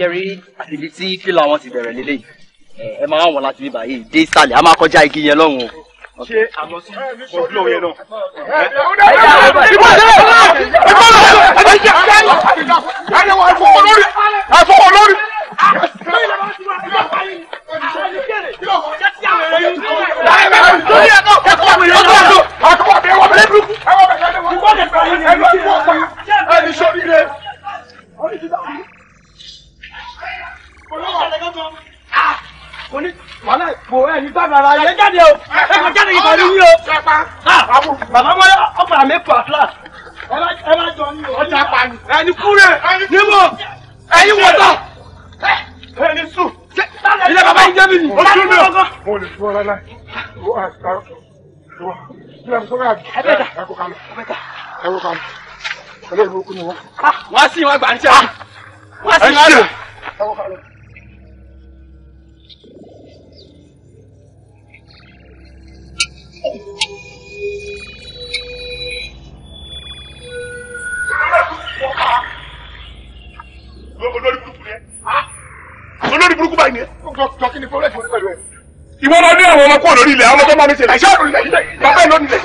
ṣẹ́rí ibi tí kílọ̀ àwọn ti bẹ̀rẹ̀ lélẹ̀ ẹ máa wọ̀n láti bí báyìí dé ìsàlẹ̀ a máa kọjá igi yẹn lọ́hùn ṣé àlọ́ sí kọ̀ọ̀dúnlọ̀ yẹn náà. ìbọn ìbọn ìbọn ìbọn ìbọn ìbọn ìbọn ìbọn ìbọn ìbọn ìbọn ìbọn rárá wọ wọ bí wọn sọ̀rọ̀ àbí ẹ kó kalẹ̀ ẹ kó kalẹ̀ ọlọ́run ló kú ni wọn. wọ́n á sì wọn gbà ń tẹ́ wọn á sì wọn gbà. àwọn ọmọ kúrò lórí ilẹ̀ ọmọ tó bá mi ṣe làṣẹ àròlẹ̀ bàbá ìlú nílẹ̀.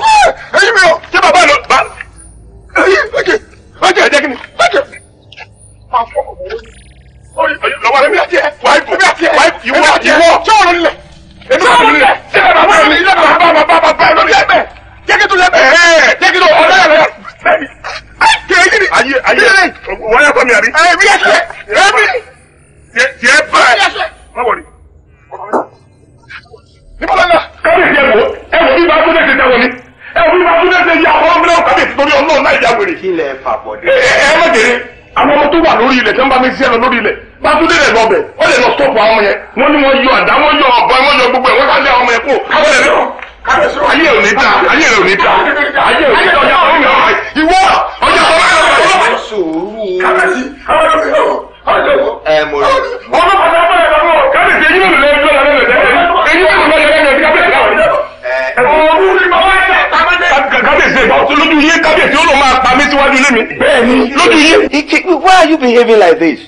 níwájú ilé mi bẹ́ẹ̀ ni lójú why are you behaving like this?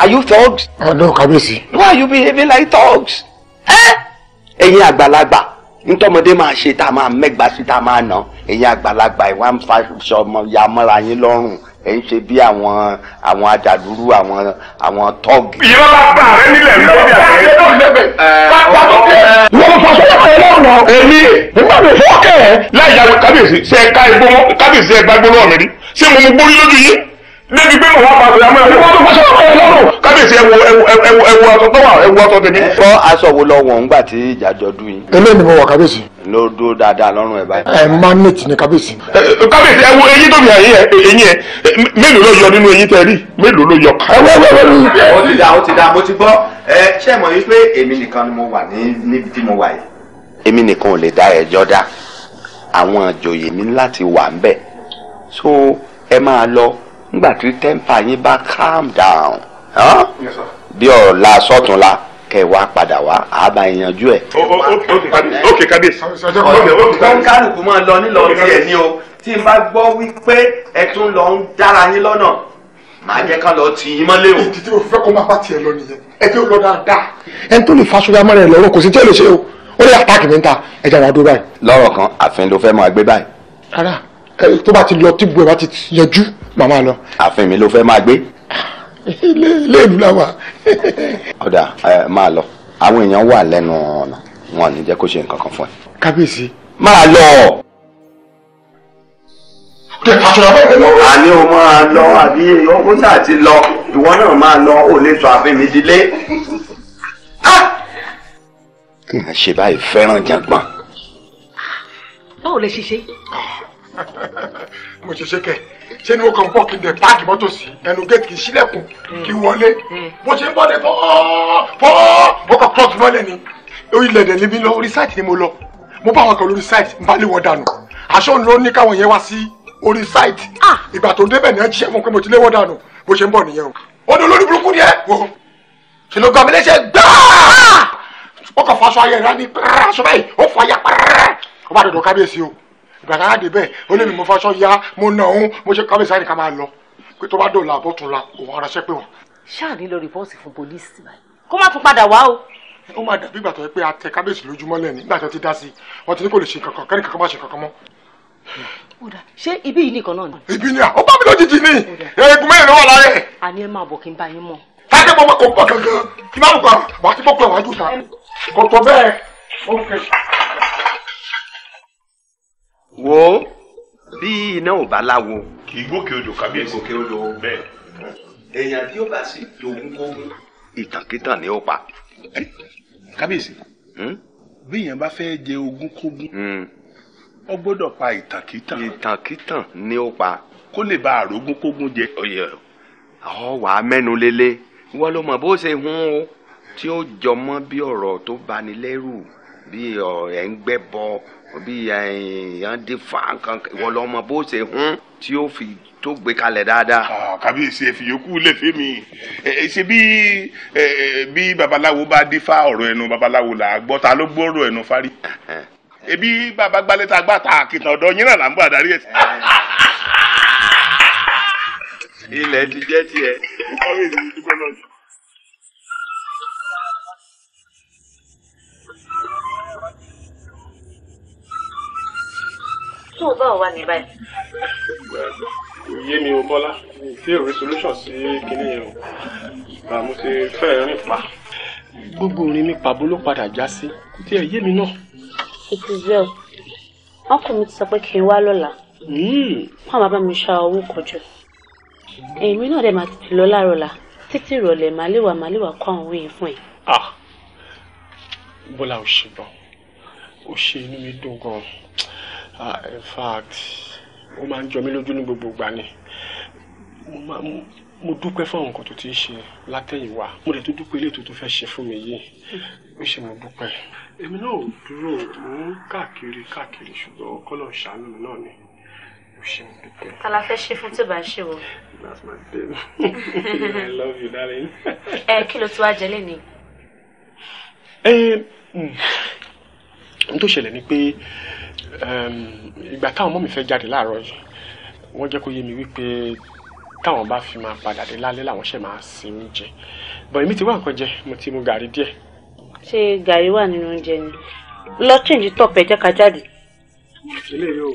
are you thugs? ọ̀dọ́ kábíyèsí. why are you behaving like thugs? ẹ̀yin àgbàlagbà ntọ́mọdé máa ṣe tá a máa mẹ́gbàá sí tá a máa nà ẹ̀yin àgbàlagbà ìwà ń fa ṣọmọ ya mọ́ra yín lọ́rùn ẹ ń ṣe bí àwọn àwọn adàlúrú àwọn àwọn tọ́ọ̀gì. bí wọ́n bá gbà rẹ nílẹ̀ ní lórí àgbẹ̀. ẹ lọ́ọ̀ lẹ́bẹ̀. pápá tó kẹ́. wọ́n mọ̀ pàṣẹ yàtọ̀ ẹ lọ́rùn náà. èmi nígbà tó fọ́ kẹ́ ẹ. láyà kábíyèsí ṣe ká igbó mọ́ kábíyèsí ẹ gbàgbó lọ́wọ́ mi rí ṣé mo mú gbórí lójú yín. débi pé màá bá bẹ̀rẹ̀ amúyàwó. wọ́n tó fọ́ sọ́kọ̀ ẹ lọ́rùn. kábíyèsí ẹwọ ẹwọ ẹwọ aṣọ tó wà ẹwọ aṣọ tèmi. sọ aṣọ wo lọ wọ̀ ńgbà tí ìjà jọ dún yín. eléyìí ni mo wọ̀ kábíyèsí ló dúró dáadáa lọ́rùn ẹ̀ báyìí. ẹ máa ń nìtì ní kábíyèsí. kábíyèsí ẹ wo eyín tó fi ẹyìn ẹ eyín ẹ mélòó ló yọ nínú eyín tẹ rí mélòó ló yọ. ó ti dà ó ti dà mo ti gbọ́ ẹ ṣé mọ̀ yìí pé èmi nìkan ni mo wà níbi tí mo wà yìí. èmi nìkan ò lè dá ẹjọ́ dá àwọn ìjòyè mi láti wà ń bẹ̀ so ẹ máa lọ nígbà tí tẹ́ńpà yín bá calm down bí ọ̀la sọ́túnla. So, kẹ wá padà wá àbá ìyanjú ẹ. òkè kábíyèsí. kọ́ńkálùkù máa lọ nílọ tiẹ̀ ni o tí n bá gbọ́ wípé ẹ tún lọ ń dára yín lọ́nà màá jẹ́ ká lọ tì í mọ́lé o. ìdí tí mo fẹ́ kó máa bá tiẹ̀ lọ nìyẹn ẹ tí ó lọ dáadáa. ẹni tó lè fa aṣọ yamọ́ rẹ̀ lọ́rọ̀ kò sí tí ẹ lè ṣe o ó lè àtàkì mi ta ẹja wa dúró báyìí. lọ́rọ̀ kan àfin ló fẹ́ máa gbé báyìí. rárá tó bá ti lọ tí gbogbo bá ti yanjú màmá lọ. àfin mi ló fẹ́ máa gbé ilé ilé ìlú la wà. ọ̀dà máa lọ àwọn èèyàn wà lẹ́nu ọ̀nà wọn ò ní jẹ́ kó ṣe nǹkan kan fún ẹ. kábíyèsí. máa lọ. àní o máa lọ àbí ó sáà ti lọ ìwọ náà máa lọ ò lè sọ àfin mi dilé. kí ah! n ṣe báyìí fẹ́ràn jàǹgbọ̀n. báwo lè ṣe ṣe mo ṣe ṣe kẹ ṣé ni mo kàn bọ́ kí n dẹ̀ páàkì mọ́tò sí ẹnu géètì kì í ṣílẹ̀kùn kì í wọlé bó mm. ṣe ń bọ́lé fọ́ọ́ fọ́ọ́ mo kàn cross mọ́lẹ̀ ni ilẹ̀ dẹ̀ níbí lọ orí sáìtì ni mo lọ mo bá àwọn kan lórí sáìtì ń bá lé wọn dànù aṣọ ń lọ ní káwọn yẹn wá sí orí sáìtì ah! ìgbà tó débẹ̀ ní ẹ jíṣẹ́ fún pé mo ti lé wọn dànù bó ṣe ń bọ̀ nìyẹn o ó ní olórí burúkú ni ẹ wo ṣe ló gba mi léṣe gbáà ah! ó kàn fọ aṣọ ayẹyẹ rẹ ní aṣọ báyìí ó fọ ayé pẹrẹ ó bá dọdọ kábíyèsí o ìgbàdàn àdè bẹ́ẹ̀ ó lè mi mo faṣọ ya mo nà òun mo ṣe kábíyèsí àyìnká máa lọ pé tó bá dòòlà àbọ̀ tún la òun ara ṣẹ́ pé wọ́n. ṣáà lọ rìpọ́ọ̀tì fún pólíìsì kó má tún padà wá o. ó máa dàbí ìgbà tó yẹ pé a tẹ kábíyèsí lójúmọ́ lẹ́ni nígbà tó ti dá sí i wọ́n ti ní kò lè ṣe kankan kẹ́ni kankan má ṣe kankan mọ́. kódà ṣé ibi yìí nìkan náà ni. ibi ni à ó bá mi lójijì ni eegun mẹ́rin ló wà lára ẹ̀. àní ẹ máa bọ̀ kí n bá yín mọ̀. táyé mo máa kó pọ̀ kí n má mú pa wàá tí mo pẹ̀ wájú ta kò tó bẹ́ẹ̀ ó kẹ́ wo bí iná ò bá láwo. kì í gòkè odò kàbíyèsí. gòkè odò bẹ́ẹ̀. èèyàn tí ó bá sì dogun kógun. ìtànkìtàn ni ó pa. kàbíyèsí hmm? bí èèyàn bá fẹ́ jẹ ogún kógún hmm. ó gbọ́dọ̀ pa ìtànkìtàn. ìtànkìtàn ni ó pa. kó lè bá àrógún kógún jẹ. àwọn wà á mẹ́nu lélẹ̀ wọ́n ló mọ̀ bó ṣe hun o tí ó jọmọ́ bí ọ̀rọ̀ tó bani lẹ́rù bí ẹ̀ ń gbẹ́ bọ́ bí yàn dé fa nǹkan ìwọ lọmọ bó ṣe hún tí ó fi tó gbé kalẹ̀ dáadáa. Ah, kábíyèsí ẹ̀fì yòókù lè fẹ́ mi ṣe bí bí babaláwo bá dé fa ọ̀rọ̀ ẹnu babaláwo là á gbọ́ ta ló gbọ́rọ̀ ẹnu fárí. ebi bàbá gbalẹ̀ tá a gbà ta àkìtàn ọ̀dọ̀ yín náà là ń bọ̀ àdárí ẹ̀ sí. ilẹ̀ ti jẹ́ tiẹ̀. kábíyèsí dúpẹ́ náà. tó o bá wà ní báyìí. kò yé mi o bọ́lá mi ì tí ì rí solution sí kinní yẹn o mo ti fẹ́ rìn pa. gbogbo orin mi pàbó ló padà já sí kò tí ì yé mi náà. it is well ọkùnrin ti sọ pé kí n wá lọ́la hmm. wọn bá bá mi ṣá owó kọjú èmi náà dẹ̀ máa tètè lọ láàárọ̀ la títí ìrọ̀lẹ́ màá lè wà kọ́ àwọn òwe fún ẹ. Ah. bọ́lá ò ṣe gan ò ṣe inú mi dùn gan-an Ah, in fact ó máa ń jọ mí lójú ní gbogbo ìgbà ni mo dúpẹ́ fún àwọn nǹkan tó ti ń ṣe látẹ̀yìnwá mo dẹ̀ tó dúpẹ́ ilé tó tó fẹ́ ṣe fún mi yìí ó ṣe mo dúpẹ́. èmi náà ò dúró mò ń káàkiri káàkiri ṣùgbọ́n kọ́lọ̀ ṣàánú mi náà ni ó ṣe mo dúpẹ́. kala fẹ́ ṣe fún tí ò bá ṣe wọ. that's my baby i love you darling. ẹ eh, kí ló tún wá jẹ lẹ́nu. ẹ n tó ṣẹlẹ̀ ni pé. Eh, ìgbà táwọn ọmọ mi fẹ́ jáde láàárọ̀ yìí wọ́n jẹ́ kó yé mi wípé táwọn bá fi máa padà dé lálẹ́ làwọn ṣe máa ṣe oúnjẹ bọ̀ èmi ti wá nǹkan jẹ mo ti mu gàrí díẹ̀. ṣé gàrí wà nínú oúnjẹ ni lọ change tọpẹ jẹ ká jáde. ilé yóò.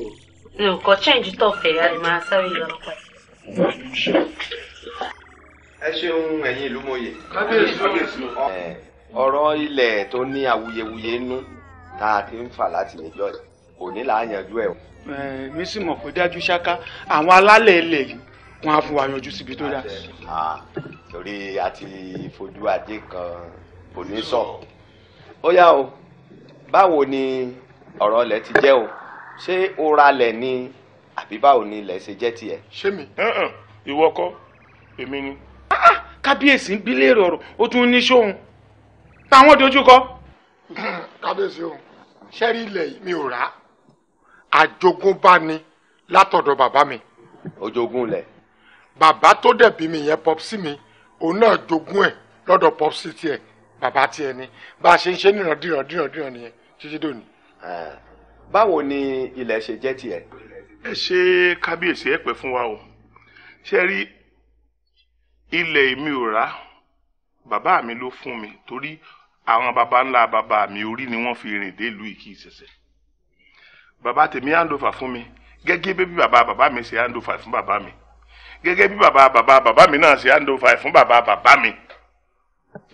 nǹkan change tọpẹ a lè máa sáré lọ pa. ẹ ṣeun ẹ̀yin ìlú mòye. kábíyèsí kábíyèsí. ọ̀rọ̀ ilẹ̀ tó ní awuyewuye nú tá a ti ń fà láti níjọ́ yìí òní là á yanjú ẹ̀. Eh, mi sì mọ̀ pé dájú ṣáká àwọn alálẹ̀ ilẹ̀ yìí wọ́n á fún wa yanjú síbi tó dáa. torí a ti fojú adé kan kò ní sọ ó yá o báwo ni ọ̀rọ̀ ilẹ̀ ti jẹ́ o ṣé o ralẹ̀ ni àbí báwo ni ilẹ̀ ṣe jẹ́ tiẹ̀. ṣé mi ìwọ kọ́ èmi ni. Ah, ah, kábíyèsí ń bí léèrè ọ̀rọ̀ ó tún ní sóhun táwọn dojú kọ. kábíyèsí o ṣẹ́rí ilẹ̀ mi ò rà á àjogúnbá ni látọ̀dọ̀ bàbá mi. ojogun lẹ. bàbá tó dẹ̀ bí mi yẹn pọ́psì mi òun náà jogún ẹ̀ lọ́dọ̀ pọ́psì tiẹ̀ bàbá tiẹ̀ ni bá a ṣe ń ṣe níran díran díran díran nìyẹn títí dòní. báwo ni ilẹ̀ ṣe jẹ́ tiẹ̀. ẹ ṣe kábíyèsí ẹ pẹ́ fún wa o ṣe rí ilẹ̀ mi ò rà bàbá mi ló fún mi torí àwọn baba ńlá Baba mi orí ni wọ́n fi rìn dé ìlú ìkí Baba tèmi handover fún mi gẹ́gẹ́ bí baba bàbá mi ṣe handover fún baba mi gẹ́gẹ́ bí baba baba baba mi náà ṣe handover fún baba baba mi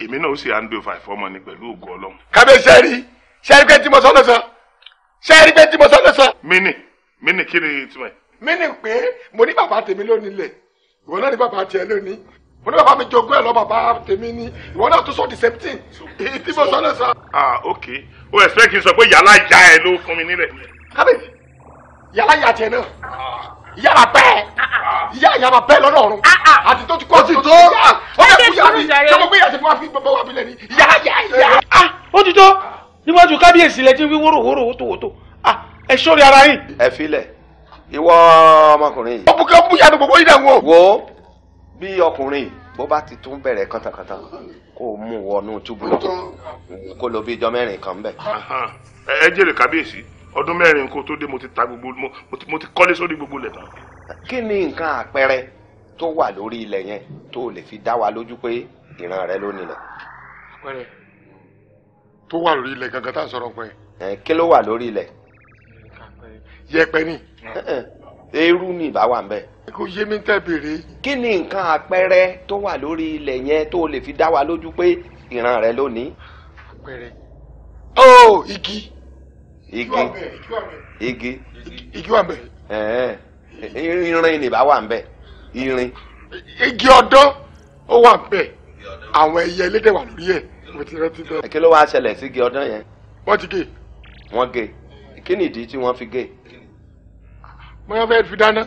èmi náà ó ṣe handover fọmọ ni pẹ̀lú ògo ọlọ́run. kábíyèsí rí sẹ́rí pé tí mo sọ lọ́sàn sẹ́rí pé tí mo sọ lọ́sàn. mini mini kí ni ìtumọ̀ ẹ̀. mini pé mo ní bàbá tèmi lónìí lẹ̀ ìwọ náà ní bàbá tiẹ̀ lónìí mo ní bàbá mi jogún ẹ̀ lọ bàbá tèmi ni ìwọ náà tún sọ the same thing tí mo sọ lọ́sàn. ah ok o expect kí n sọ pé yàrá ìyá ẹ ló fún mi nílẹ̀ kábíyèsí yàrá yàjẹ náà yàrá bẹ́ẹ̀ ìyá ìyàrá bẹ́ẹ̀ lọ́dọ̀ ọ̀run àti tó ti kọ́ sí tó ó yẹ kú yàrá yìí tó gbé yàtí fún wa fi gbogbo wa bilẹ̀ ni yà yà yà. ó ti tó níwájú kábíyèsí lẹ ti wí wóró wóró wótò wótò ah, ẹ sórí ara yín. ẹ filẹ̀ ìwọ ọmọkùnrin yìí. ó bukẹ́ ó bu yanu gbogbo yìí náà wò. wo bí ọkùnrin bó bá ti tún bẹ̀rẹ̀ kàntàkàntà kó o mú wọnú túbú kó lọ bí ijọ́ mẹ́rin kan bẹ̀. ẹ jèrè kábíyèsí ọdún mẹ́rin kó tó dé mo ti ta gbogbo mo ti kọ́lé sórí gbogbo lẹ̀ tán. kí ni nǹkan àpẹẹrẹ tó wà lórí ilẹ̀ yẹn tó lè fi dá wa lójú pé ìran rẹ ló nílẹ̀. àpẹẹrẹ tó wà lórí ilẹ̀ gangan tá à sọ̀rọ̀ pẹ́. kí ló wà lórí ilẹ̀. yẹ̀pẹ̀ ni. eérú ni ìbá wà ń kò yé mi tẹ́ bèrè. kí ni nǹkan àpẹẹrẹ tó wà lórí ilẹ̀ yẹn tó lè fi dá wa lójú pé ìran rẹ ló ní. àpẹẹrẹ ó oh, igi igi igi igi wà nbẹ. irin ni ìbá wà nbẹ irin. igi ọdán o wà nbẹ àwọn ẹyẹ ẹlẹ́dẹ̀ wà lórí ẹ̀ mo ti rántí bẹ́ẹ̀. kí ló wá ṣẹlẹ̀ sí igi ọdán yẹn. wọ́n ti gé. wọ́n gé kí ni ìdí tí wọ́n fi gé. mo yàn fẹ́ fi dáná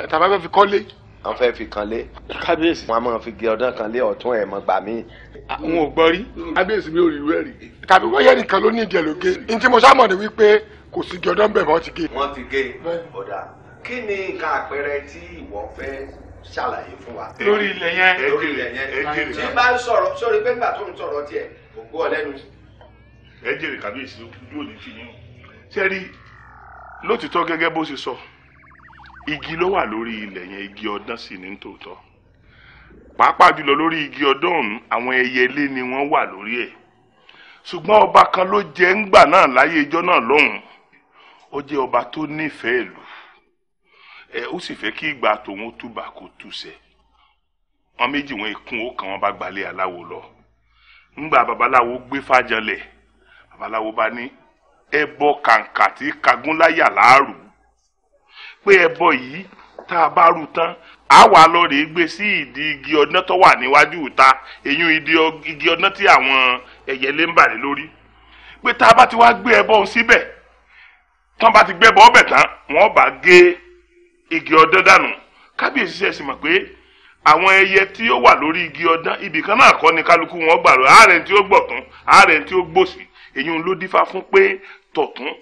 ẹ̀ tàbá fẹ́ fi kọ́lé wọn fẹ́ fi kan lé. kábíyèsí. wọn a máa fi gé ọdún kan lé ọ̀tún ẹ̀ mọ́ gbà mí. Ah, n ò gbọ́ rí. kábíyèsí mi ò rí rẹ́ẹ̀rì. tàbí wọ́n yẹ nìkan ló ní ìdí ẹ̀ lóge. n tí mo sábà ní wípé kò sí gé ọdún bẹ́ẹ̀ mọ́ ti gé. wọ́n ti gé ọ̀dà kí ni nǹkan àpẹẹrẹ tí ìwọ fẹ́ ṣàlàyé fún wa. lórí ilẹ̀ yẹn. lórí ilẹ̀ yẹn. tí bá ń sọ̀rọ̀ sórí pé nígbà tó ń sọ̀rọ̀ tiẹ̀ kò ọ lẹ́nu. ẹ jèrè kábíyèsí lójú òní fi yín. sẹ́rí lótìtọ́ gẹ́gẹ́ bó ṣe sọ igi ló wà lórí ilẹ̀ yẹn igi ọdán sì ní tòótọ́ pàápàá jùlọ lórí igi ọdán ọ̀hún àwọn ẹyẹlé ni wọ́n wà lórí ẹ̀ ṣùgbọ́n ọba kan ló jẹ ńgbà náà láyé ijọ́ náà lọ́hùn ó jẹ́ ọba tó nífẹ̀ẹ́ ìlú ẹ ó sì fẹ́ kí ìgbà tòun túbà kó túṣẹ̀ wọn méjì wọn ìkún ó kàn wọn bá gbalẹ̀ aláwo lọ ńgbà babaláwo gbé fájọlẹ̀ babaláwo bá ní ẹbọ kàǹkà tí kagúnláyà láàrú pé ẹbọ yìí tá a bá rú tán a wà lọ rèé gbé sí ìdí igi ọdún tó wà níwájú ìta èyún ìdí igi ọdún tí àwọn ẹyẹlé ń bà lé lórí pé tá a bá ti wá gbé ẹbọ ọ̀hún síbẹ̀ tán bá ti gbé ẹbọ ọbẹ̀ tán wọ́n bá gé igi ọdún dànù kábíyèsí ṣe sì pé àwọn ẹyẹ tí ó wà lórí igi ọdán ibì kan náà kọ́ ni kálukú wọn gbà lọ àárẹ̀ tí ó gbọ̀tún àárẹ̀ tí ó gbòsì èyí ló dífá fún pé tọ̀tún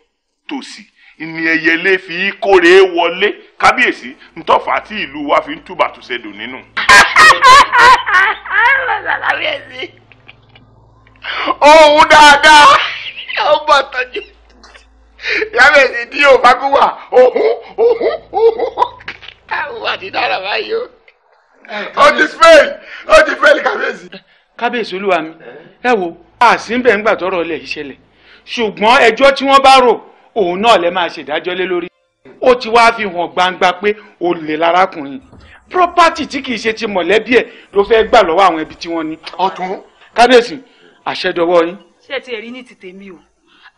tòsì ìní ẹyẹlé fi kórè wọlé kábíyèsí ntọ́fà tí ìlú wa fi ń túbà tó ṣe dùn nínú. kábíyèsí ohun dáadáa ó bọ̀ tọ́jú kábíyèsí tí yóò bá kú wà ohun ohun ohun àwọn àti dára báyìí o ó ti fail ó ti fail kábíyèsí. kábíyèsí olúwa mi ẹ wo àṣìǹbẹ̀ ń gbà tọrọ ilẹ̀ ìṣẹ̀lẹ̀ ṣùgbọ́n ẹjọ́ tí wọ́n bá rò òun náà lè máa ṣèdájọ́ lé lórí ó ti wá fi hàn gbangba pé olè lárákùnrin property tí kìí ṣe ti mọ̀lẹ́bí ẹ̀ ló fẹ́ gbà lọ́wọ́ àwọn ẹbí tí wọ́n ní. ọ̀tún kábíyèsí àṣẹdọwọ́ yín. ṣé ẹ ti rí ní ti tèmi o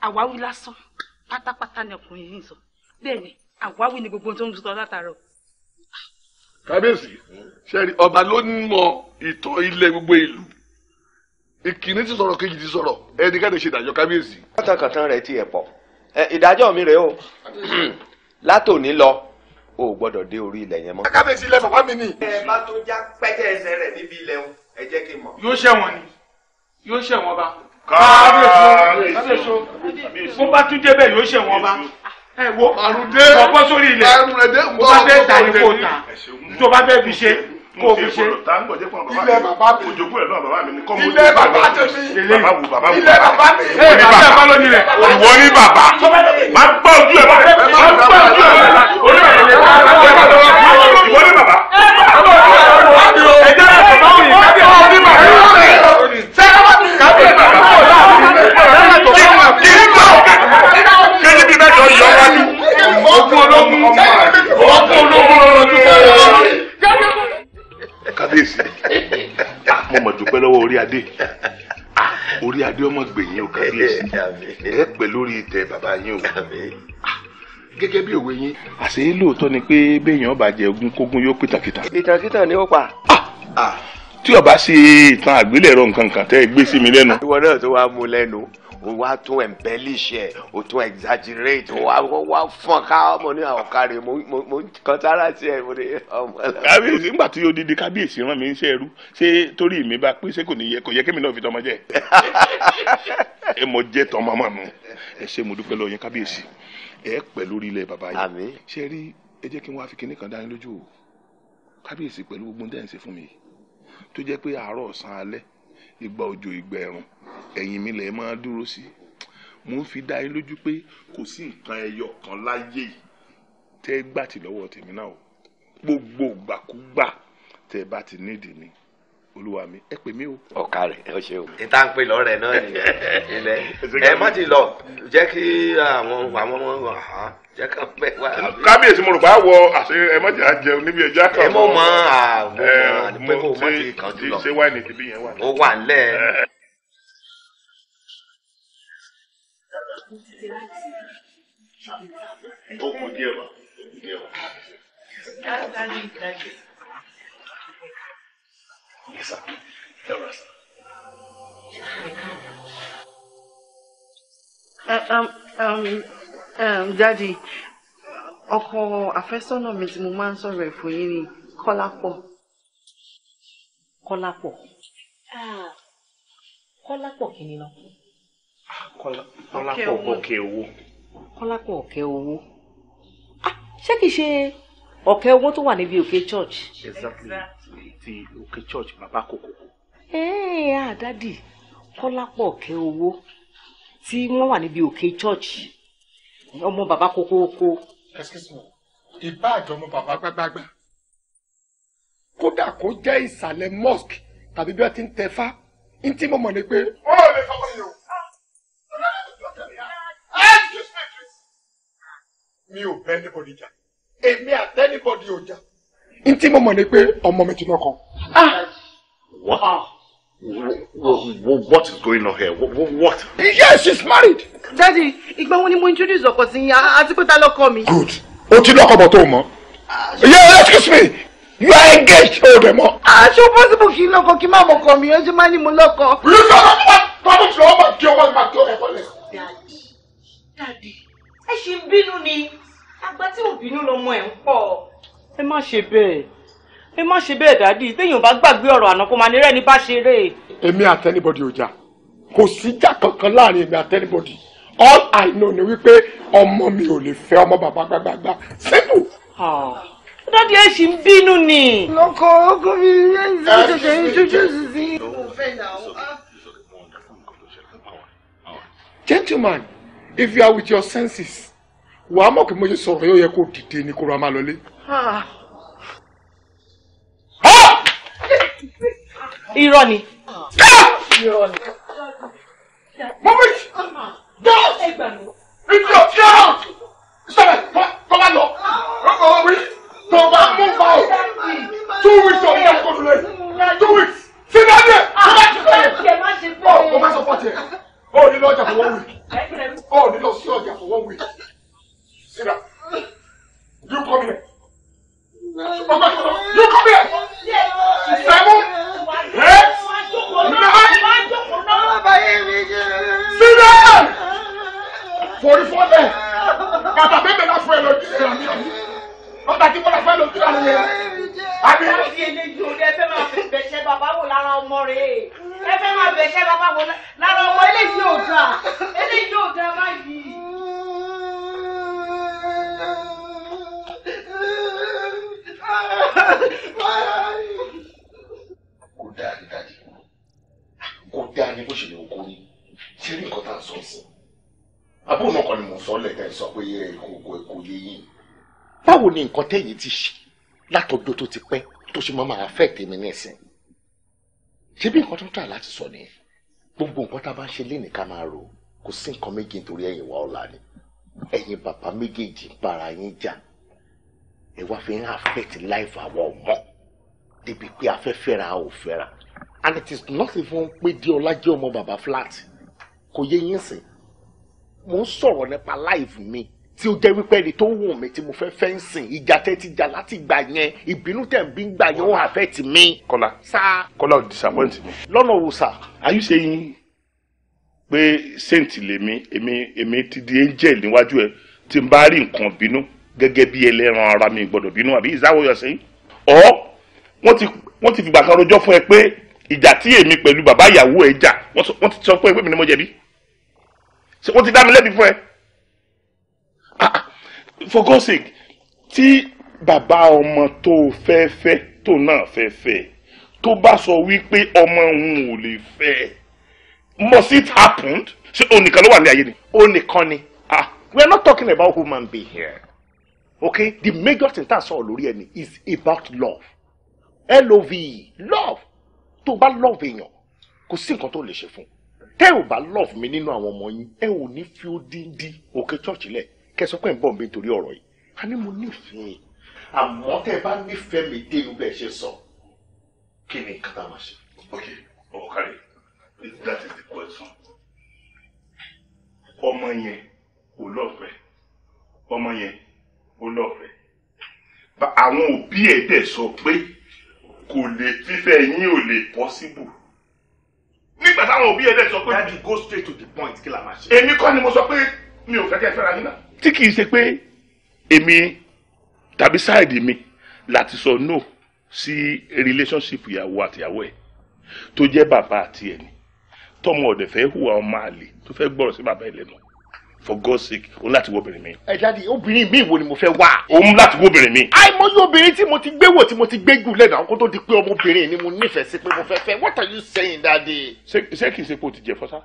àwáwí lásán pátápátá ni ọkùnrin yìí ń sọ bẹ́ẹ̀ ni àwáwí ni gbogbo tó ń sọ látàárọ̀. kábíyèsí ṣẹ́ẹ̀rì ọba ló ń mọ ìtọ́ ilẹ̀ gbogbo ìlú ìkíní ti sọ̀rọ̀ kejì ti sọ̀rọ̀ ẹnikẹ́ni ṣe ìdájọ́ kábíyèsí. pátákàtà rẹ̀ ti ẹ̀ pọ̀ ìdájọ́ mi rèé o látòní lọ o gbọ́dọ̀ dé orí ilẹ̀ yẹn mọ́. kábíyèsí ilẹ̀ bàbá mi ni. ẹ bá tó já pẹ́jẹ́ ẹsẹ̀ rẹ̀ níbi ilẹ̀ o ẹ jẹ́ kí n mọ̀. yóò ṣẹ̀wọ̀n ni yóò ṣẹ̀wọ̀n ba. kábíyèsí kábíyèsí mo bá tún débẹ̀ yóò ṣẹ̀wọ̀n ba. ẹ wo àrùndé ọ̀pọ̀ sórí ilẹ̀ mo bá fẹ́ ta ni ta tó bá fẹ́ fi ṣe kó fi ṣe ilé bàbá mi ilé bàbá tèmi ilé bàbá mi. ilé bàbá ló ní rẹ ìwọ ní bàbá má gbọ́ ojú ẹ̀ má gbọ́ ojú ẹ̀ má gbọ́ ojú ẹ̀ ìwọ ní bàbá. ẹ̀jẹ̀ rẹ̀ sọ̀rọ̀ mi kábíyà ọ̀ ní bàbá sẹ́yìn bá mi kábíyà bàbá kò láàbí kí n bá kí n bá kí n bí bẹ́ẹ̀ yọ wájú ogun ológun ogun ológun lọ́rọ̀ tó fẹ́ yọ. kábíyèsí ah, mo mọ̀ dúpẹ́ lọ́wọ́ orí adé ah, orí adé ọmọ gbẹ̀yìn o kábíyèsí ẹ pẹ́ lórí ìtẹ́ bàbá yín o ah, gẹ́gẹ́ bí òwe yín. àṣé lóòótọ́ ni pé béèyàn bá jẹ ogún kógún yóò pìtàkìtà. ìtàkìtà ni ó pa. tí ó bá ṣe ìtàn àgbélẹ̀rọ nǹkan kan tẹ́ ẹ gbé sí mi lẹ́nu. ìwọ náà tó wàá mú lẹ́nu. o wá tún embellish ẹ o tún exaggerate o wá o wá fọn ká ọmọ ní àwọn kárí mo kàn sára sí ẹ mo ní ọmọ lọ. kábíyèsí nígbà tí odidi kábíyèsí rán mi ń ṣe ẹrú ṣé torí mi bá pín ṣé kò ní yẹ kò yẹ kémi náà fi tọmọ jẹ ẹ mọ jẹ tọmọ mọ nù ẹ ṣe mo dúpẹ́ lọ yẹn kábíyèsí ẹ pẹ́ lórí ilẹ̀ bàbá yẹn ṣe rí ẹ jẹ́ kí n wá fi kinní kan dání lójú o kábíyèsí pẹ̀lú gbogbo dẹ́ǹsì fún mi tó jẹ́ pé àárọ̀ ọ̀sán alẹ́ ìgbà òjò ìgbà ẹ̀rùn ẹ̀yìn mi lè máa dúró sí mo ń fi dá yín lójú pé kò sí nǹkan ẹyọ kan láyé yìí tẹ́ gbà tí lọ́wọ́ tèmi náà o gbogbo ìgbàkúgbà tẹ́ bá ti nídìí mi olúwa mi ẹ pè mí o. ọ̀ka rẹ̀ ẹ ṣe o. ìta ń pè lọ́rẹ̀ náà ilẹ̀ ẹ má ti lọ jẹ́ kí àwọn àwọn ọmọ jẹ́ ká pẹ́ wá. kábíyèsí mo rò bá wọ àṣẹ ẹ má jẹ́ àjẹun níbi ẹja kan. ẹ mọ̀ mọ́ àwọn ọmọ àdìpẹ́ kó ti kàn jù ṣé wáìnì ti bí yẹn wà. ó wà nílẹ̀. ó kù díẹ̀ wá. Yes, sir. Ẹ rọra uh, Um, um, um, Daddy, ọkọ àfẹ́sọ́nà mi tí mo máa ń sọ̀rọ̀ ẹ̀ fún yín ni Kọ́lápọ̀. Kọ́lápọ̀. Ah, Kọ́lápọ̀ kí ni lọ? Kọ́lápọ̀ ọ̀kẹ́ owó. Kọ́lápọ̀ ọ̀kẹ́ owó. Ah, ṣé kìí ṣe ọ̀kẹ́ owó tó wà níbi òkè church? Exactly. exactly ti òkè church bàbá kòkòkò. ẹ́ẹ̀ àdádì kọ́lápọ̀ kẹ́ owó tí wọ́n wà níbi òkè church ọmọ bàbá kòkòkò. excuse me ìbá àjọmọ bàbá gbàgbàgbà kódà kó jẹ́ ìsàlẹ̀ mosque tàbí bí wọ́n ti ń tẹ̀fá ní tí mo mọ̀ ni pé ó lè fọwọ́ yẹn o. mi ò bẹ́ anybody jà èmi àtẹ́nibọ̀dì ò n mo mọ̀ ni pé ọmọ mi ti lọ́kọ. Ah! Ah! What is going on here? What? what? Yes, she's married. Daddy, ìgbà wo ni mo introduce ọkọ sí yín àti pé ta lọ́kọ mi? Good. O ti lọ́kọ bọ̀ tó o mọ̀. Yeah, excuse me. You are engaged, o dẹ̀ mọ̀. Aṣọ ah, pọ́sibú kì í lọ́kọ kí má mọ̀kọ mi, ó ṣe máa ní mo lọ́kọ. Lùsọ̀ lọ́kọ̀ tọ́lú tí wọ́n bá kí ọwọ́ máa tó ẹ̀kọ́ lẹ̀. Daddy, Daddy, ẹ ṣì ń bínú ni. Àgbà tí lọmọ ẹ̀ ń pọ̀ ẹ má ṣe bẹ́ẹ̀ ẹ má ṣe bẹ́ẹ̀ dádì téèyàn bá gbàgbé ọ̀rọ̀ àná kó máa ní rẹ́ni bá ṣe rè. èmi àtẹnibọdì ò jà kò síjà kankan láàrin èmi àtẹnibọdì all i know ni wípé ọmọ mi ò lè fẹ́ ọmọ bàbá gbàgbàgbà simple. Ah. dádì ẹ ṣì ń bínú ni. lọkọ ọkọ mi rẹ ń sọ tètè ń ṣojú sí i. Ah. gentleman if you are with your senses wàá mọ̀ pé mo ṣe sọ̀rọ̀ yóò yẹ kó dìde ní kó ra máa lọlé irọ́ ni. irọ́ ni. mọ́mí dọ́ọ̀ ìjọ dọ́ọ̀ sọ̀rọ̀ tó bá lọ rọ́pò wọ́n wí tó bá mú bá o two weeks of yẹn kò lè two weeks sí náà dé sí náà dé o ma sọ fọ́ọ̀tì ẹ̀ o ní lọ ọjà for one week o ní lọ sí ọjà for one week sí náà you come here. You come here. Seven. Eight. Sit down. Forty-four men. Bàbá bẹ́ẹ̀ náà fún ẹ lójú ẹ̀ lójú ẹ̀. Bàbá tí Bọ́lá fún ẹ lójú ẹ̀ lójú ẹ̀. Àbí. Láti eléjì òde ẹ fẹ́ máa bẹ̀ṣẹ̀ bàbá wò lára ọmọ rẹ̀. Ẹ máa bẹ̀ṣẹ̀ bàbá wò lára ọmọ eléyìí ò dáa. Eléyìí ò dáa báyìí kò dáa ní dáàdì kò dáa ní bó ṣe lè kó ní ṣe rí nǹkan tá à ń sọ sí abúlé náà kan ni mò ń sọ lẹ́ẹ̀kan sọ pé kò kò yé yín báwo ni nǹkan tẹ̀yìn ti ṣe látọ̀dọ̀ tó ti pẹ́ tó ṣe máa máa affect mi nísìn ṣé bí nǹkan tó ń tà láti sọ nìyẹn gbogbo nǹkan tá a bá ń ṣe lénìí ká máa rò kò sí nǹkan méjì nítorí ẹ̀yìn wa ọ̀la ni ẹ̀yin bàbá méjèèjì bára yín jà ẹ wá fi ń affect life àwọn ọmọ débi pé a fẹ́ fẹ́ra a ò fẹ́ra and it is not even pé di ọlá jẹ́ ọmọ bàbá flat kò yé yín sìn mo ń sọ̀rọ̀ nípa life mi tí ó jẹ́ wípé ẹni tó wù mí tí mo fẹ́ fẹ́ ń sìn ìjà tẹ́ ti jà láti gbà yẹn ìbínú tẹ̀ ń bí ń gbà yẹn ó affect mi. kọ́lá kọ́lá ò disappoint mi. lọ́nà wo sà. are you saying pé saint lèmi èmi èmi ti di angel níwájú ẹ tí n bá rí nǹkan bínú gẹ́gẹ́ bí ẹlẹ́ran ara mi gbọ́dọ̀ bínú àbí ìzáwọ́yọ̀sìn ọ̀ wọ́n ti fìgbà kan rojọ́ fún ẹ pé ìjà tí èmi pẹ̀lú bàbá ìyàwó ẹ jà wọ́n ti sọ fún ẹ pé mi ni mo jẹ̀bi wọ́n ti dá mi lẹ́bi fún ẹ. Ah, ah, for God's sake tí bàbá ọmọ tó fẹ́ fẹ́ tó náà fẹ́ fẹ́ tó bá sọ wípé ọmọ òun ò lè fẹ́ must it happen ṣé onìkan ló wà ní ayé ni. onìkan ni. ah we are not talking about human being here okay the major thing that I saw lórí ẹ̀ is about love love love tó o bá love èèyàn kò sí nǹkan tó lè ṣe fún tẹ́ ò bá love mi nínú àwọn ọmọ yín ẹ ò ní fi ó díndín òkè church lẹ̀ kẹsàn pé ń bọ̀ mi nítorí ọ̀rọ̀ yìí a ní mo nífẹ̀ẹ́ àmọ́ tẹ́ bá nífẹ̀ẹ́ mi dé bẹ́ẹ̀ ṣe sọ kí ni nǹkan tá a máa ṣe. ok ọwọ kárí that is the question ọmọ yẹn kò lọ́ọ̀fẹ́ ọmọ yẹn ó lọ́fẹ̀ẹ́ àwọn òbí ẹ̀ dẹ̀ sọ pé kò lè fífẹ́ yín ò lè possible nígbà táwọn òbí ẹ̀ dẹ̀ sọ pé. dájú go straight to the point kí la máa ṣe. èmi kọ́ ni mo sọ pé mi ò fẹ́ kẹ́ fẹ́ra yín náà. tí kì í ṣe pé èmi tàbí sáìdì mi láti sọ no sí relationship ìyàwó àtìyàwó ẹ̀ tó jẹ́ bàbá àti ẹni tọmọ ọ̀dẹ̀ fẹ́ hùwà ọmọ àlè tó fẹ́ gbọ́rọ̀ sí bàbá ẹ̀ lẹ́nu for God's sake o láti wo obìnrin mi. ẹ jáde obìnrin mi wo ni mo fẹ́ wá. òun láti wo obìnrin mi. àìmọye obìnrin tí mo ti gbé wò tí mo ti gbé gùn lẹ́nu àwọn kó tó di pé ọmọbìnrin ni mo nífẹ̀ẹ́ sí pé mo fẹ́ fẹ́ what are you saying daddy. ṣé kì í ṣe pé o ti jẹ fọ́sá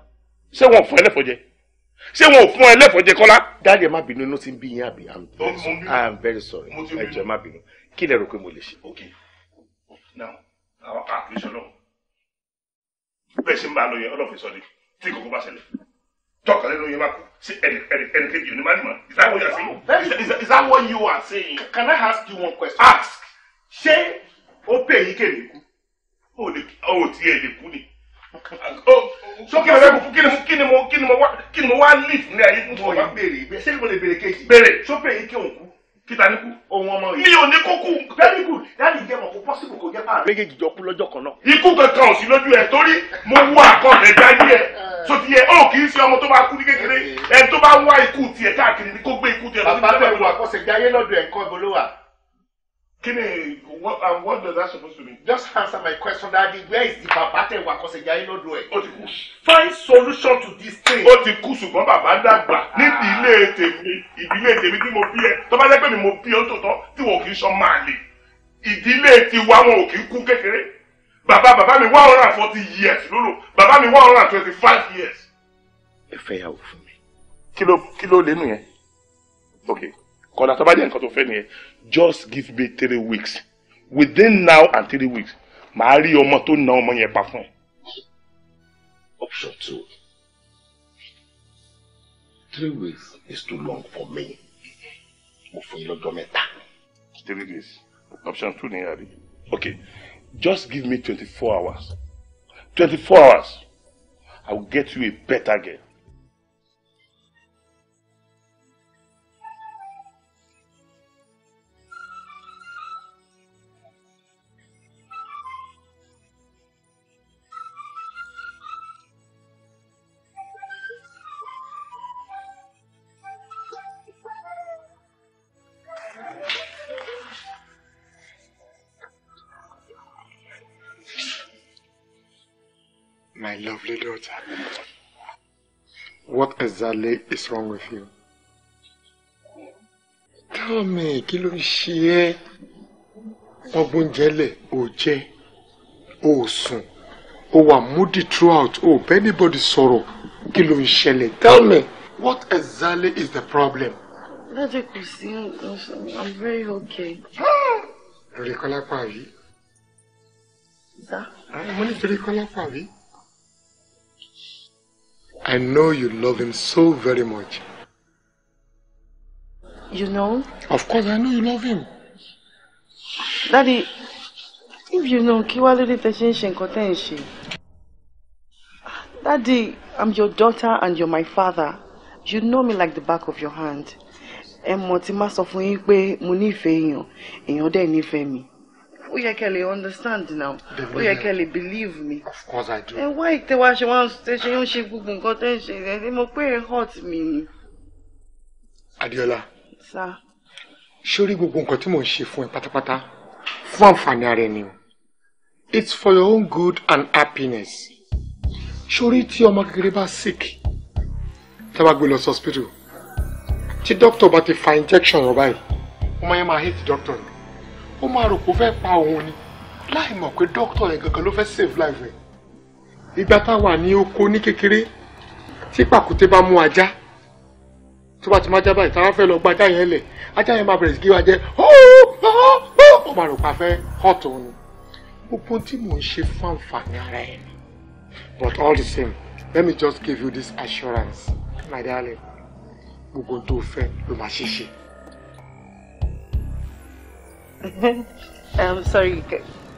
ṣé wọn ò fún ẹ lẹ́fọ̀jẹ ṣé wọn ò fún ẹ lẹ́fọ̀jẹ kọ́lá. dáàdi ẹ má bínú inú ti ń bí yín àbí i am oh, very sorry ẹ jọ̀ọ́ ẹ má bínú kí lẹ rò pé mo lè ṣe. ok now àwọn àpèjọ náà bẹ́ẹ̀ ṣe ń bá a lọ yẹn ọlọ́fin sọ ni tọ́ka nínú yẹn máa kú sí ẹnìkejì ní mánìmá is that what you are saying is, is, is that what you are saying. can I ask you one question. ask ṣé ó pè so kí ni mo kí ni mo kí ni mo wá kí ni mo wá live ní ayé kú. mo yí béèrè ṣé mo lè béèrè kejì. béèrè so pè kí òun kú kíta ní kú ohun ọmọ yìí. mi ò ní kó kú. very good dáàdi jẹ́ wọn kó possible kó jẹ́ pààrọ̀. méjèèjì jọ kú lọ́jọ́ kan náà. ikú kankan ò sí lójú ẹ torí mo wú àkọọ́lẹ̀ dání ẹ tó yẹ ọ kì í ṣe ọmọ tó bá kú ní kékeré eh. ẹ tó bá wá ikú tiẹ̀ káàkiri ni kó gbé ikú tiẹ̀ lọ sí ìjọba ìwà. bàbá bẹ̀rù àkọsẹ̀jáyé lọ́dọ̀ ẹ̀kọ́ ìbolówà. Kini, what, um, what does that supposed to mean? Just answer my question, Daddy. Where is the bàbá tẹ́ wà kọ́sẹ̀jà iná do ẹ̀? Ó ti kú. Find solution to this thing. Ó ti kú ṣùgbọ́n bàbá dàgbà níbi ah. ilé tèmi, ìdílé tèmi tí mo bí ẹ. Tó bá jẹ́ pé mi mo bí ọ́ tòótọ́ tí wọn ò kì í sọ máa lè. Ìdílé tiwa wọn ò kì í kú kékeré. Bàbá bàbá mi one hundred and forty years lólo. Bàbá mi one hundred and twenty five years. Ẹ fẹ́ yàwó fún mi. Kí ló kí ló lé nù yẹn? Ok, kọ̀dà tó bá jẹ́ nǹkan tó fẹ́ nìyẹn just give me three weeks within now and three weeks màá rí ọmọ tó na ọmọ yẹn pa fún ẹ. option two three weeks is too long for me mo fún yín lọ́jọ́ mẹ́ta. three weeks. option two ni yàrá okay just give me twenty-four hours twenty-four hours i will get you a better girl. My lovely daughter, what exactly is wrong with you? Tell me, kí ló ń ṣe ẹ́? Ọgbọ́n jẹ́lẹ̀ ò jẹ́, ò moody throughout, ò bá anybody sorrow? Kí ló Tell me, what exactly is the problem? Dájú kò sí nǹkan ṣe, I'm very okay. Lórí kọ́lápá rí. Ah, mo ní torí kọ́lápá rí. I know you love him so very much. You know? Of course, I know you love him. Daddy, if you know, kí wá lórí tẹ́ Daddy, I'm your daughter and you're my father. You know me like the back of your hand. Ẹ mọ̀ tí má sọ fún yín pé ó yẹ kẹ́ understand now ó yẹ kẹ́ believe me. of course i do. ẹ eh, wá ìtẹ́ wa ṣe wọ́n ṣe ṣe ń ṣe gbogbo nǹkan tẹ́ ń ṣe ẹ̀ ẹ́ mo pé hurt mi Adiola. Sir. sórí gbogbo nǹkan tí mò ń ṣe fún ẹ pátápátá fún àǹfààní ara it's for your own good and happiness. sórí tí ọmọ kékeré bá sick tá a bá gbé hospital tí doctor bá ti fa injection rọ báyìí ọmọ yẹn máa hate doctor ni ó máa rò pé ó fẹ́ pa òun ni láì mọ̀ pé dókítà yẹn gangan ló fẹ́ save life ẹ̀ ìgbà táwa ní oko ní kékeré tí pàkúté bá mú ajá tó bá ti má já báyìí fẹ́ lọ gba ajá yẹn lẹ̀ ajá yẹn máa bẹ̀rẹ̀ sí kí wá jẹ́ ó máa rò pé a fẹ́ hot òun ni gbogbo tí mò ń ṣe fáǹfààní ara ẹ̀ ni but all the same let me just give you this assurance my darling gbogbo tó fẹ́ ló máa ṣe ṣe. I'm um, sorry,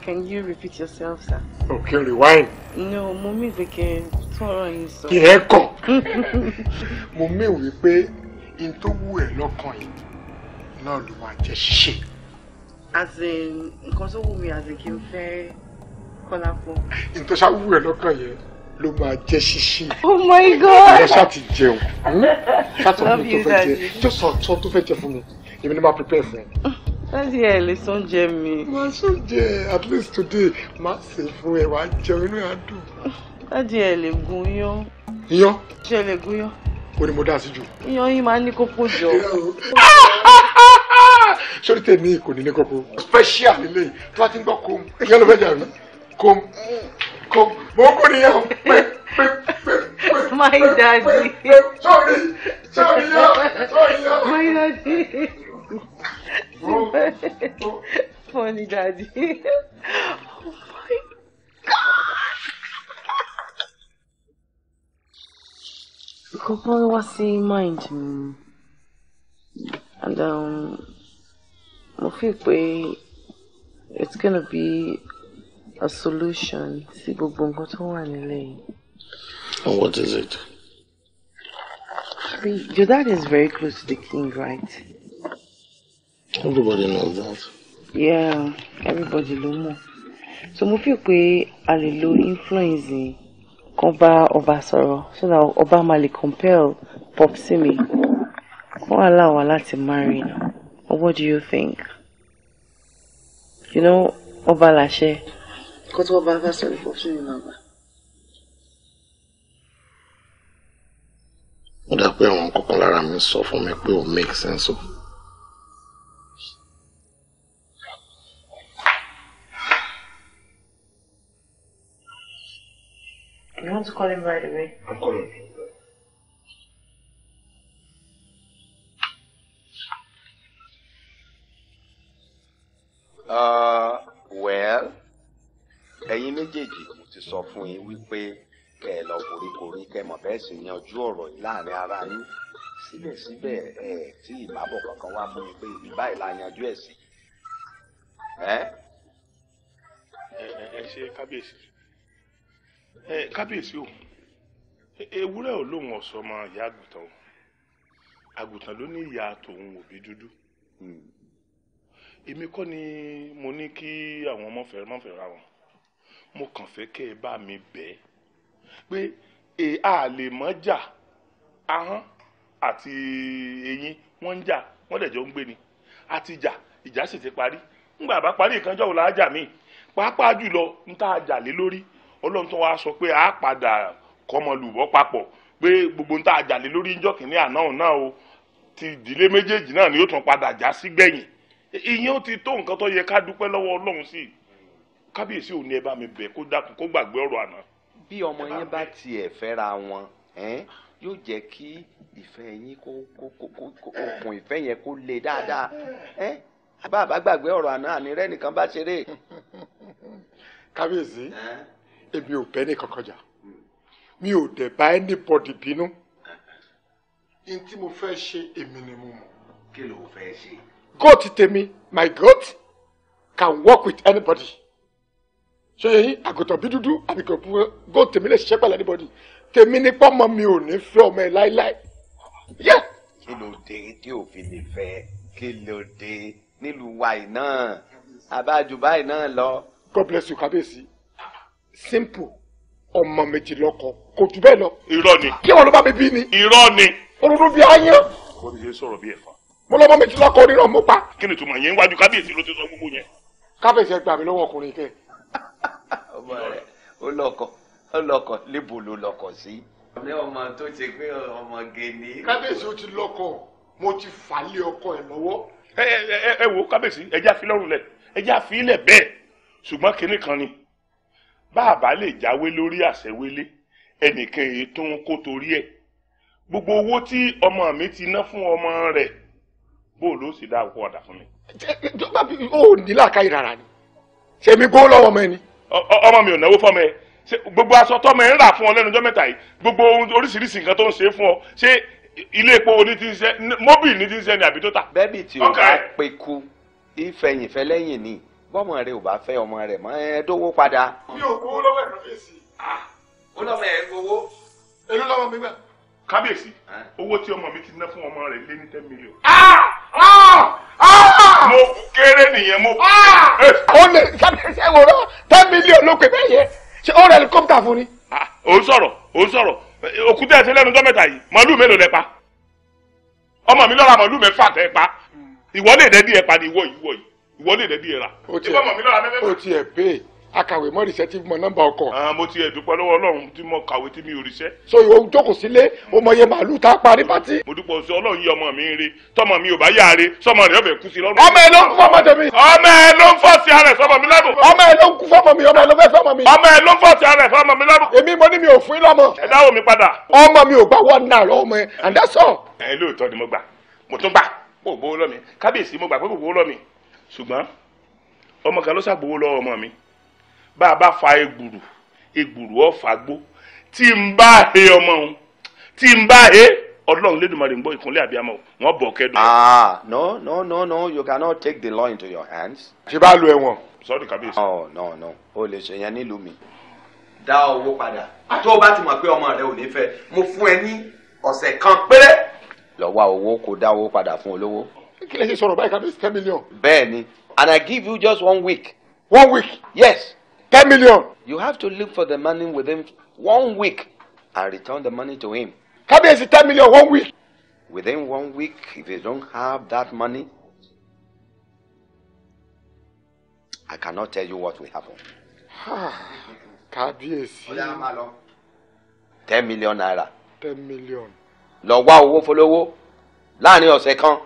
can you repeat yourself, sir? Okay, oh, rewind. No, mo mí ìwé kẹ tọrọ yín sọ. kì í kọ mo mí ìwé pé n tó wù ẹ́ lọ́kàn yìí náà as in because tó wù as in kí n fẹ́ kọ́lá fún. n tó ṣáà wù ẹ́ lọ́kàn yẹn oh my god. ìwọ ṣáà ti jẹun ṣáà tó fẹ́ jẹ jọ́sọ̀ tó fẹ́ jẹ fún prepare fún ẹ. láti the lè sọ oúnjẹ mi. wàá at least today má ṣe fún ẹ wàá jẹun inú ẹ dùn. láti ẹ̀ lè gun yán. iyán. ṣe lè gun yán. o ni mo dá sí jù. iyán yín máa ń ní kókó jọ. sórí tèmi kò ní ní kókó special lélẹ̀ tí wọ́n ti ń gbọ́ kó iyán ló fẹ́ jà mí kó kó mo kó nìyẹn o pé My daddy. Sorry, sorry, sorry. My daddy. Funny daddy. oh my god! Couple was in mind to me. And um I feel like it's gonna be a solution. See Bubungo to one And what is it? Your dad is very close to the king, right? everybody knows that. yeah everybody ló mọ̀ so mo fi pé a lè lo influence kan bá ọba sọ̀rọ̀ so that ọba máa lè compel pop sí mi kó aláwa láti marry now. what do you think you know ọba làṣẹ. kó tó ọba fẹ́ sọ̀rọ̀ pop sí mi náà bá. ó dà pé àwọn kọ̀ọ̀kan lára mi sọ fún mi pé ó make sense o. So. You want to call him right away? I'm calling him. Uh, well, ẹ̀yin méjèèjì mo ti sọ fún yín wípé kẹ́ ẹ lọ koríkorí kẹ́ mọ̀ bẹ́ẹ̀ sì yanjú ọ̀rọ̀ yìí láàrin ara yín síbẹ̀síbẹ̀ ẹ̀ tí ìbábọ̀ kankan wá fún mi pé ibi báyìí la yanjú ẹ̀ sí. ẹ ṣe kábíyèsí ẹ kábíyèsí o ewúrẹ́ ò lóun ọ̀sọ́ ọmọ ìyá àgùntàn o àgùntàn ló ní ìyá tòun òbí dúdú hmm. èmi kọ́ ni mo ní kí àwọn ọmọ fẹ́rẹ́ má wọn mo kàn fẹ́ kẹ́ ẹ bá mi bẹ́ẹ̀ pé e a lè mọ́ jà ahọ́n àti eyín wọ́n ń jà wọ́n dẹ̀ jọ ń gbé ni a ti jà ìjà sì ti parí ńgbà bá parí ìkànjọ́ wò láájà mi pàápàá jùlọ ń tá a jà lé lórí ọlọ́run tó wáá sọ pé a padà kọmọlùbọ́ papọ̀ pé gbogbo ń tá a jàlé lórí ńjọ́ kìíní àná òun náà o ti ìdílé méjèèjì náà ni yóò tún padà já sí gbẹ̀yìn ìyẹn ó ti tó nǹkan tó yẹ ká dúpẹ́ lọ́wọ́ ọlọ́run sí kábíyèsí ò ní ẹ bá mi bẹ̀ kó dákun kó gbàgbé ọ̀rọ̀ àná. bí ọmọ yẹn bá tiẹ̀ fẹ́ra wọn yóò jẹ́ kí ìfẹ́ yín kó kó kó okùn ìfẹ́ yẹn kó le dáadáa bá a bá gbàgbé ọ̀rọ̀ àná ànírẹ́ nìkan bá ṣeré. kábíyèsí èmi ò bẹ́ ní kankan mi ò dẹ̀ bá anybody bínú n tí mo fẹ́ ṣe èmi ni mo mọ̀. kí ló fẹ́ ṣe. goat tèmi my goat can work with anybody ṣe yẹn àgùntàn bí dúdú àbíkọ fún goat tèmi lè ṣiṣẹ́ pẹ̀lú anybody tèmi ní pọ́nmọ́ mi ò ní fẹ́ ọmọ ẹ láéláé. kí ló dé tí òfin lè fẹ́ kí ló dé nílùú wa yìí náà abájú báyìí náà lọ. God bless you kábíyèsí simple ọmọ méjì lọ́kọ kò jù bẹ́ẹ̀ lọ. irọ́ ni. kí wọn ló bá mi bí ni. irọ́ ni. olódó fi àyàn. wọ́n ti ṣe sọ̀rọ̀ bí ẹ̀fọn. mo lọ́mọ méjì lọ́kọ onírọ̀ mo pa. kí ni tùmọ̀ yẹn wájú kábíyèsí ló ti sọ gbogbo yẹn. kábíyèsí ẹ gbà mí lọ́wọ́ ọkùnrin kẹ. ọmọ rẹ o lọkọ ó lọkọ níbo ló lọkọ sí. ọ̀lẹ́ ọmọ tó ṣe pé ọmọge ni. kábíyèsí ó ti lọkọ mo ti fà lé ọkọ ẹ lọ́wọ́. ẹ ẹ ẹ wo kábíyèsí ẹ jẹ́ àfilọ́rùn lẹ̀ ẹ jẹ́ àfilẹ̀ bẹ́ẹ̀ ṣùgbọ́n kinní kan ni bàbá lè jáwé lórí àṣẹwélé ẹnìkan èyí tó ń kó torí ẹ̀ gbogbo owó tí ọmọ mi ti ná fún ọmọ rẹ̀ bó ló sì dá òkú ọ̀dà fún mi. jọba bí o ní làákàyè rárá ni ṣèmi gbó lọ́wọ́ ọmọ ẹ ni. ọmọ mi ò náwó fọmọ ẹ gbogbo aṣọ tọmọ ẹ ń rà fún ọ lẹ́nu ọjọ́ mẹ́ta yìí gbogbo oríṣiríṣi nǹkan tó ń ṣe fún ọ ṣé ilé epo ní ti ń ṣe mobile ní ti ń ṣe ni àbí tó tà. bẹ́ẹ̀ bí tí o bá pe ku ìfẹ̀yìnfẹ́ lẹ́yìn ni. Okay bọ́mọ rẹ ò bá fẹ́ ọmọ rẹ mọ́ ẹ padà. mi ò kówó lọ́wọ́ ẹ̀rọ fèsì. Ah, ó lọ́mọ ẹ̀ gbowó. èló lọ́mọ mi gbà. kábíyèsí owó tí ọmọ mi ti ná fún ọmọ rẹ lé ní ten million. Ah, ah, mo kéré nìyẹn mo. ó lè kábíyèsí ẹ̀wọ̀n ten million ló pè bẹ́ẹ̀ yẹ ṣé ó rẹ helicopter fún ni. ò ń sọ̀rọ̀ ò ń sọ̀rọ̀ òkúta ẹ̀sẹ̀ lẹ́nu dọ́mẹ́ta yìí màálù mélòó lẹ ìwọ lè rẹ́dí ra. o tiẹ̀ o tiẹ̀ pé akàwé mọ rìṣẹ́ tí mo nọ́mbà ọkọ̀. Ah, mo tiẹ̀ dúpẹ́ lọ́wọ́ Ọlọ́run tí mo kàwé tí mi ò ríṣẹ́. so ìwọ jókòó sílé o mọ iye màálù tá a parí pátí. mo dúpọ̀ sí Ọlọ́run yí ọmọ mi re tọmọ mi ò bá yá re sọmọ rẹ ọbẹ̀ kú sí lọ́rùn. ọmọ ẹ ló ń kú fọmọ tèmi. ọmọ ẹ ló ń fọ sí ara ẹ sọmọ mi lẹ́nu. ọmọ ẹ ló ń kú fọmọ mi ọmọ ẹ ló fẹ́ fọmọ mi. ọmọ ẹ ló ń fọ sí ara ẹ sọmọ mi lẹ́nu. èmi mo ní mi ò fún yín lọ́mọ. ẹ dáwọ́ mi padà. ọmọ mi ò gbà wọ́n náà lọ́wọ́ mi and that's all. ẹ lóòótọ́ ni mo gbà mo tún gbà mo gbowó lọ́mi kábíyèsí mo gbà pé mo gbowó lọ́mi ṣùgbọ́n ọmọ kan ló ṣàgbówó lọ́wọ́ ọmọ mi bá a bá fa egbùrù egbùrù ọ̀fàgbó tí n bá he ọmọ òun tí n bá he ọlọ́run lẹ́dùnmọ̀rẹ́ gbọ́ ìkúnlẹ̀ àbíyamọ wọn bọ̀ kẹ́dùn. ah no no no no you cannot take the law into your hands. ṣé bá lu ẹ̀wọ̀n. sọ́ọ̀dì kábíyèsí. oh no no o lè ṣe yẹn nílùú mi. dá owó padà tó o ti mọ̀ pé ọmọ rẹ ò ní fẹ́ mo fún ẹ ní ọ̀sẹ̀ kan péré. lọ wá owó kó dáwó padà fún olówó kí lè ṣe sọ̀rọ̀ báyìí ten million. bẹ́ẹ̀ni and i give you just one week. one week. yes. ten million. you have to look for the money within one week and return the money to him. kábíyèsí ten million one week. within one week if you don't have that money i cannot tell you what will happen. kábíyèsí. ọ̀dà máa lọ. ten million naira. ten million. lọ wá owó fọlọ́wọ́ láàrin ọ̀sẹ̀ kan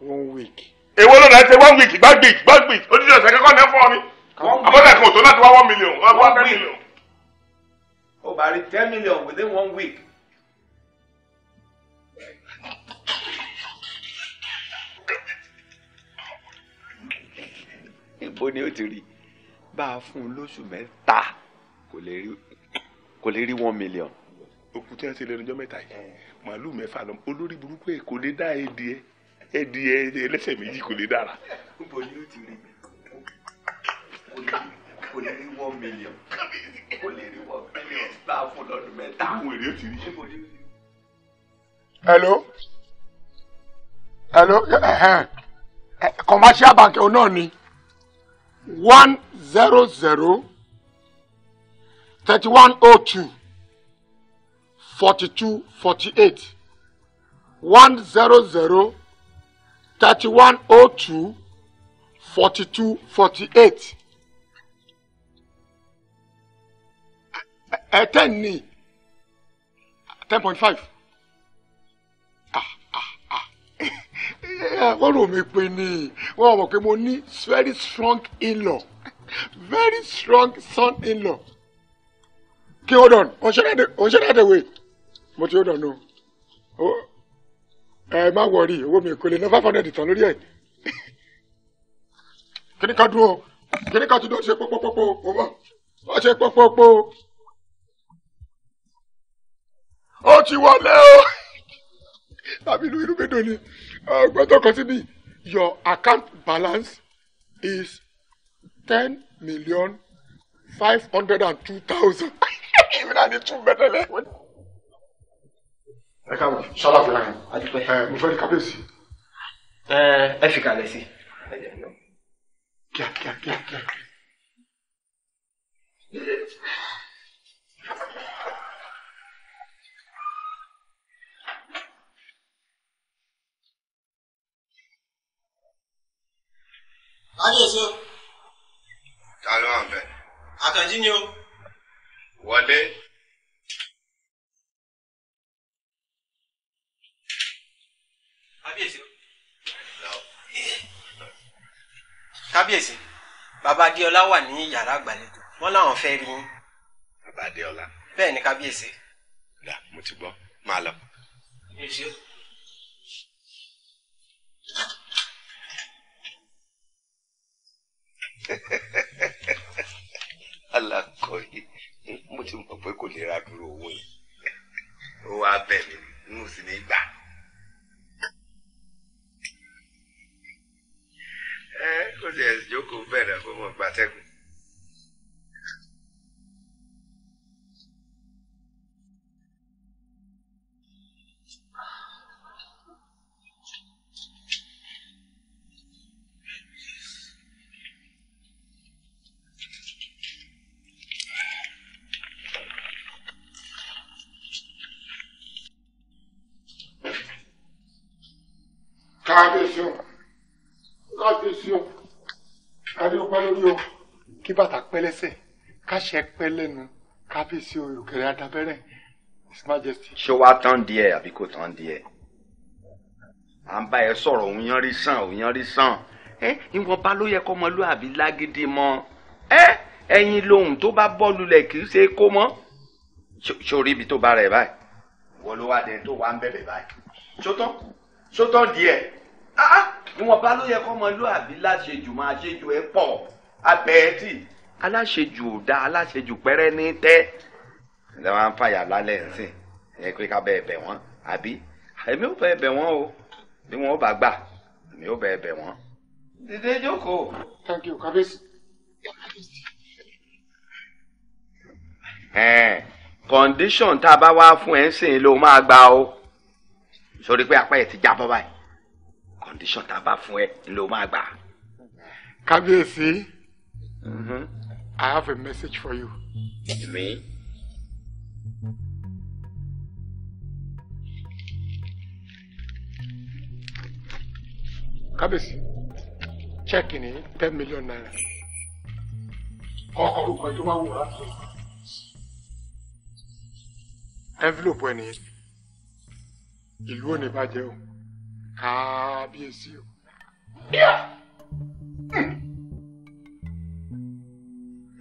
one week. èwo ló dáa ṣe one week gbàgbé gbàgbé odidi ọ̀sẹ̀ kẹ́kọ̀ọ́ náà fọ́ mi àbọ̀dà kan ò tó láti wá one million wá one million. o bá rí ten million within one week. ibo ni ó ti rí bá a fún un lóṣù mẹ́ta kò lè rí one million. òkú tí wọn ṣe lẹ́nu ọjọ́ mẹ́ta yìí màálù mẹ́fà lọ olórí burúkú èkó lè dá èdè ẹ ẹdì ẹlẹ́sẹ̀ méjì kò lè dára. níbo ni yóò ti hello hello commercial bank ọ̀nà ni one zero zero thirty one oh two forty two forty eight one zero zero thirty one oh two forty two forty eight ẹ ten ten point five ah, ah, ah. wọ́n rò mí pé ni wọ́n mọ̀ pé mo ní very strong in-law very strong son-in-law kí hold on òṣèré àdèwé mo ti hold on o. No. Oh ẹ má wọrí owó mi kò lè ná five hundred tán lórí ẹ kíní ká dúró kíní ká tún dúró ṣe pópópópó owó wọ́n ṣe pópópó ó ti wọlé o tàbí inú inú mélòó ni ọgbọ́n tó kọ sí mi your account balance is ten million five hundred and two thousand ìmìíràn ní two mẹ́tẹ́lẹ́ ẹ káàbọ̀ ṣọlá fúnra yẹn àdúpẹ́ ẹ mo fẹ́ rí kábíyèsí. ẹ ẹ fi kalẹ̀ sí. kíá kíá kíá kíá. kábíyèsí o. ta ló wà ń bẹ. àkànjí ni o. wọlé. kábíyèsí kábíyèsí bàbá adéọlá wà ní yàrá àgbàlejò wọn làwọn fẹ́ rí yín. bàbá adéọlá. bẹ́ẹ̀ ni kábíyèsí. dà mo ti gbọ́ máa lọ. alakọ mo ti mọ̀ pé kò lè ra dúró owó yìí ó wá bẹ̀ mí n ò ní gbà. ó sì ẹ̀ jókòó bẹ̀rẹ̀ fún wọn gbatẹ́gùn. kí bàtà pẹ́ lẹ́sẹ̀ káṣẹ pẹ́ lẹ́nu kábíyèsí olùkẹrẹ adábẹ́rẹ́ his majesty. ṣé wàá tán díẹ̀ àbí kò tán díẹ̀ à ń bá ẹ sọ̀rọ̀ òun yan rí sàn òun yan rí sàn ẹ ìwọ̀nba ló yẹ kọ́ ọmọlúàbí lágídí mọ́ ẹ ẹyin lohun tó bá bọ́ lulẹ̀ kì í ṣe kó mọ́ sórí ibi tó bá rẹ̀ báyìí wọ́n ló wá dé tó wá ń bẹ̀bẹ̀ báyìí sótán sótán díẹ̀ ah, ah ìwọ̀nba ló yẹ kọ́ ọmọlúàbí láṣejù máa ṣejù ẹ pọ̀ abẹ́ẹ̀tì aláṣejù ò dáa aláṣejù pẹ́rẹ́ ní tẹ́ ẹ wá ń fàyà lálẹ́ ńsìn ẹ pé ká bẹ́ẹ̀ bẹ̀ wọ́n àbí èmi ò fẹ́ bẹ̀ wọ́n o bí wọ́n bá gbà èmi ò bẹ́ẹ̀ bẹ̀ wọ́n. dídé jókòó. thank you kábíyèsí. condition tá a bá wá fún ẹ ń sìn ló máa gbà o sórí pé apá ẹ ti jábọ́ báyìí condition tá a bá fún ẹ ló máa gbà. kábíyèsí. Mm -hmm. I have a message for you. Me? Check in ní ten million naira. Kọ́kọ́ orúkọ tó bá wù Envelope ẹni ìlú ò ní bàjẹ́ o, kábíyèsí o. Yeah!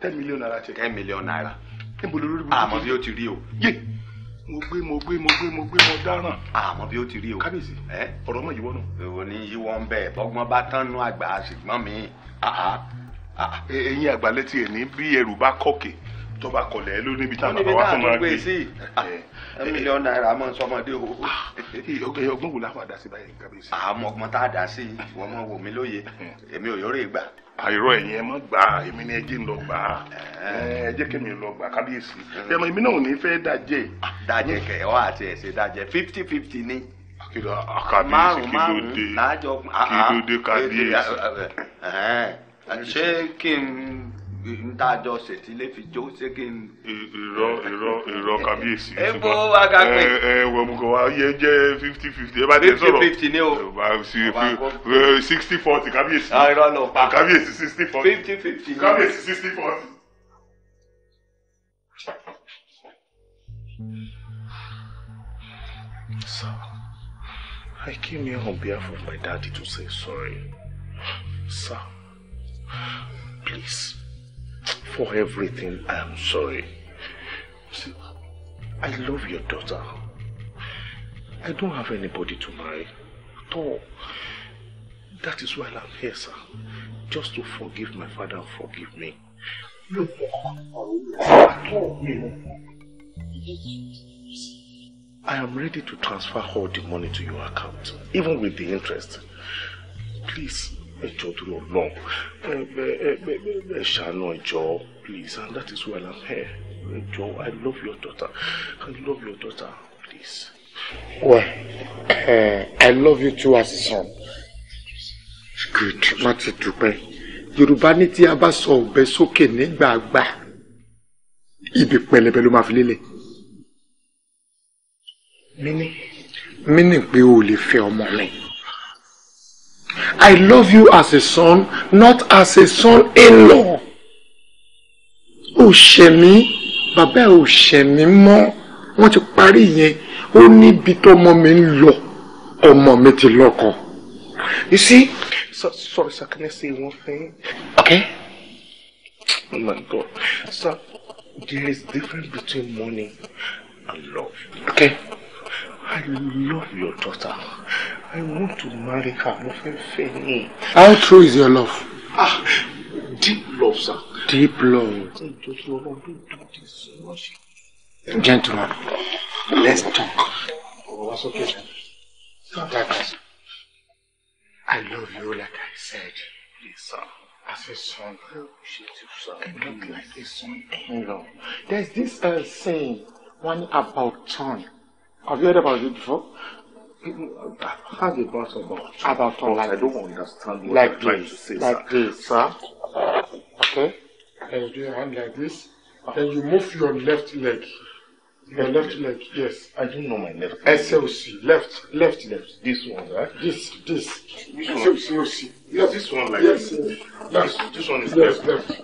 ten million naira check. ten million naira. níbo lórí gbogbo. àmọ́ ah, bí ó ti rí o. yé mo gbé mo gbé mo gbé mo gbé mo dáràn. àmọ́ ah, bí ó ti rí o. kábíyèsí ọ̀rọ̀ mọ̀ yíwọ́ nù. èwo ni yíwọ́ ń bẹ̀ bọ́gbọ́n bá tán nú àgbà ṣùgbọ́n mi. Ah, ẹ̀yin àgbà létí ẹ̀ ní bí ẹrù bá kọ̀kẹ́ tó bá kọlẹ̀ ló níbi tá bàbá wa tó máa gbé sí mílíọ̀nù náírà mọ̀ sọmọdé o. ọgbẹ́ ọgbọ́n wò láwọn àdásí báyìí kábíyèsí. àmọ́ ọgbọ́n tá a dá sí wọ́n mọ̀ wò mí lóye èmi ò yọrọ ìgbà. àìrọ ẹ̀yìn ẹ mọ̀ gbà èmi ni ẹjẹ́ ń lọ gbà ẹ jẹ́ kẹ́mi lọ gbà kábíyèsí. ẹ̀mọ èmi náà ò ní fẹ́ dájẹ́. dájẹ́ kẹ̀ ọ́ àti ẹ̀sẹ̀ dájẹ́ fifty fifty ni kìlọ̀ kábíyèsí kílódé kílódé kábíyèsí. ṣé kí n ntaajọ ṣètìlẹ fi jó ṣé kí n. irọ́ irọ́ irọ́ kábíyèsí. ebo agagbe. ẹ ẹ wọ mú wa yẹ jẹ fifty fifty fifty fifty ni o. sixty forty kábíyèsí. Ah, irọ́ ló pa kábíyèsí sixty forty. fifty fifty ni o. kábíyèsí sixty forty. Sir, I came here on behalf of my daddy to say sorry. Sir, please. For everything, I am sorry. See, I love your daughter. I don't have anybody to marry at all. That is why I'm here, sir. Just to forgive my father and forgive me. I am ready to transfer all the money to your account, even with the interest. Please, ẹjọ́ tó lọ lọ ẹ ṣàánú ẹjọ́ please and that is why I'm here ẹjọ́ I love your daughter I love your daughter please. well uh, I love you too as a son good má ti dúpẹ́ yorùbá ní tí a bá sọ ọ̀bẹ sókè nígbàgbà ibi pẹlẹbẹ ló máa fi lélẹ̀. mini mini pé o lè fẹ́ ọmọ mi. I love you as a son, not as a son-in-law. Ó ṣẹ̀ mí, bàbá ẹ̀ ò ṣẹ̀ mí mọ́. Wọ́n ti parí yẹn. Ó níbi tọ́mọ mi ń lọ. mi ti lọ́kọ. You see? So, sorry, sir. Can I say one thing? Okay. Oh my God. Sir, there is difference between money and love. Okay. I love your daughter. I want to marry her. How true is your love? Ah, deep love, sir. Deep love. Gentlemen, let's talk. Oh, that's okay, sir. That's I love you like I said. Please, sir. As a son, appreciate you, sir. I look like a son. No. There's this uh, saying, one about tongue. Have you heard about it before? How did brought about other thoughts? Like, I don't understand what like you're trying to say, like sir. this, sir. Okay. And you do your hand like this. Then you move your left leg. Your left, left leg, yes. I don't know my left leg. SLC, left, left, left. This one, right? This, this. Which SLC, one? SLC. Yes. This one, like yes, this. Yes. This, this one is yes, left. left.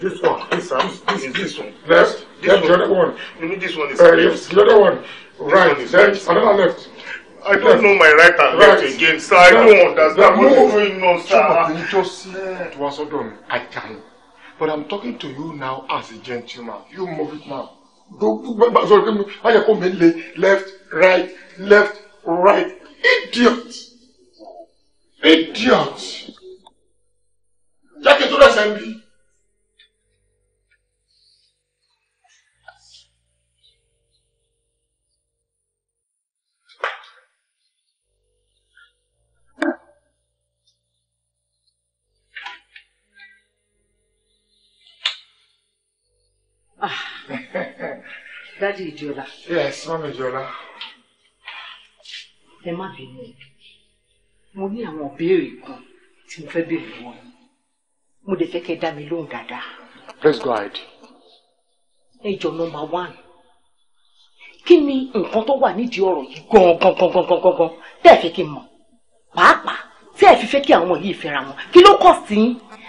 This one, this one, this is this one. Left, this then one. the other one. You mean this one is uh, left? The other one, right, one is left, another left. I don't left. know my right and right. left again, sir. Left. I don't understand what's no. going on, sir. Chuma, you just said was done. I can. But I'm talking to you now as a gentleman. You move it now. sorry, I come in left, right, left, right. Idiot! Idiot! Jẹ́ kí n tó rẹ̀ Daddy Ìjọlá. Yes, Mami Ìjọlá. Ẹ má bínú. Mo ní àwọn ìbéèrè kan tí mo fẹ́ béèrè wọn. Mo dẹ̀ fẹ́ dá mi lóhùn dáadáa. Please go ahead. Ẹ jọ nọmba one. Kí ni nǹkan tó wà nídìí ọ̀rọ̀ yìí gan-an gan-an gan-an gan-an tẹ́ ẹ fẹ́ kí n mọ̀? Pàápàá tí ẹ fi fẹ́ kí àwọn yìí fẹ́ra wọn kí ló kọ̀ sí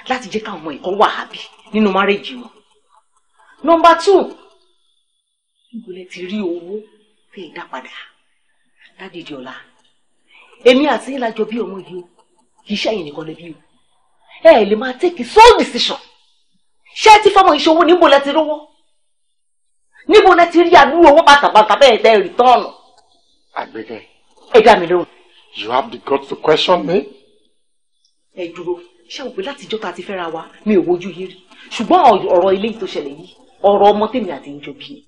láti jẹ́ káwọn ẹ̀kọ́ wà hábì nínú márèjì wọn. Nọmba two níbo lẹ ti rí owó tẹ ẹ dá padà dádìdì ọ̀la èmi àti yín lájọ bí ọmọ yìí o kì í ṣe ẹ̀yin nìkan lẹbi o ẹ ẹ lè máa take sole decision ṣé ẹ ti fọmọ ìṣòwò níbo lẹ ti rówó níbo lẹ ti rí àdúrà owó bàtàbàtà bẹ́ẹ̀ tẹ rìtọ́ọ̀nù. àgbẹ̀kẹ́. ẹ dá mi lóhùn. you have the guts to question me. ẹ dúró ṣé o pé látijọ́ tá a ti fẹ́ra wa mi ò wojú yín rí ṣùgbọ́n ọ̀rọ̀ ilé yìí tó ṣẹlẹ̀ yìí ọ̀rọ̀ ọmọ tèmi àti ìjọ bí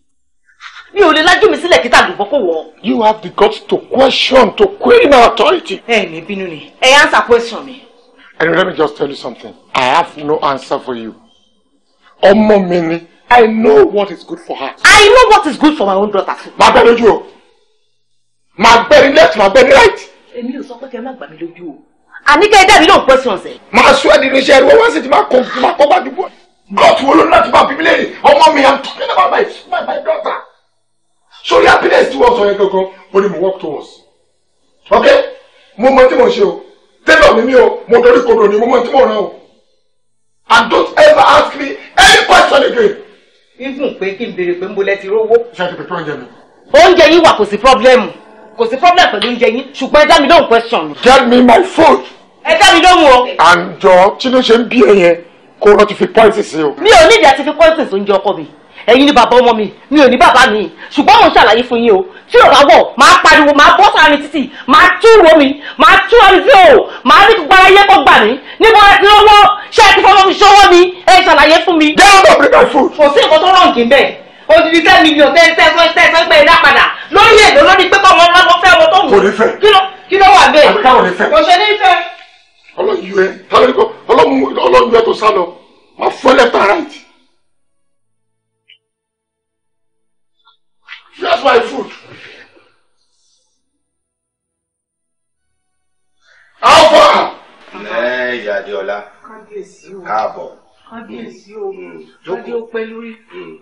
mi ò lè lájú mi sílẹ̀ kí tàlùbọ́ kò wọ̀. you have the guts to question to query my authority. ẹ ní bínú ni ẹ answer question mi. and let me just tell you something i have no answer for you ọmọ mi ni i know what is good for her. i know what is good for my own daughter too. máa bẹ lójú o máa bẹ ní left máa bẹ ní right. èmi ò sọ pé kẹ́ ẹ má gbà mí lójú o àní kẹ́ ẹ dẹ́bi lóun questions ẹ̀. máa sọ ẹni ní iṣẹ́ ẹ̀rọ wọ́n sì ti máa kọ́ máa kọ́ bá gọ́ọ̀tù wo láti máa bíbélì ọmọ mi i'm talking about my my daughter sórí happiness tí wọ́n sọ yẹn gangan mo ni mo work towards ok oh, mo mọ tí mo ṣe o tẹ́lọ̀ mi mi o mo dorí kodo ni mo mọ tí mo ràn o and don't ever ask me any question again. even pé kí n béèrè pé ń bolẹ̀ ti rówó. ṣé àti pẹ̀lú oúnjẹ mi. oúnjẹ yín wà kò sí pọ́blẹ́mù kò sí pọ́blẹ́mù pẹ̀lú oúnjẹ yín ṣùgbọ́n ẹ dá mi lóhùn question get me my food. ẹ dá mi lóhùn o. àǹjọ tí ló ṣe ń bí ẹ yẹn kó lọ ti fi pọ́ìntì sí o. mi ò ní ìdí àti fi pọ́ìntì sí oúnjẹ ọkọ mi ẹ̀yin ni bàbá ọmọ mi mi ò ní bàbá mi ṣùgbọ́n mo ń ṣàlàyé fún yín o tí ò bá wọ̀ máa pariwo máa bọ́ sára mi títì máa tú ro mi máa tú ẹni sí o máa ní gbogbo ayé kó gbà mí níbo ẹ ti lọ́wọ́ ṣé ẹ ti fọwọ́ mi ṣọwọ́ mi ẹ ṣàlàyé fún mi. jẹ́ ọ̀bọ̀ pípa fún. kò sí nǹkan tó rọ̀ nkì bẹ́ẹ̀ odidi ten million ten ten ten ten ten pé iná padà lórí èdè lórí pípọ̀ wọn lọ́wọ́ fẹ́ wọn tó wù. kò ní fẹ́ kí ló wà bẹ́ẹ̀. àbíká ò ní fẹ́. kò ṣe ní fẹ́. ọlọ́yin yú ẹ ọlọ́yin yú ẹ tó sá lọ máa fọ́ lẹ́tà ráìtì. That's my food. How far? Ẹ ìyá Adéọlá. Kábíyèsí o. Káàbọ̀. Kábíyèsí o. Mm. Mm. Adé ó pẹ́ lórí.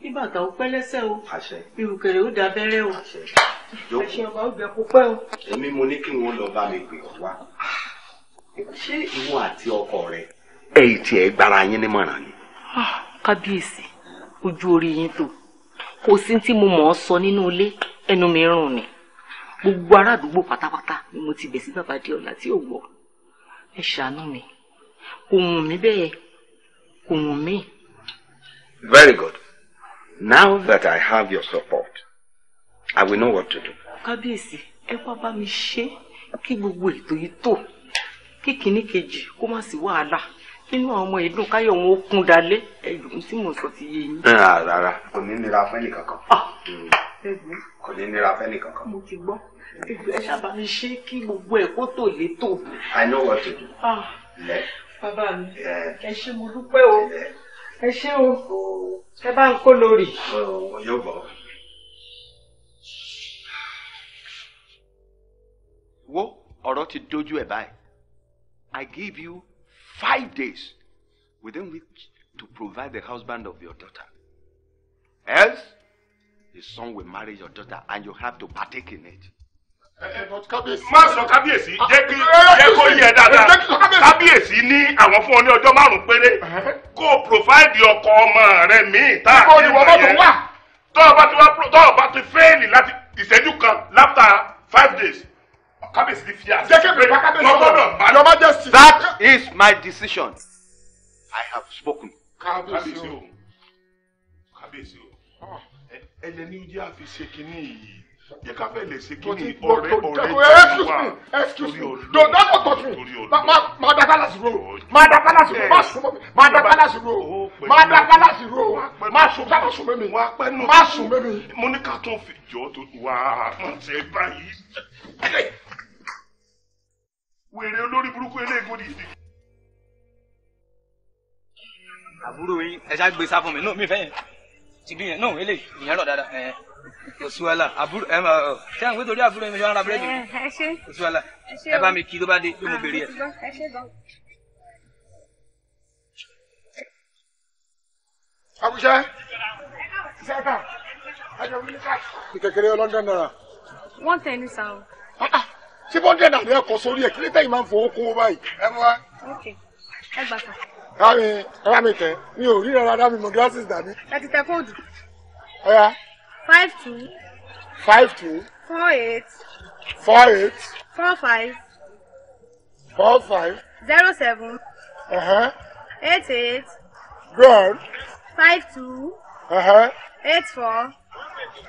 Ìbàtà mm. ó pẹ́ lẹ́sẹ̀ o. Àṣẹ. Ìrùkẹ̀rẹ̀ ó da abẹ́rẹ́ o. Àṣẹ. Àṣẹ ọba ó gbẹ kó o. Emi mo ní kí wọ́n lọ bá mi pè ọ́ wá. Ṣé ìwọ àti ọkọ rẹ ẹ̀yìn tí ẹ gbára yín nímọ̀ràn ni? Ah, kábíyèsí, ojú orí yín tó kò sí tí mo mọ̀ ọ́ sọ nínú ilé ẹnu mi rùn ni gbogbo ará pátápátá ni mo ti bẹ̀ sí bàbá di tí ò gbọ́ ẹ ṣàánú mi kò wùn mí bẹ́ẹ̀ kò wùn mí. Very good. Now that I have your support, I will know what to do. Kábíyèsí, ẹ wá bá mi ṣe kí gbogbo ètò yìí tò kí kìíní kó má sí wàhálà inú àwọn ọmọ ìdùn káyọ̀ wọn ó kún dalé ẹ̀yùn tí mò ń sọ ti yé yín. Eh, ah, rárá kò ní nira fẹ́nì kankan. Ah. Hmm. kò ní nira fẹ́nì kankan. mo ti gbọ́ ẹ sábà ń ṣe kí gbogbo ẹ̀ kó tò létò. I know what to do. Ah. bàbá mi eh. ẹ ṣé mo dúpẹ́ o ẹ ṣé o ẹ bá ń kó lórí. Oh, yóò bọ̀. wo ọ̀rọ̀ ti dojú ẹ̀ báyìí I give you five days within which to provide the husband of your daughter. Else, the son will marry your daughter and you have to partake in it. Eh, eh, má sọ kábíyèsí ah, jẹ́ kí eh, jẹ́ kó yẹ dáadáa kábíyèsí ní àwọn fún ọ ní ọjọ́ márùn provide ọkọ ọmọ rẹ míì tá a ti mọ̀ yẹn tọ́ ọ bá ti fẹ́ẹ̀lì láti ìṣẹ́jú kan láfta five days kábíyèsí fi that is my decision i have spoken. kábíyèsí o kábíyèsí o ẹyẹ ni ó jẹ́ àfi ṣe wèrè olórí burúkú eléegun ni. àbúrò yín ẹ ṣáà gbé sáfún mi náà mi fẹ́ yẹn ti dùn yẹn náà eléyìí ìyẹn rọ̀ dáadáa ẹ̀ kò sí wàhálà àbúrò ẹ̀ máa ṣé àwọn nítorí àbúrò yín mi ṣe wọn ra búrẹ́dì mi kò sí wàhálà ẹ bá mi kí ló bá dé ló mo bèrè ẹ. àbúṣe sẹ́ka àjọ wíńdíkà. ìkẹ̀kẹ̀rẹ̀ ọlọ́dún náírà. wọ́n tẹ̀ ní sáà ṣé bọ́ndẹ̀ nàdí ẹ̀kọ́ sórí ẹ̀ kí ló tẹ̀yìn máa ń fowó kówó báyìí. ẹ mú wa. ok ẹ gbà sà. rámi rámi tẹ mi ò ríra rárá mi mọ glasses dání. ẹ ti tẹ kóòdù. ọ̀ya. five two. five two. four eight. four eight. four five. four five. zero seven. Uh-huh. eight eight. go on. five two. Uh-huh. eight four.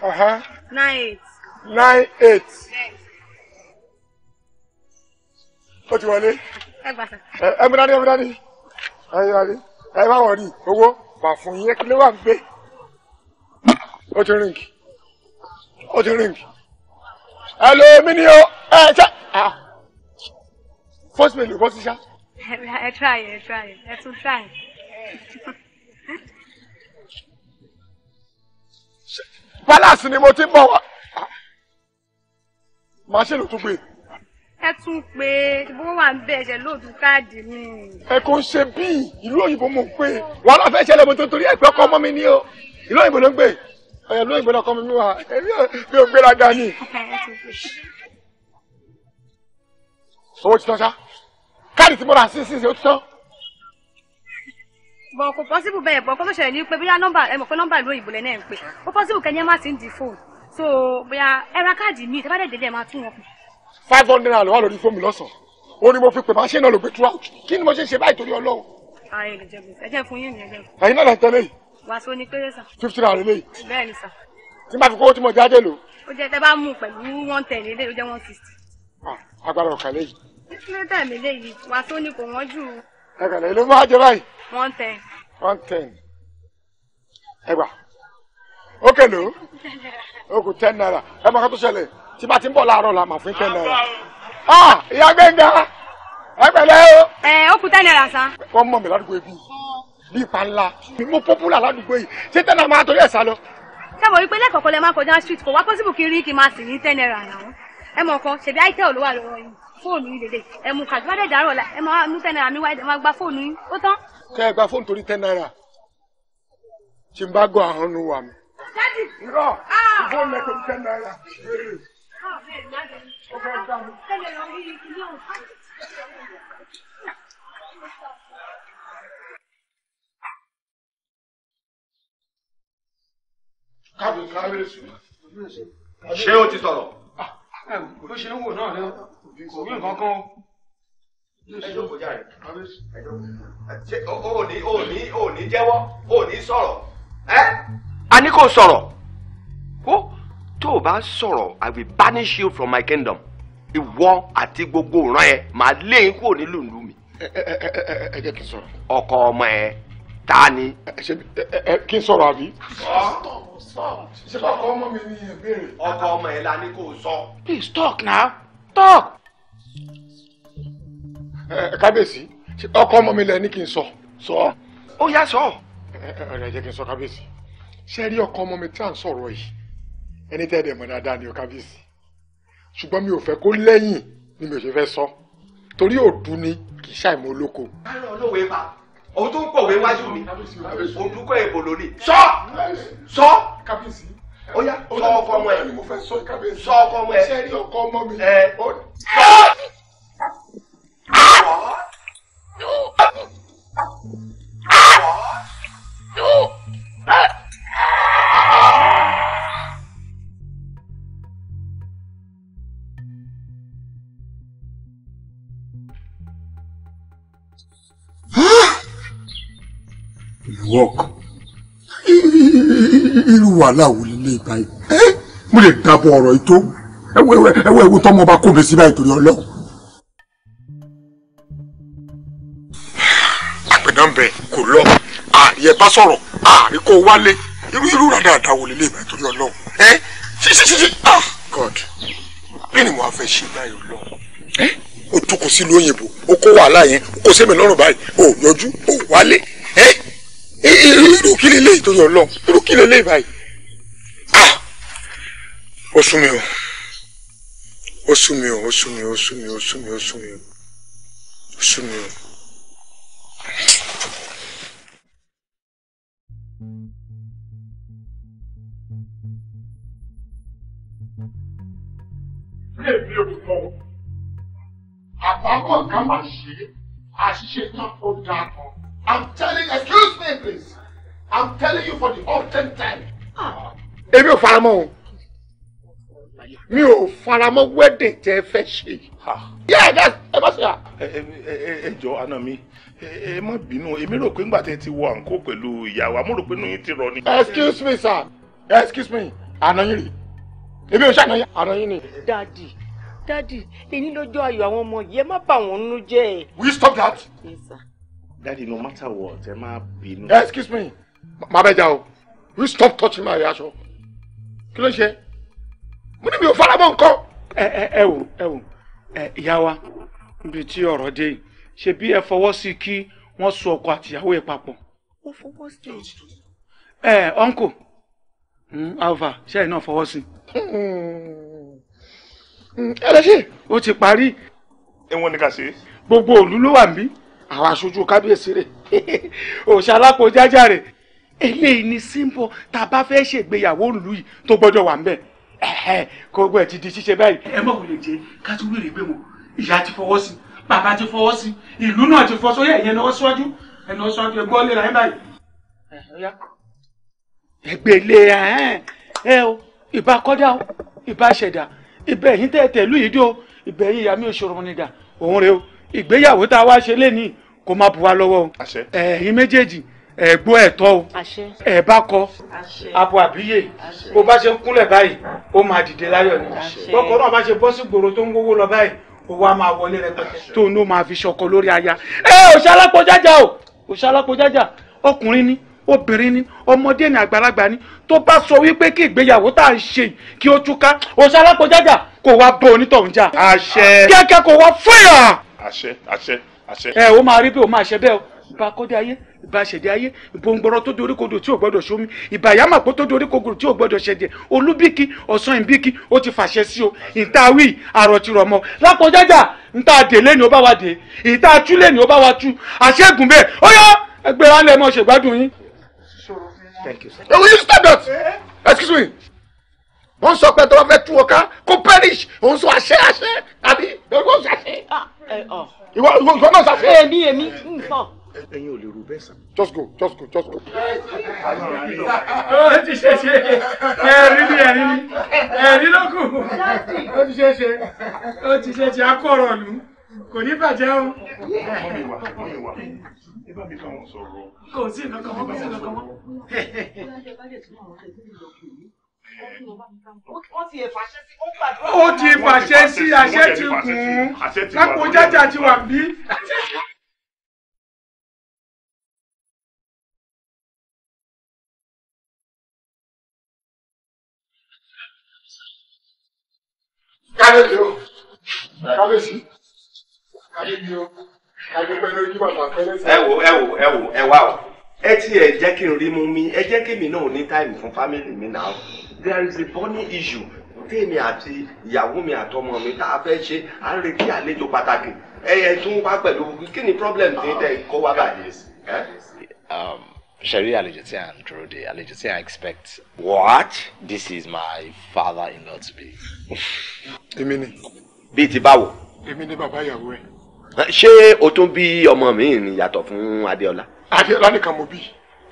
Uh-huh. nine eight. nine eight. Yes. O ti wọlé ẹ múdání ẹ múdání ẹ múdání ẹ má wọ̀ rí owó mà fún yín kí ló wà ń gbé ó ti rìn kì ó ti rìn kì ẹ lo mí ni o ẹ ṣá fọ́sí mi lè bọ́ sí ṣá. ẹ try ẹ try ẹ tún try. palace ni mo ti ń bọ̀ wá màá ṣèlú tó gbé ẹ tún pé bó wà ń bẹ̀ ẹ̀ṣẹ̀ lóòtú káàdì mi. ẹ kò ń ṣe bíi ìlú òyìnbó mo ń pè wọn náà fẹ́ ṣẹlẹ̀ mo tó torí ẹ̀pẹ́ ọkọ ọmọ mi ni o ìlú òyìnbó ló ń gbé ọ̀yà ìlú òyìnbó lọkọ mi wà èmi ò gbéra ga ni. owó ti tán ṣá káàdì tí mo rà sí sí ṣe ó ti tán. bọ̀ kò pọ́sibù bẹ́ẹ̀ bọ̀ kó tó ṣẹlẹ̀ ní pé bóyá nọ́mbà ẹ mọ̀ pé nọ́mbà ìlú òyìnbó so bóyá ẹ ra káàdì míì tẹ́ bá dẹ̀ five hundred naira ló wà lórí fóònù lọ́sàn-án ó ní mo fi pè máa ṣe náà ló gbé throughout kí ni mo ṣe ń ṣe báyìí torí ọlọ́run. ayé lè jẹ gbèsè ẹ jẹ fún yín mi ẹ jẹ fún. ẹ̀yin náà lè tẹ́lẹ̀ yìí. wàásù ni péré sà. fifty naira lélẹ̀ yìí. bẹ́ẹ̀ ni sà. tí n bá fi o tí mo jáde lò. ó jẹ tẹ bá mú pẹ̀lú one ten lélẹ̀ ó jẹ one sixty. agbára ọ̀kà lẹ́yìn. títí tẹ̀ mí léyìí wàásù ni kò wọ́n jù. ẹ̀kàlẹ̀ ló máa jẹ báyìí. one ten. one ten. ẹgbà ó kèlò ó kù ten naira ẹ máa ká tó tí bá ti ń bọ̀ láàárọ̀ la mà fún ten naira. Ah, ìyá gbẹ̀ngà ẹ pẹ̀lẹ́ o. ẹ ó kù ten naira sa. wọ́n mọ̀ mi ládùúgbò ibi bí ipa ńlá mo popular ládùúgbò yìí ṣé ten naira máa torí ẹ̀ sá lọ. ṣé mo rí pé lẹ́kọ̀ọ́kọ́ lẹ máa kọjá street kò wá possible kí n rí kí n máa sì ní ten naira náà ẹ mọ̀ kan ṣèbí itel ló wà lọ́wọ́ yìí fóònù yìí dédé ẹ mú kàdúrà dẹ̀ dàrọ̀ la ẹ máa mú ten naira mi wá ẹ máa gba fóònù yìí ó tán. kẹ ẹ gba fóònù torí ten naira tí n bá gbọ́ àhọ́nú wa mi. irọ́ ìfọ̀n ah! mẹ́tò ten naira kábíyèsí ṣé o ti sọ̀rọ̀. bó ṣe ń wò náà ni kò rí nǹkan kan o. ní o ní o ní jẹ́wọ́ o ní sọ̀rọ̀ a ní kò sọ̀rọ̀ tó o bá sọ̀rọ̀ i will banish you from my kingdom ìwọ àti gbogbo ìran ẹ màá lé yín kúrò nílùú ìlú mi. ẹ jẹ́ kí n sọ̀rọ̀. ọkọ ọmọ ẹ ta ni. kí n sọ̀rọ̀ àbí. ṣé ọkọ ọmọ mi ni ìbéèrè. ọkọ ọmọ ẹ la ní kó sọ. please talk now talk. kábíyèsí ọkọ ọmọ mi lẹ ní kí n sọ. sọ. ó yá sọ. ọ̀rẹ́ ẹ jẹ́ kí n sọ kábíyèsí ṣé rí ọkọ ọmọ mi tí à ń sọ̀rọ̀ yìí ẹni tẹ́ ẹ̀ dẹ̀ mọ̀ dáadáa ni o kábíyèsí ṣùgbọ́n mi ò fẹ́ kó lẹ́yìn ni mi ò ṣe fẹ́ sọ torí òdù ni kì í ṣàìmọ̀ olóko. káyọ̀ olówe pa òun tó ń pọ̀ wé wájú mi òdùkọ̀ èbò lónìí. sọ sọ kábíyèsí ó yá sọ ọkọ ọmọ ẹ sọ ọkọ ọmọ ẹ sẹ ẹ ní ọkọ ọmọ mi. work irú wàhálà wò lè báyìí mo lè dàbọ̀ ọ̀rọ̀ yìí tó ẹwọ ẹwọ tọmọ bá kó mi sí báyìí torí Ọlọ́run. àpẹ̀dá ń bẹ kò lọ ààrẹ bá sọ̀rọ̀ ààrẹ kò wálé irú irú rà dáadáa wò lè lè báyìí torí Ọlọ́run ẹ ṣí ṣí ṣí ṣí ah God bí ni mo á fẹ́ ṣe báyìí Ọlọ́run o tún kò sí lóyìnbó o kó wàhálà yẹn o kò sẹ́mi lọ́rùn báyìí o yọjú o wálé ẹ irú kí lè léyìí torí ọlọ́run irú kí lè léyìí báyìí ah! ó sún mi o ó sún mi o ó sún mi o ó sún mi o ó sún mi o ó sún mi o ó sún mi o. èmi ò ṣe àṣìṣe tán ó dáa kan. I'm telling excuse me please. I'm telling you for the often time. Èmi ò faramọ́ o. Mi ò faramọ́ wedding tẹ́ fẹ́ ṣe. Yeah, that's ẹ bá ṣe e Ẹ jọ àna mi, ẹ má bínú, èmi rò pé ńgbà tẹ́ ti wọ àǹkó pẹ̀lú ìyàwó, àmọ́ rò pé inú yín ti rọ ni. Excuse me sir, excuse me, àna Emi rèé èmi ò ṣàná àná yín ni. dadi dadi èyí lójú ayọ̀ àwọn ọmọ yìí ẹ má bà wọ́n nínú jẹ́. will you stop that. yes sir. Daddy, no matter what, ẹ má bínú. Eh, excuse me, má bẹ jà o, you stop touching my aṣọ. Kí ló ń ṣe? Mo ní mi eh, eh. nǹkan. Ẹ ẹ ẹ wò ẹ wò ẹ ìyá wa níbi tí ọ̀rọ̀ dé For ṣe bí ẹ fọwọ́ sí kí wọ́n so ọkọ àtìyàwó ẹ papọ̀. Ó fọwọ́ sí i. Ẹ ọ̀nkò hmm, Alva ṣé ẹ náà fọwọ́ sí i. Hmm. Hmm. Ẹ lọ ṣe. Ó ti parí. Ẹ wọ́n ní ká ṣe. Gbogbo òlu ló wà níbí àwọn aṣojú kábíyèsí rẹ̀ òòṣà alákòójájà rẹ̀ eléyìí ni símbọ̀ tá a bá fẹ́ ṣègbéyàwó ìlú yìí tó gbọ́dọ̀ wà ń bẹ̀ kógbó ẹ̀ ti di ṣíṣe báyìí. ẹ mọ̀ wòlé jẹ́ ká tún wíìrì gbé wọn ìyá ti fọwọ́ sí bàbá ti fọwọ́ sí ìlú náà ti fọ́ sóyè ẹ̀yẹ náà síwájú ẹ̀nà síwájú ẹgbọ́n lè ra ẹ̀ báyìí. ẹgbẹ́ ilé ẹ o ìbá kọ́dá ìbá ṣẹ̀dá ìbẹ̀yìn tẹ̀tẹ̀ lù yìí dé ìbẹ̀yìn ìyá mi ò ṣòro nídà òun rèé o ìgbéyàwó tá a wá ṣe lénìí kó má bu wa lọ́wọ́ ẹ̀yin méjèèjì ẹ̀gbọ́ ẹ̀tọ́ o ẹ̀ bá kọ abo àbíyè bó bá ṣe ń kúnlẹ̀ báyìí ó máa dìde láyọ̀ ni bọ́kọ náà bá ṣe bọ́ sí gbòòrò tó ń wówó lọ báyìí owó á máa wọlé rẹpẹtẹ tóun ló máa fi ṣọkọ lórí aya ẹ ò ṣalápò jájà o ò ṣalápò jájà ọkùnrin ni obìnrin ni ọmọdé ni àgbàlagbà ni tó bá sọ wípé kí ìgbéyàwó tá à ń ṣe kí ó túká ò ṣalápò jájà kó wá bọ onítọ̀hún jà àṣẹ kíákíá kó wá fún yà àṣẹ àṣẹ àṣẹ. ẹ o máa rí bí o máa ṣe bẹ́ẹ̀ o ìbá kọ́dé ayé ìbá ṣẹ̀dẹ̀ ayé ìbòǹgbọ̀rọ̀ tó dorí kodò tí o gbọ́dọ̀ ṣomi ìbá yàmàpọ̀ tó dorí kodò tí ò gbọ́dọ̀ ṣẹ̀dẹ̀ olúbíkí ọ̀sán ìbíkí ó ti fàṣẹ sí o ìtawí àròtìrọ̀ mọ́ lápọ̀jájà ńta délé ni ó bá wa dé ìta túlé ni ó bá wa tú àṣẹ́gun bẹ́ẹ̀ ó yọ ẹgbẹ́ ránlẹ̀ mọ́ ṣègbádùn yín. sọ pé tó bá fẹ́ tú ọká kó perish òun sọ àṣẹ àṣẹ ìwọ ìwọ náà sàfẹ́. èmi èmi ń sọ. ò lè rú bẹ́ẹ̀ sàn. just go just go just go. ó ti ṣe ṣe ẹ̀rí ni ẹ̀rí ni ẹ̀rí ló kù ó ti ṣe ṣe ó ti ṣe ṣe akọ̀rọ̀ lù kò ní bàjẹ́ o. kò sí nǹkan kan mọ́ ó ti fàṣẹ sí àṣẹ ti gùn ún lápò jájà ti wà bí. kábíyèsí o kábíyèsí kábíyèsí o kábíyèsí pẹ̀lú ojú bàtà pẹ̀lú. ẹ wo ẹ wo ẹ wo ẹ wá o ẹ ti ẹ jẹ́ kí n rí mú mi ẹ jẹ́ kí mi náà ní táìmù fún fámìlì mi náà there is a burning issue tèmi àti ìyàwó mi àtọmọ mi tá a fẹ́ ṣe à ń retí àlejò pàtàkì ẹ ẹ tún wá pẹ̀lú kí ni problem tí tẹ kó wá báyìí. Um, ṣe rí àlejò tí à expect. what? this is my father-in-law to be. èmi ni. bíi ti báwo. èmi ni bàbá ìyàwó ẹ. ṣé o tún bí ọmọ mi ní yàtọ̀ fún Adéọlá. Adéọlá nìkan mo bí.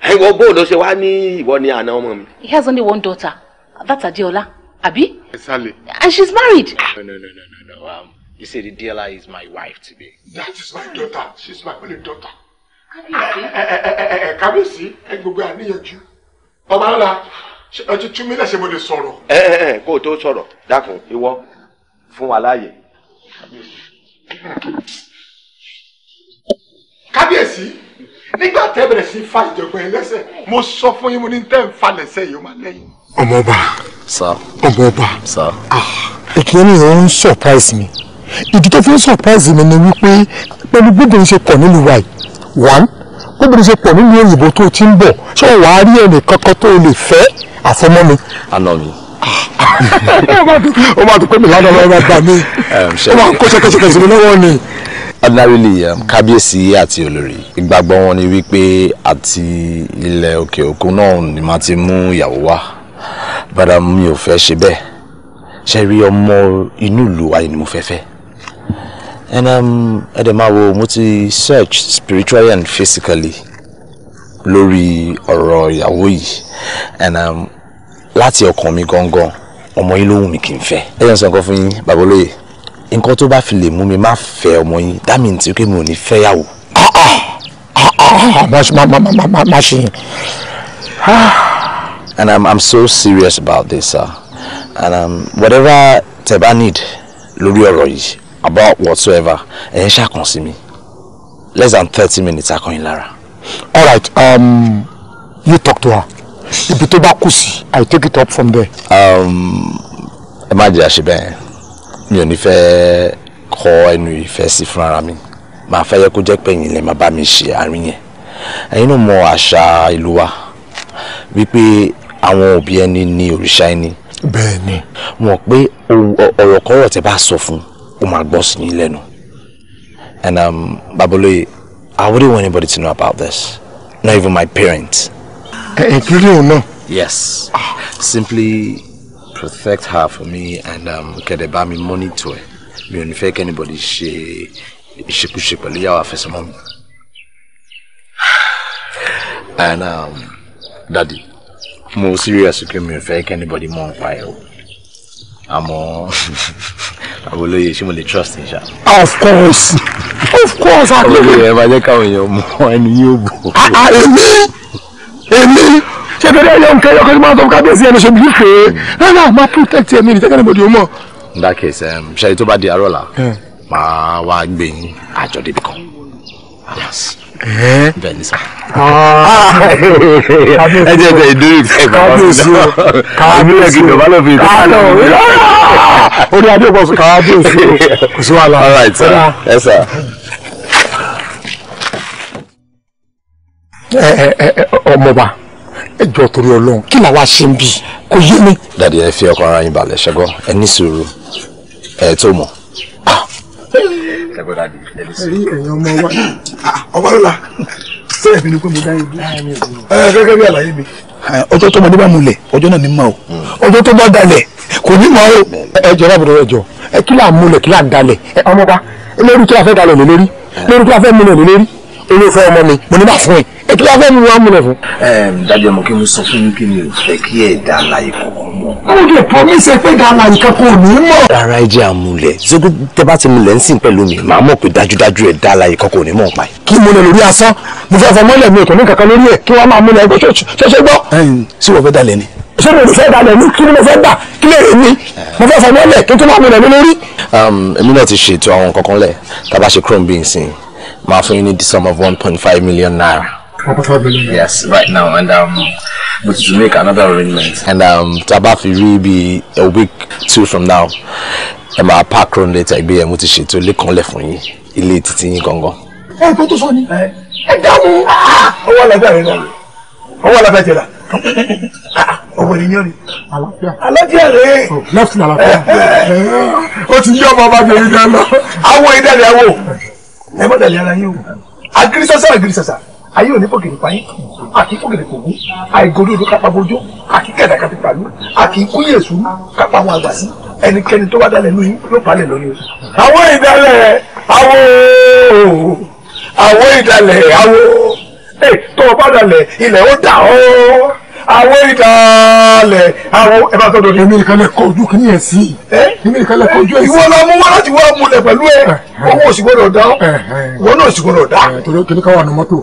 Ẹ wo bó ló ṣe wá ní ìwọ ni àná ọmọ mi. He has only one daughter, that's Adéọlá, Abi. Sally. And she's married. No, no, no, no, no, no. Um, you say Adéọlá is my wife today. That is my daughter. She's my only daughter. Kábíyèsí, ẹ gbogbo àníyànjú. Ọba ńlá, ẹ ti tún mí lẹ́sẹ̀ mo lè sọ̀rọ̀. Ẹ ẹ ẹ kó o tó sọ̀rọ̀ dákun ìwọ fún wa láàyè. Kábíyèsí. Kábíyèsí nígbà tẹ́ bẹ̀rẹ̀ sí fa ìjọba ẹlẹ́sẹ̀ mo sọ fún yín mo ní tẹ́ ń falẹ̀ sẹ́ yìí ó máa lẹ́yìn. ọmọọba ọmọọba ah, ìkíni yẹn ń surprise mi ìdí tó fi ń surprise mi ni wípé pẹ̀lú gbogbo ṣe pọ̀ nílùú wa yìí one gbogbo ṣe pọ̀ nílùú òyìnbó tó ti ń bọ̀ ṣé wàá rí ẹnì kankan tó lè fẹ́ àfọmọ́ mi. àná mi ah. ó máa dùn pé mi lánàá lọ́wọ́ bá mi ó máa ń kó ṣẹkẹṣẹkẹ sí mi lọ́wọ́ ni ordinarily um, kábíyèsí àti olórí ìgbàgbọ́ wọn ni wípé àti ilẹ̀ òkè òkun náà ni màá ti mú ìyàwó wá bàdà mi ò fẹ́ ṣe bẹ́ẹ̀ ṣe rí ọmọ inú ìlú wa ni mo fẹ́ fẹ́ and um, ẹ dẹ̀ máa wo mo ti search spiritually and physically lórí ọ̀rọ̀ ìyàwó yìí and um, láti ọkàn mi gangan ọmọ yìí ló wù mí kí n fẹ́ ẹ yẹn sọ fún yín bàbá olóye nǹkan tó bá fi lè mú mi má fẹ́ ọmọ yín that means pé mi ò ní fẹ́yàwó. má ṣe yẹn. and I'm, I'm so serious about this sir and um, whatever tẹ́ bá need lórí ọ̀rọ̀ yìí about whatsoever ẹ̀ ń ṣàkàn sí mi less than thirty minutes akọyin lára. all right um, you talk to her ibi tó bá kù sí i take it up from there. ẹ má jẹ́ àṣebẹ́yẹn mi ò ní fẹ́ kọ ẹnu ìfẹ́ sí fúnra mi màá fẹ́ yẹ kó jẹ́ pé lè máa bá mi ṣe àárín yẹn ẹ̀yin náà mọ àṣà ìlú wa wípé àwọn òbí ẹni ní òrìṣà ẹni. bẹ́ẹ̀ni. mọ̀ pé ọ̀rọ̀ kọ́rọ̀ tẹ́ bá sọ fún ó máa gbọ́ sí yín lẹ́nu and um, Babaloye, I wouldn't want anybody to know about this, not even my parents. Including or no? Yes. Ah. Simply respect her for me and um, buy kẹ̀dẹ̀ bá mi monitor ẹ̀ mi ò ní fẹ́ she ṣe ìṣekúṣe pẹ̀lú ìyàwó àfẹsọ́mọ́ mi. and um, daddy mo serious pé me fake anybody, kẹ́nìbọ̀dì mọ̀ I'm all. I àmọ́ àbólóye ṣé mo lè trust ẹ̀ ṣá. of course of course. I àbólóye ẹ máa jẹ́ káwọn èèyàn mọ ẹni yóò bọ̀. Ah, ah, èmi èmi ṣe torí ẹyọ nǹkan ẹyọ kan tí máa sọ kábíyèsí ẹnu ṣe bìí pé rárá máa protect ẹ̀mí ní tẹ́kẹ́ níbodè ó mọ̀. in that case ṣe tó bá di àárọ̀ la máa wá gbé yín àjọ débi kan. bẹ́ẹ̀ ni sá. ẹ jẹ́ ẹ ìdúró ìfẹ́ kábíyèsí o kábíyèsí o orí adé pọ̀ kábíyèsí kò sí wàhálà. all right sir. Yes, sir. ọmọba ẹ jọ torí Ọlọ́run kí làwa ṣe ń bì kò yé mi. dàdí ẹ fi ọkàn ara yín balẹ̀ ṣẹ́gbọ́ ẹ ní sùúrù ẹ tó mọ̀. ẹ̀rí ẹ̀yin mi ni pé mo dá yín dúró ẹ gẹ́gẹ́ bí àlàyé mi. ọjọ́ tó mọdé bá mulẹ̀ ọjọ́ náà ni mọ̀ o mm. ọjọ́ tó bá dalẹ̀ kò ní mọ̀ o. ẹ jọ lábùdó ẹ jọ ẹ kí là ń mulẹ̀ kí là ń dalẹ̀ ọmọ wa lórí kí la fẹ́ dalẹ̀ lórí lórí kí la fẹ́ mulẹ̀ lórí olóòfẹ́ ọmọ mi mo ní bá fún ẹ ètò afẹ́ mi wàá múlẹ̀ fún. dájú ọmọ kí mo sọ fún yín kí mi ò fẹ́ kí ẹ dá àlàyé kankan mọ́. ó lè promise ẹ pé dá àlàyé kankan ò ní mọ̀. rárá ẹ jẹ́ àmúlẹ̀ zogo tẹ bá ti múlẹ̀ ń sìn pẹ̀lú mi màá mọ̀ pé dájúdájú ẹ dá àlàyé kankan ò ní mọ̀ pa ẹ̀. kí mo lè lórí asán mo fẹ́ fọmọ́lẹ̀ mi ò kò ní kankan lórí ẹ̀ kí wọ́n máa múlẹ̀ ẹgbẹ́ ṣẹṣẹ gbọ́. ṣé wọ́n fẹ́ dalẹ̀ ni ṣé mo fẹ́ dalẹ̀ ní kí ni mo fẹ́ dà kí lè mi mo fẹ́ fọmọ́lẹ̀ kí n tún máa múlẹ̀ mi lórí. èmi náà ti ṣètò àwọn nǹkan kan lẹ̀ tá a bá ṣe chrome beans yìí máa fún need the sum of 1.5 million naira. one point five million naira. yes right now and um, but to make another arrangement. and um, Tabafi will be a week two from now ẹ máa park round later be a ibi ẹ mo ti ṣètò ilé kan lẹ̀ fún yín ilé títí yín gangan. ẹ kó tó sọ ni ẹ dáhùn owó alábẹ́ rẹ náà owó alábẹ́ jẹ la I love you. àlàáfíà àlàáfíà rẹ left ni àlàáfíà ó ti yí ọmọ ọba bẹ̀rẹ̀ náà lọ àwọn ìdẹ́rẹ̀ wò ẹ má dàlẹ́ ara yín o agirisasa agirisasa ayé ò ní fòkèrè fàyín àti fòkèrè kògún àìgòdò ìlú kápábójó àti kẹ̀dàkà ti pàlú àti ikú yèsù kápá àwọn àgbà sí ẹnikẹ́ni tó bá dalẹ̀ lóyún yóò balẹ̀ lórí àwọn ìdalẹ̀ awo àwọn ìdalẹ̀ awo tó o bá dalẹ̀ ilẹ̀ ó dà ọ́ àwọn ìdálẹ̀ àwọn ẹ bá tọ́jú èmi nìkan lẹ kọjú kìíní ẹ̀ sí èmi nìkan lẹ kọjú ẹ̀ sí. ìwọ la mú wá láti wá múlẹ̀ pẹ̀lú ẹ owó òsì gbọdọ̀ dá owó náà òsì gbọdọ̀ dá. torí kìíní ká wà ní mọ́tò.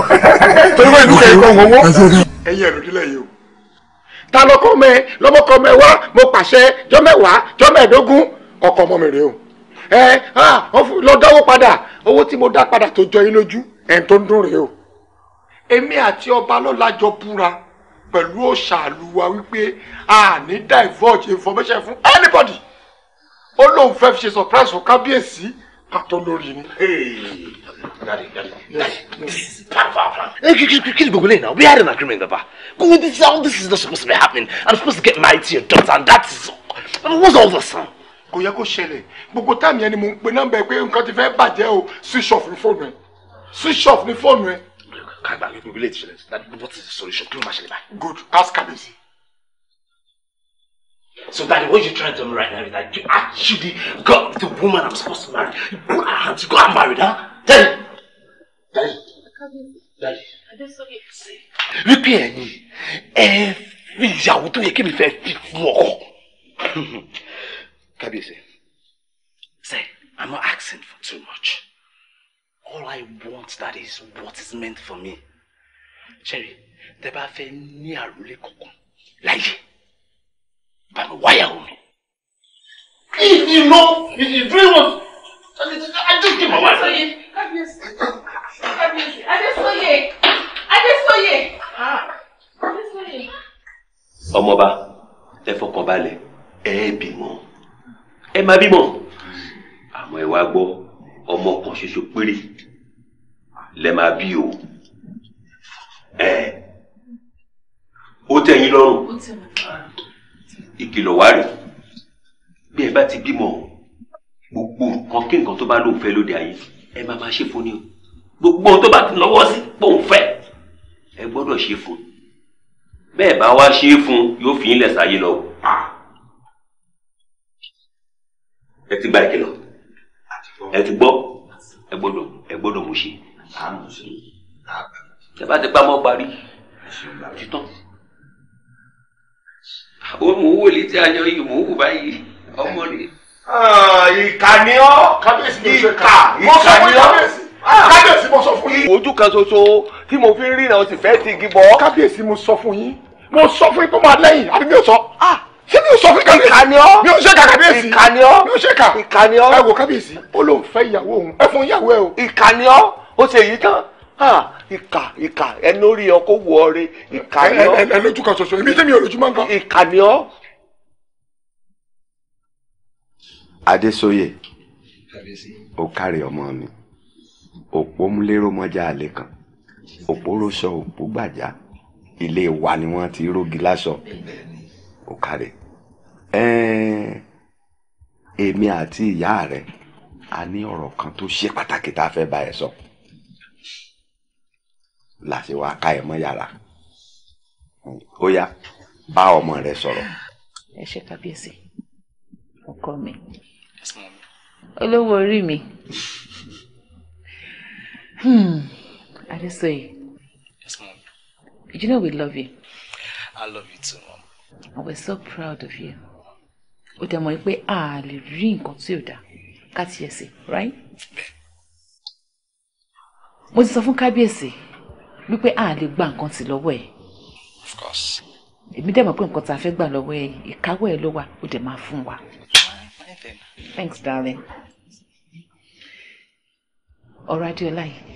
torí pé ìlú kẹ̀kọ́ wọn wọ́n. ẹ̀yin ẹ̀rù dílẹ̀ yìí o ta lọkọ mẹ lọmọkọ mẹ wá mo pàṣẹ jọmẹwàá jọmẹẹdógún ọkọ ọmọ mi rèé o ẹ ah, lọ dáwó padà owó tí mo dá padà tó jọ yín lójú ẹ̀ tó ń dún rèé o èmi àti ọba lọ́la jọ búra pẹ̀lú òòṣà àlùwà wípé a ní divulge information fún anybody ó lóun fẹ́ fi ṣe surprise fún kábíyèsí àtọ́lórí ni. Kí ni gbogbo lẹ́yìn náà? We had an agreement, Baba. This, all this is not supposed to be happening. I'm supposed to get married to your daughter and that is... What's all this? Go yẹ kó ṣẹlẹ̀. Gbogbo táàmì yẹn ni mo ń pe nọ́mbà ẹ pé o. Switch off the phone ẹ. Switch off the phone ẹ kàgbà wípé ilé ti ṣẹlẹ̀ that what is the solution kí ló máa good ask kábíyèsí. So daddy, what you're trying to tell me right now is that you actually got the woman I'm supposed to marry. You put her hand you go and marry her. Daddy! Daddy! Daddy! Wípé ẹ̀yin ẹ fi ìyàwó tó yẹ kí mi fẹ́ fi fún ọkọ. Kábíyèsí. Say, I'm not asking for too much all I want that is what is meant for me. Cherry, tẹ bá fẹ́ ní àròlé kankan láyé bá mi wáyà omi. If you know, if you really want, I just give my wife. Adéṣoyè, Adéṣoyè, Adéṣoyè, Adéṣoyè. Adéṣoyè. Ah, Ọmọba, ẹ fọkàn balẹ̀, ẹ bímọ, ẹ má bímọ, àmọ́ ẹ wá gbọ́ ọmọ kan ṣoṣo péré lẹ máa bí o ẹ ó tẹ́ yín lọ́rùn ìkìlọ̀ wá rèé bí ẹ bá ti bímọ gbogbo nǹkan kí nǹkan tó bá lóun fẹ́ lóde ayé ẹ máa máa ṣe fún ni o gbogbo ohun tó bá ti lọ́wọ́ sí pòun fẹ́ ẹ gbọ́dọ̀ ṣe fún bẹ́ẹ̀ bá wá ṣe é fún yóò fi yín sáyé lọ. Ah. ẹ ti gba ìkìlọ̀ ẹ ti gbọ́ ẹ gbọ́dọ̀ ẹ gbọ́dọ̀ mú ṣe tẹ́bá tẹ́bá mọ́ parí títàn ó mú owó lè tí a yan yìí mú owó báyìí ọmọ rẹ. Ah, ìkà ni ọ́ kábíyèsí ló ṣe ká ìkà ni ọ́ kábíyèsí mo sọ fún yín. ojú kan ṣoṣo tí mo fi ń rìnà o sì fẹ́ ti igi bọ́. kábíyèsí mo sọ fún yín mo sọ fún yín pé máa lẹ́yìn àbí mi ò sọ ṣé mi ò sọ fún kábíyèsí mi ò ṣe kà kábíyèsí mi ò ṣe kà ìkànnìọ́ ẹ wo kábíyèsí ó lóun fẹ́ ìyàwó òun ẹ fún ìyàwó ẹ o. ìkànnìọ́ ó ṣe èyí tán ìkà ìkà ẹni orí ọkọ wọ ọrẹ ìkànnìọ́. ẹ lójú kan ṣoṣo èmi tẹ́mi ò lójú máa ń kan. ìkànnìọ́. Adésóyè ó kárí ọmọ mi òpó múlẹ́rọ mọ́jà àlẹ́ kan òpó rọṣọ òpó gbàjá ilé wa ni wọ́n ti rógi láṣọ ó kárí. Eh, èmi àti ìyá rẹ a ní ọ̀rọ̀ kan tó ṣe pàtàkì tá a fẹ́ bá ẹ sọ la ṣe wá ká ẹ mọ́ yàrá ó yá bá ọmọ rẹ sọ̀rọ̀. ẹ ṣe kábíyèsí ọkọ mi olówó orí mi hmm, Adesoye you know we love you. I love you too mom. and we're so proud of you ó dẹ̀ mọ̀ pé a lè rí nǹkan tí ò dáa ká tiẹ̀ right. mo ti sọ fún kábíyèsí wípé a lè gba nǹkan tì lọ́wọ́ ẹ̀. of course. èmi dẹ̀ mọ̀ pé nǹkan tá a fẹ́ gbà lọ́wọ́ ẹ̀ ìkáwọ́ ẹ̀ ló wà ó dẹ̀ máa fún wa. thanks darling. ọ̀rọ̀ adéọlá yìí.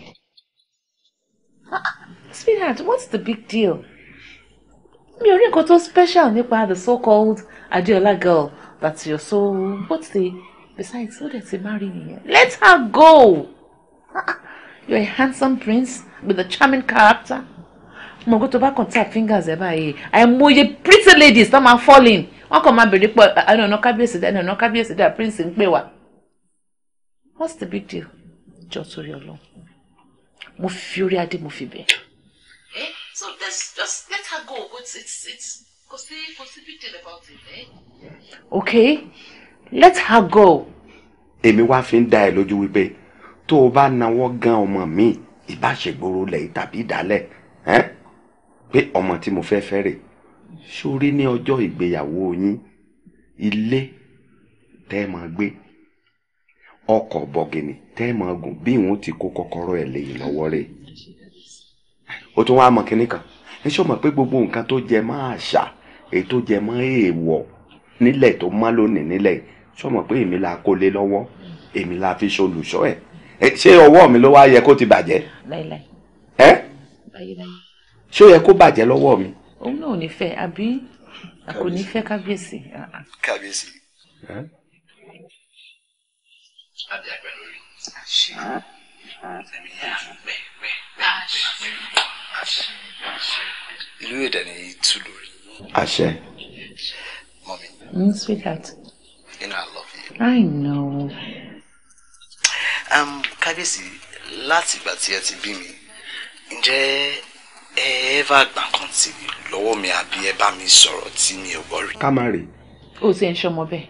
sweetheart what's the big deal? mi ò rí nǹkan tó special nípa the so-called adéọlá girl that your soul, what's the besides who dẹ̀ ti marry nìyẹn let her go you're a handsome prince with a charming character mo kó tó bá kàn tap fingers I am àìmọye pretty ladies tó máa fall in wọn kàn be bèrè pọ ẹnu ọ̀nà kábíyèsí dá ẹnu ọ̀nà kábíyèsí dá prince ń pè wá what's the big deal Just sórí Ọlọ́run mo fi orí adé mo eh? so let's just let her go it's it's it's kò eh? okay let her go. èmi wá fi ń dá ẹ lójú wípé tó o bá nawọ́ gan ọmọ mi ìbáṣegbòrò lẹ́yìn tàbí ìdálẹ̀ pé ọmọ tí mo fẹ́ fẹ́ rè sórí ní ọjọ́ ìgbéyàwó yín ilé tẹ́ máa gbé ọkọ̀ bọ̀gìnì tẹ́ máa gùn bí wọn ti kó kọ́kọ́rọ́ ẹ̀ lẹ́yìn lọ́wọ́ rẹ̀ o tún wá mọ̀ kínní kan ẹ ṣọ́ mọ̀ pé gbogbo nǹkan tó jẹ máa ṣà èyí tó jẹ mọ́ èèwọ̀ nílẹ̀ tó má lónìí nílẹ̀ sọmọ pé èmi la kó lé lọ́wọ́ èmi la fi ṣolùṣọ́ ẹ̀ ṣé ọwọ́ mi ló wá yẹ kó ti bàjẹ́. láíláí. ẹ ṣé ó yẹ kó bàjẹ́ lọ́wọ́ mi. òun náà ò ní fẹ́ àbí a kò ní fẹ́ kábíyèsí. kábíyèsí. adé àgbà ìlú èdè ni túlù rí àṣẹ. mommy, Mm, sweetheart. you know I love you. I know. Um, kábíyèsí láti ìgbà tí ẹ ti bí mi ǹjẹ́ ẹ ẹ bá mi abi ẹ bá mi sọ̀rọ̀ tí mi ò gbọ́ rí. o ti ń ṣọmọ bẹ́ẹ̀.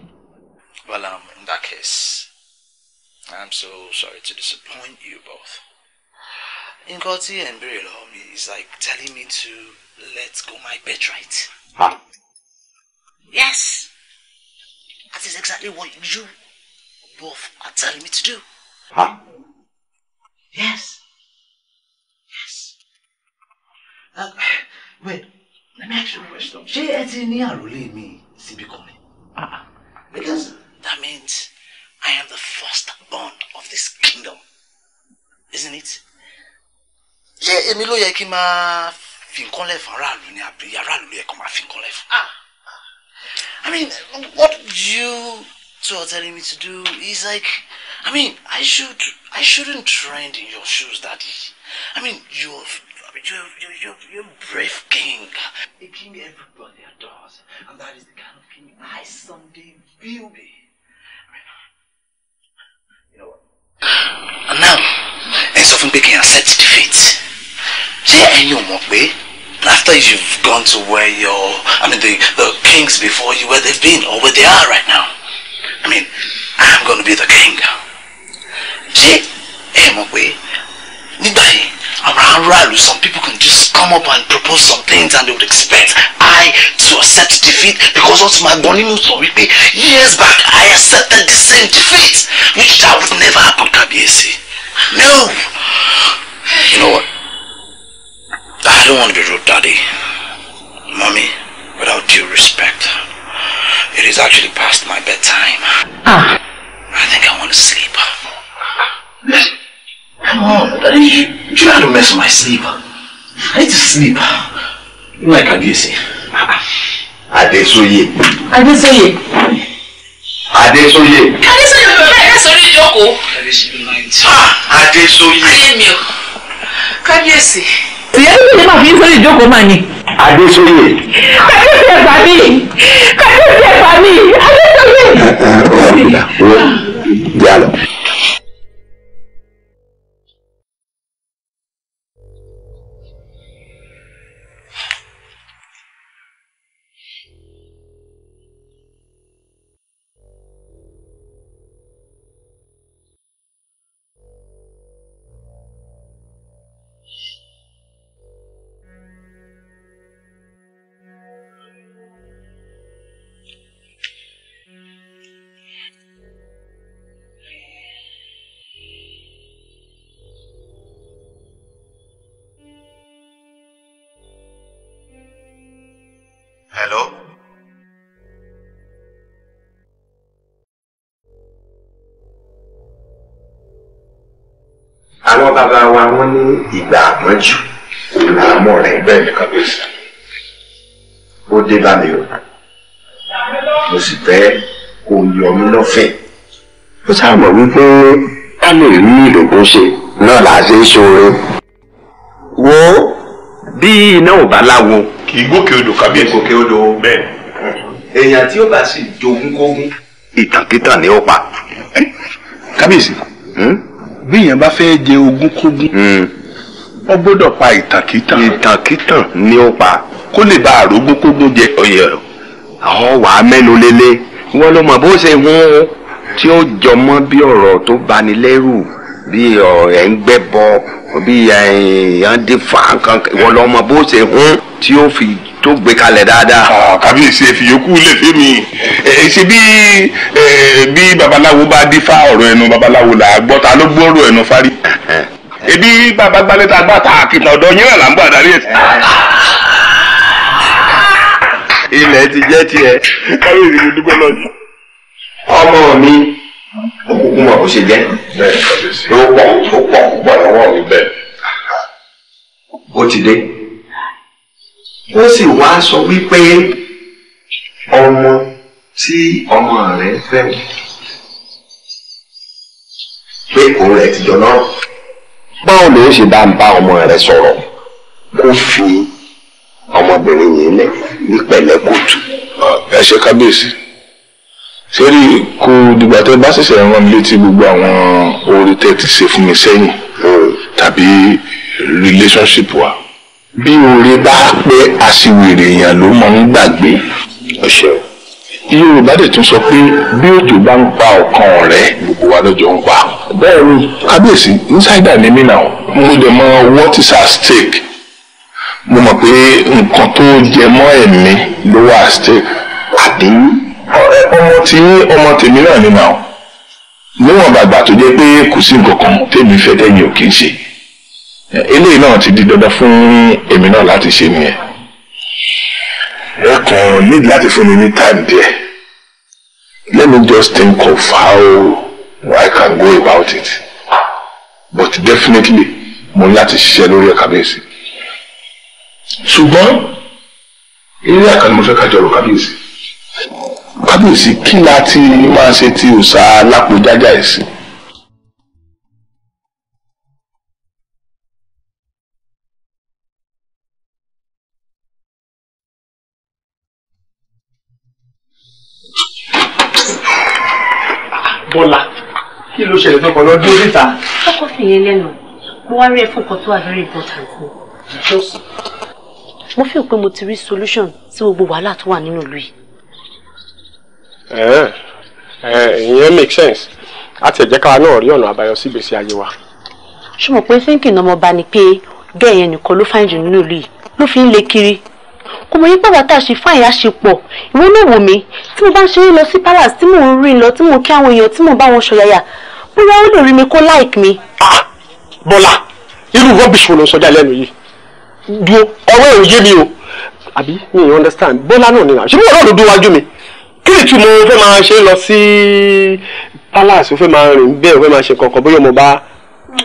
Well, um, in that case, I'm so sorry to disappoint you both. nǹkan tí ẹ̀ ń béèrè mi is like telling me to let go my birthright. Huh? Yes. That is exactly what you both are telling me to do. Huh? Yes. Yes. Uh, wait, let me ask you a question. Ṣé ẹ ti ní àròlé mi síbi kan ni? Ah, ah. Because that means I am the firstborn of this kingdom, isn't it? Ṣé èmi ló yẹ fi nǹkan ni àbí aráàlú yẹ kó máa fi ah. I mean, what you two are telling me to do is like, I mean, I should, I shouldn't trend in your shoes, Daddy. I mean, you're you're, you're, you're, a brave king. A king everybody adores. And that is the kind of king I someday will be. I mean, you know what? And now, Enzo Funbeke accepts defeat ṣé ẹ̀yin ò mọ̀ pé after you've gone to where your I mean the the kings before you where they've been or where they are right now I mean I'm gonna be the king ṣé ẹ mọ̀ pé nígbà yẹn àwọn aráàlú some people can just come up and propose some things and they would expect I to accept defeat because once my body moves to wípé years back I accepted the same defeat which that would never happen Kábíyèsí no you know what. I don't want to be rude, Daddy. Mommy, without due respect, it is actually past my bedtime. Ah. I think I want to sleep. Yes. Come on, Daddy. You try to mess with my sleep. I need to sleep. You like abuse. Adéṣóyè. Adéṣóyè. Adéṣóyè. Adéṣóyè bẹ̀rẹ̀ ẹ̀ sórí ìjókòó. Adéṣóyè. Adéṣóyè. Ayé mi o. Kábíyèsí tìyẹ́ ló lè máa fi sórí ìjókòó mà ni. adéṣoyè. kàdéṣe ẹ̀fà mi kàdéṣe ẹ̀fà mi adéṣoyè. ẹ ẹ ọ̀rọ̀ mi la wọ́n bí a lọ. àwọn bàbá wa wọ́n ní ìgbà àmọ́jù làámọ̀ rẹ̀ bẹ́ẹ̀ ní kábíyèsí ó dé bá mi o mo sì fẹ́ kó yọ mí lọ́fẹ̀ẹ́. ó sáà mọ̀ wípé ká lè rí ìlòkùn ṣe náà là á ṣe é ṣoore. wo bí iná ò bá láwo. kì í gòkè odò kábíyèsí. kì í gòkè odò bẹ́ẹ̀. èèyàn tí ó bá sì jogún kógún. ìtàkìtà ni ó pa. kábíyèsí. Hmm? bí èèyàn bá fẹ́ jẹ ogún kógún hmm. ó gbọ́dọ̀ pa ìtàkìtàn. ìtàkìtàn ni ó pa kó lè bá àrógún kógún jẹ ọyẹ àwọn wà á mẹ́nu lélẹ̀ wọ́n ló mọ̀ bó ṣe hún tí ó jọmọ́ bí ọ̀rọ̀ tó bani lẹ́rù bí ẹ̀ ń gbẹ́ bọ bí ẹ̀ eh, ń dín fa nǹkan wọ́n ló mọ̀ bó ṣe hún tí ó fi tó gbé kalẹ̀ dáadáa. Ah, kábíyèsí ẹ fi yòókù lè fi mi ṣe bí bí babaláwo bá fa ọ̀rọ̀ ẹnu babaláwo là gbọ́ ta ló gbọ́rọ̀ ẹnu fárí. ebi bàbá gbalẹ̀ ta gbà ta àkìtàn ọ̀dọ̀ yín là ń ẹ̀. ilẹ̀ ti jẹ́ tiẹ̀. kábíyèsí mo dúpẹ́ lọ́jọ́. ọmọ ó sì wá sọ wípé ọmọ tí ọmọ rẹ̀ fẹ́ pé òun rẹ̀ ti jọ náà. báwo ló ṣe bá ń bá ọmọ rẹ̀ sọ̀rọ̀ kó fi ọmọbìnrin yìí lẹ̀ ní pẹ̀lẹ́ kóòtù. ẹ ṣe kábíyèsí sẹ́rí kó dìgbà tẹ́ bá ṣẹ̀ṣẹ̀ rán mi létí gbogbo àwọn oore tẹ́ ti ṣe fún mi sẹ́yìn hmm. tàbí relationship wa bí orí bá pé àṣìwèrè èèyàn ló máa ń gbàgbé yorùbá dẹ̀ tún sọ pé bí òjò bá ń pa ọ̀kan ọ̀rẹ́ gbogbo wa lọ́jọ́ ń pa. bẹ́ẹ̀ ni kábíyèsí insider ni mí náà mo dẹ̀ mọ what is at stake mo mọ̀ pé nǹkan tó jẹ mọ́ ẹ̀mí ló wà at stake àbí ọmọ tí ọmọ tèmi náà ni náà níwọ̀n bàgbà tó jẹ́ pé kò sí nǹkan kan tèmi fẹ́ tẹ̀yìn ò kì í ṣe eléyìí náà ti di dandan fún èmi náà láti ṣe nìyẹn. ẹ kàn need láti fún mi ní time díẹ̀ let me just think of how I can go about it but definitely mo ní láti ṣiṣẹ́ lórí ẹ̀ kábíyèsí ṣùgbọ́n eré àkànní mo fẹ́ ká jọrọ kábíyèsí kábíyèsí kí la ti máa ṣe ti òòṣà lápò jájà ẹ̀sìn. ṣẹlẹ̀ tó kọ lọ dúró níta. kọ́kọ́ fi yẹn lẹ́nu mo wá rí ẹ fún nǹkan tó wà very important ni. mo fi hàn pé mo ti rí solution sí gbogbo wàhálà tó wà nínú ìlú yìí. ìyẹn make sense àti ẹ̀jẹ̀ káwa náà rí ọ̀nà àbáyọ sí ìgbésí ayé wa. ṣé mo pé thinking ọmọọba ni pé bẹ́ẹ̀ yẹn nìkan ló fáìn jù nínú ìlú yìí ló fi ń le kiri kò mọ̀ yín pàtàkì àṣì fáìn àṣepọ̀ ìwọ náà wò mí tí mo bá ń ṣeré lọ sí palace tí mò ń rìn lọ tí mò ń kí àwọn èèyàn tí mò bá wọn ṣọ̀yàyà bóyá ó lè rí mi kó like mi. Ah, bọ́lá irú rubbish wo ló ń sọjá lẹ́nu yìí dúró ọwọ́ ẹ̀ ò yé mi o àbí mi ì understand bọ́lá náà nìyà ṣé bí ọ̀rọ̀ ló dún wájú mi kí ni tí mo fẹ́ máa ṣe lọ sí palace ó fẹ́ máa rìn bẹ́ẹ̀ ó fẹ́ máa ṣe kankan bóyá mo bá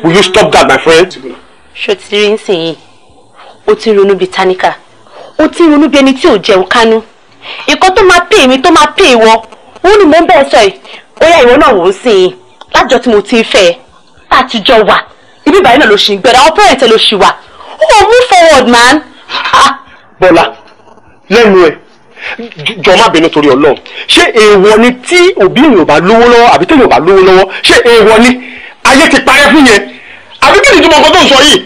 will you stop that my friend. ṣòtí rí nsìnyí o ti ronú bíi táníkà o ti ronú bíi ẹni tí ò jẹun kánú ìkan tó máa pè mí tó máa pè wọ́n òun ni mo ń bẹ́ẹ̀ sọ yìí ó ìwọ náà wò ó sìn yìí lájọ tí mo ti ń fẹ́ ẹ àtijọ́ wà ibi ìbàyẹn náà ló ṣì ń gbẹ̀rẹ̀ àwọn pẹ́rẹ̀ntẹ́ ló ṣì wà ó move forward man. Ah, bọ́lá lẹ́nu ẹ̀ jọ má bínú torí ọlọ́run ṣé èèwọ̀ ni tí òbí èèyàn bá lówó lọ́wọ́ àbí tẹ̀yìn bá lówó lọ́wọ́ ṣé èèwọ̀ ni ayé ti parẹ́ fún yẹn àbí kí ni ìdúmọ̀ nǹkan tó ń sọ yìí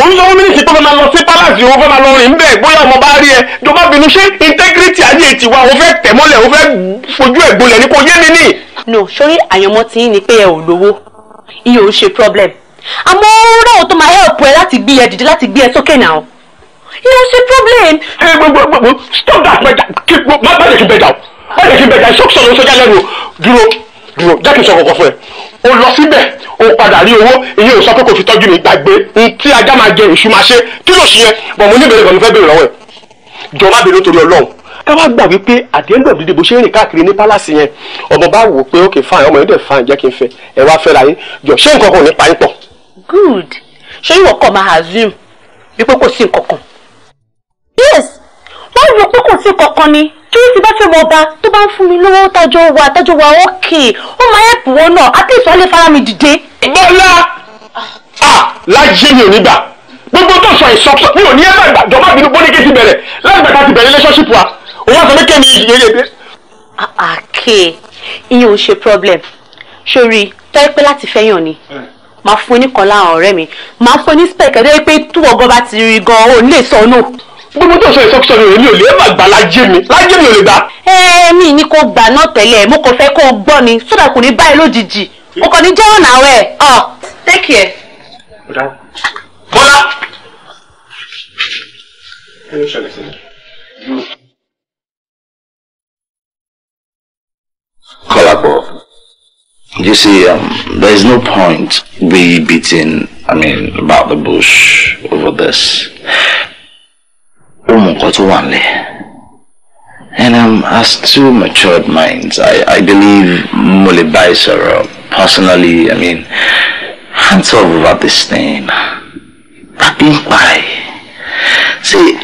òun sọ fún mínísítì pé fẹ́ máa lọ sí palace òun fẹ́ máa lọ rìn bẹ́ẹ̀ bóyá ọmọ bá rí ẹ tó bínú ṣé integrity ayé tiwa òun fẹ́ tẹ̀ mọ́lẹ̀ òun fẹ́ fojú ẹ̀ gbolẹ̀ ní kò yé mi ní. no sórí àyànmọ́ tí ni pé ẹ ò lówó iye ò ṣe problem àmọ́ ráwọ̀ tó máa help ẹ láti gbé ẹ dìde láti gbé ẹ sókè náà iye ò ṣe problem. ẹ gbogbo stop that bẹja má bẹ̀rẹ̀ kí bẹja o má bẹ̀rẹ̀ kí bẹja sọ́kùsọ̀ ló sọ́jà lẹ́nu dúró dúró jẹ́ kí n sọ kọ̀kọ́ fún ẹ o lọ síbẹ̀ o padà rí owó èyí ò sọ pé kò fi tọ́jú mi gbàgbé tí ajá máa jẹ èṣù máa ṣe kí ló ṣe yẹ bọ̀ mo ní ìbéèrè kan mo fẹ́ béèrè lọ́wọ́ ẹ̀ jọ má béèrè nítorí Ọlọ́run ká wá gbà wípé àdéhùn ọ̀dídé bó ṣe ń rìn káàkiri ní pálásì yẹn ọmọ bá wò pé okay fine ọmọ yóò dẹ̀ fine jẹ́ kí n fẹ́ ẹ wá fẹ́ ra yín jọ ṣé nǹkan kan yín pọ̀. good ṣé ìwọ kọ máa assume wípé kò sí nǹkan kan. yes wọ́n rò pé kò sí nǹkan kan ni torí tí bá fẹ́ mọ ọba tó bá ń fún mi lówó tájọ wà tájọ wà ókè ó máa ẹ̀pù wọn náà àti ìsọ alẹ́ fara mi dìde. bọ́lá ah, láyé mi ò ní gbà gbogbo tó sọ ìsọkúsọ mi ò ní ẹgbẹ́ ìgbàjọ́ má bínú bóníkì ti bẹ̀rẹ̀ láìpẹ́ ká ti bẹ̀rẹ̀ relationship wa òun àtọ́ mékè mi yéyé. àkè ah, ah, ìyẹn ò ṣe problem sórí tọ́yẹ́ pé láti fẹ́yàn ni eh. máa fún ẹnìkan láwọn ọ̀rẹ́ mi máa fún ẹni spẹ̀kẹ́ tó yẹ pé túwọ̀ gan bá ti rí gan ò lè sọ náà bí tó sọ ìsọkúsọ mi èmi ò lè má gbà lájé mi lájé mi ò lè gbà. ẹẹmi ni kò gbà náà tẹ́lẹ̀ mo kàn fẹ́ kó o gbọ́ ni sódà kò ní báyìí lójijì o kàn ní jẹ́wọ́n náà ẹ̀ ọ take care. bọ́lá. kí you see, um, there is no point we beating, I mean, about the bush over this ó mọ And um, as two matured minds, I, I believe Mulibai Sarah, personally, I mean, hands off about this thing. Tapping by. See,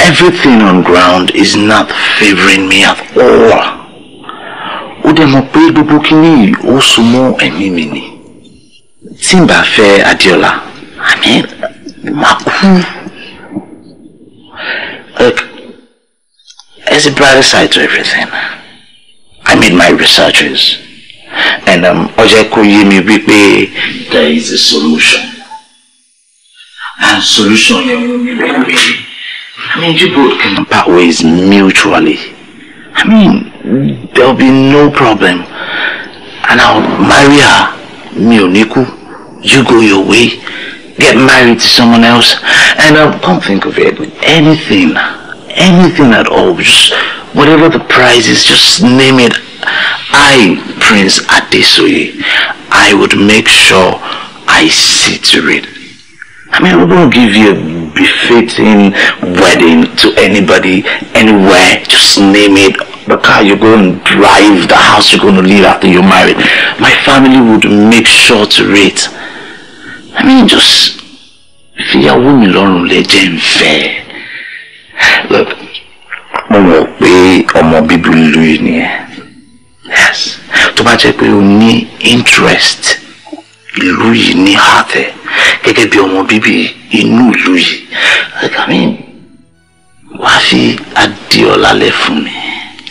everything on ground is not favoring me at all. ó dẹ̀ mọ̀ pé gbogbo kínní yìí ó so mọ́ ẹ̀mí mi ni tí Look, there's a brighter side to everything. I made my researches. And um, Ojeko Yemi Bipe, there is a solution. And solution, I mean, you both can part ways mutually. I mean, there'll be no problem. And I'll marry her, Mioniku. You go your way. get married to someone else. And don't think of it, anything, anything at all, just whatever the price is, just name it. I, Prince Adesoye, I would make sure I see to it. I mean, we're going to give you a befitting wedding to anybody, anywhere. Just name it. The car you're going to drive, the house you're going to live after you're married. My family would make sure to rate. I mean just fìyàwó mi lọ́rùn lẹ jẹ́ ń fẹ́. Look, mo mọ̀ pé ọmọ bíbí ìlú yìí nìyẹn. Yes, tó bá jẹ́ pé o ní interest ìlú yìí ní àtẹ gẹ́gẹ́ bí ọmọ bíbí inú ìlú yìí. Like, I mean, wá fi Adéọlá lẹ̀ fún mi.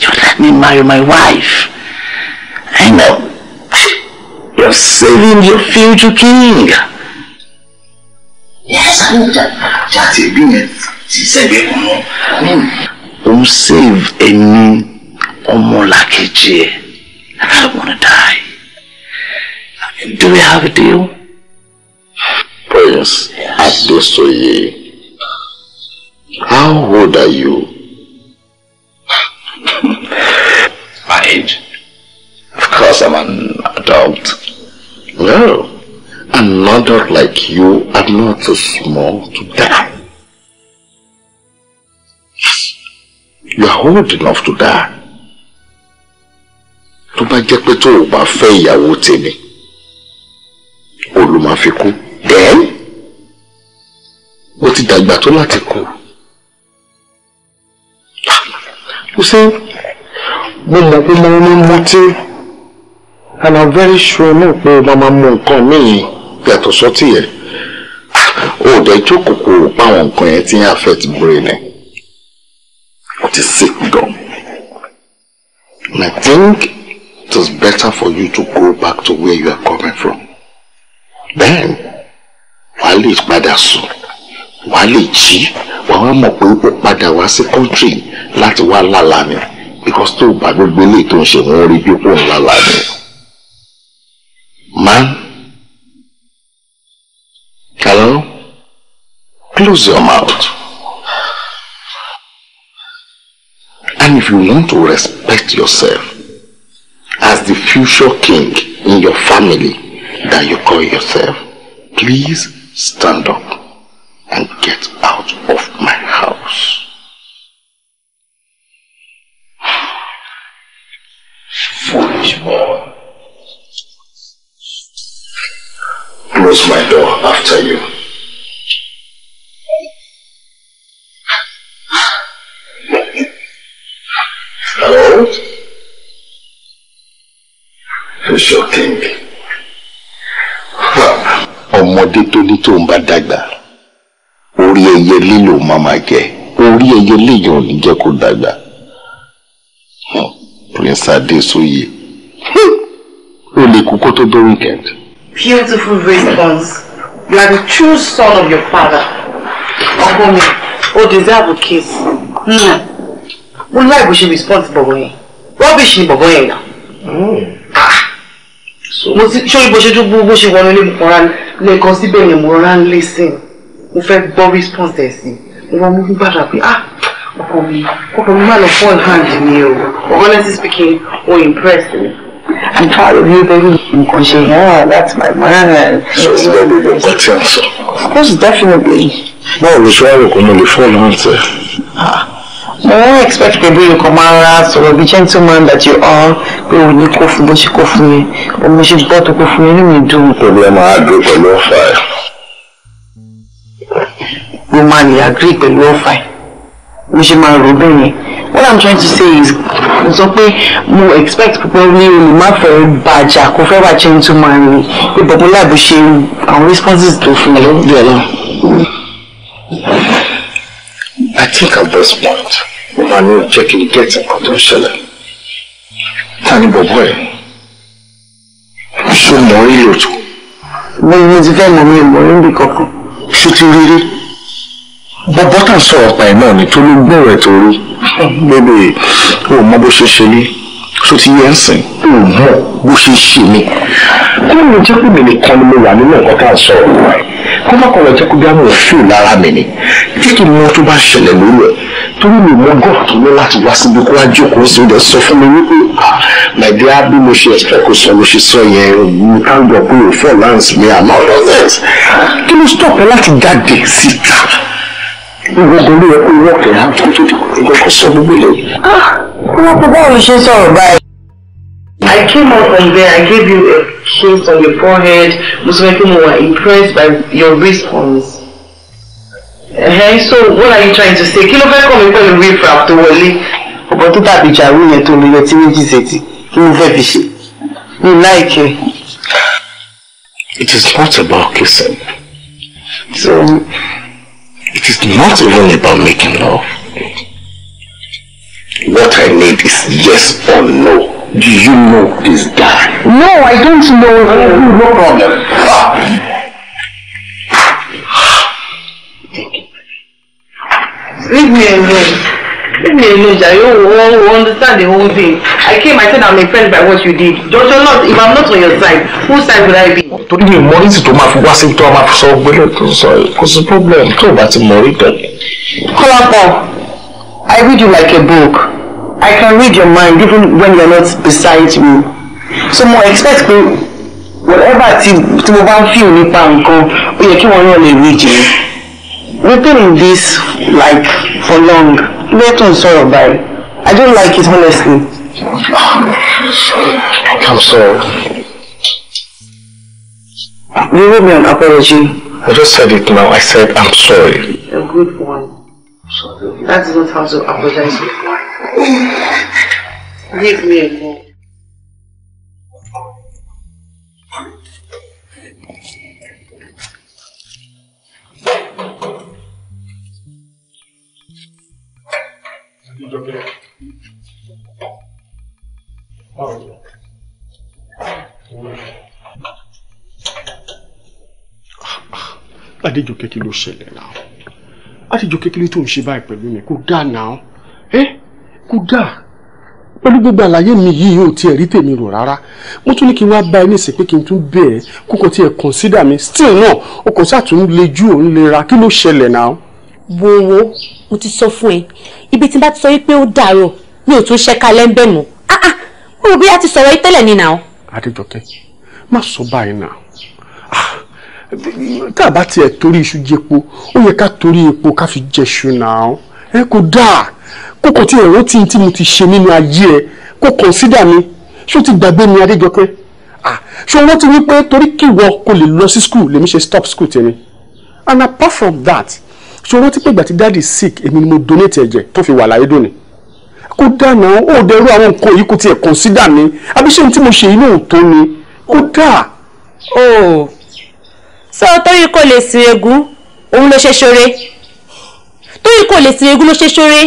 You let me marry my wife. I know. You're saving your future king yẹ́sà ní ìjà ìjà tí ẹbí I don't wanna die. Do we have a deal? Prince yes. Adesoye, how old are you? My age? Of course, I'm an adult. No. Another like you are not too small to die. Yes, you are old enough to die. Tó bá jẹ́ pé tó o bá fẹ́ ìyàwó tèmi, olú máa fi Then, o ti dàgbà tó láti kú. Kò sí, mo mọ̀ pé mo ní mutí and I'm very sure náà pé o máa máa mu nǹkan míì yàtọ̀ sọ́tì yẹn ó dẹ̀ jókòó kó o báwọn nǹkan yẹn ti ń affect brain ẹ̀ ó ti sick gan. and I think it is better for you to go back to where you are coming from then wà á lè padà sùn wà á lè jí wà á mọ̀ pé ó padà wá sí country láti wá lálàá ni because tó o bá gbogbo eléyìí tó ń ṣe wọ́n rí bí ó pò ń lálàá ni. man Hello? Close your mouth. And if you want to respect yourself as the future king in your family that you call yourself, please stand up and get out of my house. Foolish boy. close my door after you. Hello? It's your king. Ọmọdé tó ní tó ń bá dàgbà, orí ẹyẹ lílo máa máa jẹ, orí ẹyẹ léèyàn ò ní jẹ́ kó dàgbà. Prince Adesoye, ó lè kú kó tó dé weekend beautiful response. You are the true son of your father. Ọkọ mi, o deserve a kiss. Hmm. Mo ní láì bó ṣe response bọ̀bọ̀ yẹn. Rubbish ni bọ̀bọ̀ yẹn nà. Hmm. Ah! Mo ti ṣóyún bó ṣe dúró bó ṣe wọnú ilé mi kan and lẹ́ẹ̀kan síbẹ̀ yẹn mo rán lẹ́sìn. Mo fẹ́ gbọ́ response ẹ̀ sí. Mo máa mú gbàdúrà pé ah ọkọ mi ọkọ mi má lọ fall hand mi o. Honestly speaking, o impressed me. I'm proud of you, baby. Nǹkan ṣe yẹn, that's my man. Ṣé o ti bẹ́ẹ̀ lè gbọ́ a sọ? Most definitely. Báwo ló ṣe wá rò kó mo lè fọ́ọ̀nù àǹtẹ̀? Ah, mo wọ́n expect to be a máa ń be gentleman that you are pé o ní kó fún bó ṣe kó fún mi, o mo ṣe gbọ́ tó kó fún mi, inú mi dùn. Pẹ̀lú agree pẹ̀lú ọ̀fà ẹ̀. Mo máa lè agree pẹ̀lú ọ̀fà ẹ̀. Mo I'm trying to say is mo sọ pé mo expect pípẹ́ ní olùmọ̀fẹ́ bàjá kò fẹ́ wà jẹun tó máa rìn pé bọ̀bọ̀ láàbù ṣe àwọn responses tó fún mi. I think at this point, mo máa ní jẹ́ kí n get nǹkan tó ń ṣẹlẹ̀. Ta ni bọ̀bọ̀ ẹ̀? Ṣé mo rí lòtò? Mo ní ti fẹ́ mọ̀ mi ìmọ̀ rí nbí kankan. Ṣé ti rí rí? Bọ̀bọ̀ tàn sọ̀rọ̀ pa ẹ̀ náà ni tó ló gbọ́rọ̀ ẹ̀ tó bébè o mọ bó ṣe ṣe ní so ti yẹ ń sìn o mọ bó ṣe ṣe ní kó lè jẹ́ pé mi nìkan ni mo wà nínú nǹkan tá à ń sọ̀rọ̀ nípa ẹ̀ kó má kọ̀ọ̀lọ̀ jẹ́ pé bí a mọ̀ fíò lára mi ni tí kì í mọ tó bá ṣẹlẹ̀ lórí ẹ̀ torí mi mọ gọ́ọ̀ tó ní láti wá síbi kó wá jókòó sí ọdẹ sọ fún mi wípé nàìjíríà ah, bí mo ṣe ẹ̀fẹ̀ kó sọ mo ṣe sọ yẹn mo ká gbọ́ pé òfò láǹsì mi àmọ́ ọ̀rọ̀ nẹ́ẹ̀sì kí ló stop ẹ láti jáde síta gbogbo yẹ kó irú ọ̀fẹ́ hàn kó tó ti kọ́ kó sọ gbogbo ilé. wọ́n kó báwo ló ṣe ń báyìí. I came out from there, I gave you a kiss on your forehead. Most of pé mo wà impressed by your response. Uh-huh. So what are you trying to say? Kí ló fẹ́ kọ́ mi pẹ̀lú wíìfù àtọwọlé? Ọ̀pọ̀ tó dàbí ìjàrú yẹn tó lè yọ tí méjì ṣètì kí ló fẹ́ fi ṣe? Mi láìkẹ́. It is not about kissing. So. It is not even about making love. What I need is yes or no. Do you know this guy? No, I don't know him. No problem. Leave me alone. Let me alone, Jai. You will, will understand the whole thing. I came, I said I'm impressed by what you did. Don't you not, if I'm not on your side, whose side would I be? Torí mi mọ ní tìtò máa fi wá sí tó a máa fi sọ gbélé tó sọ yìí. Kò problem tó o bá ti mọ̀ rí pẹ̀lú. Kọ́lápọ̀, I read you like a book. I can read your mind even when you're not beside me. So mo expect pé whatever ti tí mo bá ń feel nípa nǹkan ó yẹ kí wọ́n náà lè read you. We've been in this like for long. Let us sorrow, Barry. I don't like it, honestly. I'm sorry. You owe me an apology. I just said it now. I said I'm sorry. A good one. That is not how to apologize before. Leave me alone. Adéjọkẹ́ kí ló ṣẹlẹ̀ náà Adéjọkẹ́ kí ló tó ń ṣe báyìí pẹ̀lú mi kò dáa náà ẹ kò dáa pẹ̀lú gbogbo àlàyé mi yìí ò tiẹ̀ rí tèmi rò rárá mo tún ní kí n wá bá ẹ ní ìsìn pé kí n tún bẹ̀ ẹ́ kó kàn tiẹ̀ consider mi still náà o kò sàtún le ju òun lè ra kí ló ṣẹlẹ̀ náà. wo wo mo ti sọ fún ẹ ibi tí n bá ti sọ yìí pé ó dàrọ mi ò tún ṣẹ́ka lẹ́ńbẹ̀ẹ́ mọ́ ah ah mo rò bí a ti sọ̀rọ̀ yìí tẹ́lẹ̀ ni náà. Adéjọkẹ́ má sọ báyìí náà tá a bá tiẹ̀ torí iṣu jẹpo ó yẹ ká torí epo ká fi jẹṣu náà ẹ kò dáa kókò tí ẹ̀rọ tí tí mo ti ṣe nínú ayé ẹ kó kọ̀nsídà mi ṣó ti gbàgbé mi adéjọpẹ́ ṣó wọ́n ti wí pé torí kíwọ kò lè lọ sí school lèmi ṣe stop school tèmi and apart from that ṣó wọ́n ti pé ìgbà tí dáàdi sick èmi ni mo donate ẹ̀jẹ̀ tó fi wà láyé dòní kó dáná ó dẹrú àwọn nǹkan yìí kò tiẹ̀ kọ̀nsídà mi àbí ṣé ní tí mo ṣe yìí náà tó ni kó dáa. Oh, sọ torí kò lè sin egun òun ló ṣe ṣoore torí kò lè sin egun ló ṣe ṣoore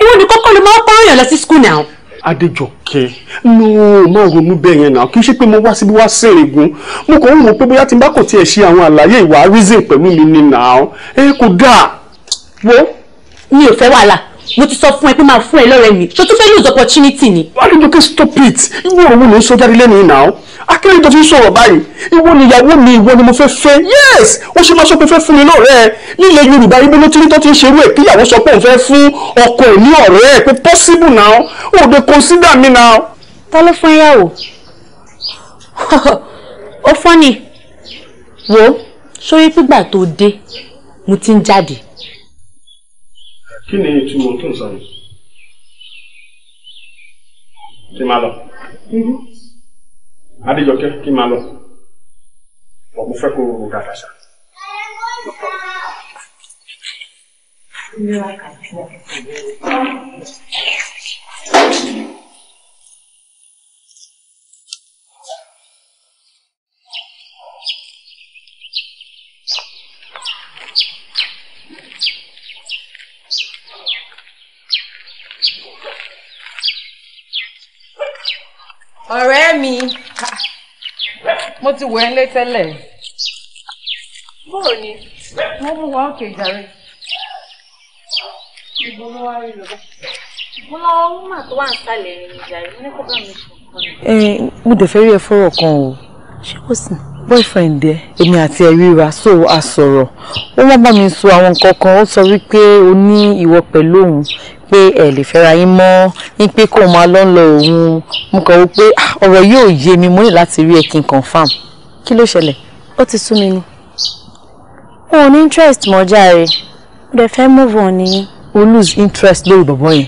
ìwọ ni kọ́kọ́ ló máa ń pààyàn lọ sí skul náà. Adéjọkẹ́ no má ronú bẹ́ẹ̀ yẹn náà kì í ṣe pé mo wá síbi wá sí egun mo kàn ń rò pé bóyá tí n bá kò tiẹ̀ ṣe àwọn àlàyé ìwà reason pẹ̀lú mi ni náà ẹ kò dáa wo. mi ò fẹ́ wàhálà mo ti sọ fún ẹ pé máa fún ẹ lọ́rẹ̀ mi ṣó tún fẹ́ lose opportunity ni. Adéjọkẹ́ stop it ìwọ òun ló ń sọ jáde lẹ́nu ìnáwó akérèdọ́ fi ń sọ̀rọ̀ báyìí ìwọ níyàwó mi ìwọ ni mo fẹ́ fẹ́ yes ó ṣe máa sọ pé fẹ́ fún mi lọ́rẹ́ ẹ nílẹ̀ Yorùbá ibi ló ti ní tó ti ń ṣerú ẹ̀ kíyàwó sọ pé òun fẹ́ fún ọkọ ẹ̀ ní ọ̀rẹ́ ẹ̀ pé possible now ó dey consider me now. ta ló fún ẹyàwó ó fọ́ ni wo sórí pígbà tó dé mo ti ń jáde kí ni ìtumọ̀ tó ń sọ yìí? kí n máa lọ. Mm-hmm. adéjọkẹ́ kí máa lọ. ọ̀pọ̀ fẹ́ kó o ga àṣà. Thank you. ọ̀rẹ́ mi mo ti wẹ̀ ẹ́ lé tẹ́lẹ̀ bóò ni wọ́n mú wa òkè jàre ìbò ló wá rí lọ́dọ̀ mo lọ wúmà tó wà ń sàlẹ̀ jàre ní kó bá mi sùn. mo dẹ̀ fẹ́ rí ẹ fọ́rọ̀ kan o ṣé kò sí boyfriend ẹ èmi àti ẹ ríra so a sọ̀rọ̀ ó wọ́n bá mi sọ àwọn nǹkan kan ó sọ wípé o ní ìwọ pẹ̀lú òun pé ẹ lè fẹ́ra yín mọ́ ní pé kó máa lọ ń lọ òun mo kàn wò pé ah, ọ̀rọ̀ yóò yé mi mo ní láti rí ẹ kí n confam kí ló ṣẹlẹ̀ ó ti sú mi ni. o ò ní interest mọ́ jàre o dẹ̀ fẹ́ move on nìyẹn. o lose interest lórí bọ̀bọ̀ yẹn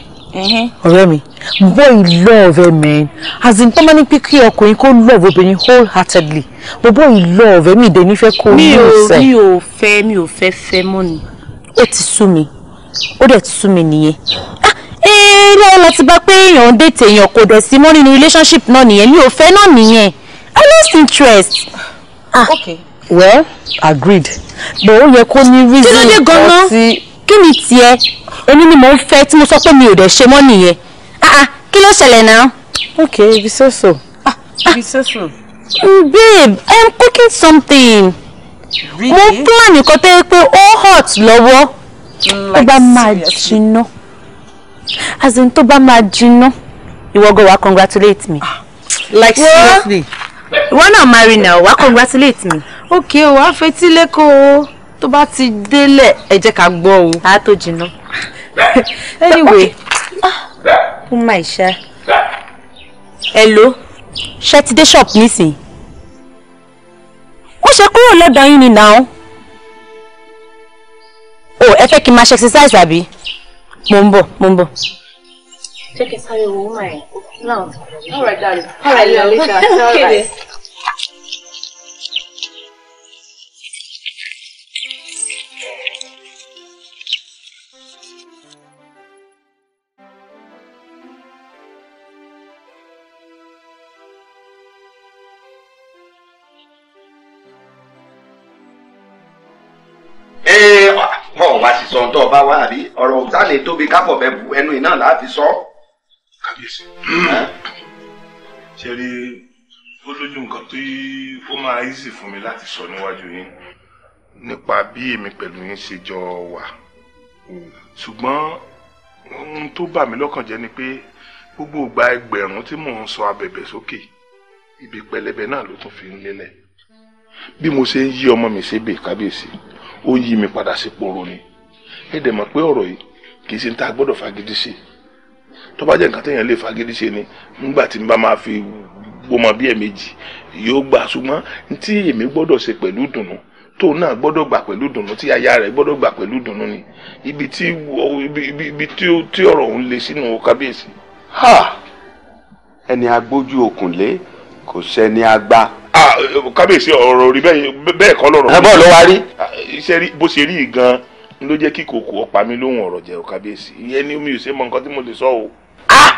ọ̀rẹ́ mi boy love ẹ mẹ́rin as in tọ́mọ́ ní pé kí ọkùnrin kó love obìnrin wholeheartedly but boy love ẹ mi ìdẹ́nifẹ́ kó lose ẹ. mi ò mi ò fẹ́ mi ò fẹ́ fẹ́ mọ́ ni. ó ti sú mi ó dẹ̀ ti mi nìyẹn ah, ee eh, lọ́wọ́ láti bá pé èèyàn ń èèyàn kò dẹ̀ sí mọ́ nínú relationship náà nìyẹn mi ò fẹ́ náà nìyẹn i lost interest. ah okay. well agreed but ó yẹ kó ní reason kí ló dé gan-an kí ni tiẹ̀ èmi ni mò ń fẹ́ tí mo sọ pé mi ò dẹ̀ ṣe mọ́ nìyẹn ah, ah kí ló ṣẹlẹ̀ náà. okay if so so ah so ah. so. Mm, babe i am cooking something. really mo plan nǹkan tó yẹ pé ó hot lọ́wọ́. Mm, tó bá máa jiná as in tó bá máa jiná ìwọ gan wá congratulate me. Ah, like seriously. ìwọ náà marry now wá congratulate me. okay o wàá fetí lẹ́kọ̀ọ́ o tó bá ti délẹ̀ ẹ jẹ́ ká gbọ́ o. a tó jiná. anyway ah. ó máa ṣá. hello ṣe ti dé shop nísìnyí. ó ṣe kúrò lọ́dọ̀ yín ni now. Oh, ẹ fẹ́ kí n máa ṣe exercise àbí mo ń bọ̀ mo ń bọ̀. check it out your woman. no all right darling all right later all right. ọba wa àbí ọ̀rọ̀ òtá lè tóbi kápọ̀ bẹ́ẹ̀ bu ẹnu iná láti sọ. kábíyèsí ṣe rí ó lójú nǹkan tó yí ó máa easy fún mi láti sọ níwájú yín nípa bí èmi pẹ̀lú yín ṣe jọ wà ṣùgbọ́n ohun tó bà mí lọ́kàn jẹ́ ni pé gbogbo ìgbà ẹgbẹ̀rún tí mò ń sọ abẹ̀bẹ̀ sókè ibi pẹlẹbẹ náà ló tún fi ń lélẹ̀ bí mo ṣe ń yí ọmọ mi ṣébè kábíyèsí ó yí mi padà sí poro ni ẹ dẹ̀ mọ̀ pé ọ̀rọ̀ yìí kì í ṣe ń tá a gbọ́dọ̀ fagídí ṣe tó bá jẹ́ nǹkan téèyàn lè fagídí ṣe ni nígbà tí n bá máa fi gbọmọ bí ẹ̀ẹ̀mejì yóò gbà ṣùgbọ́n tí èmi gbọ́dọ̀ ṣe pẹ̀lú ìdùnnú tóun náà gbọ́dọ̀ gbà pẹ̀lú ìdùnnú tí aya rẹ̀ gbọ́dọ̀ gbà pẹ̀lú ìdùnnú ni ibi tí ibi tí ọ̀rọ̀ òun lè sínú kábíyèsí. ẹni agbójú òkùnlé kò sẹ́ni àgbà. kábíyèsí ọ̀rọ̀ rí bẹ́ẹ̀ kọ́ lọ́rọ̀. ẹ bọ́ọ̀ ló wá rí. iṣẹ́ bó ṣe rí gan-an n ló jẹ́ kí kòkó ọ̀pá mi lóhùn ọ̀rọ̀ jẹ́ kábíyèsí ìyẹn ni mi ò ṣe mọ nǹkan tí mo lè sọ o ah!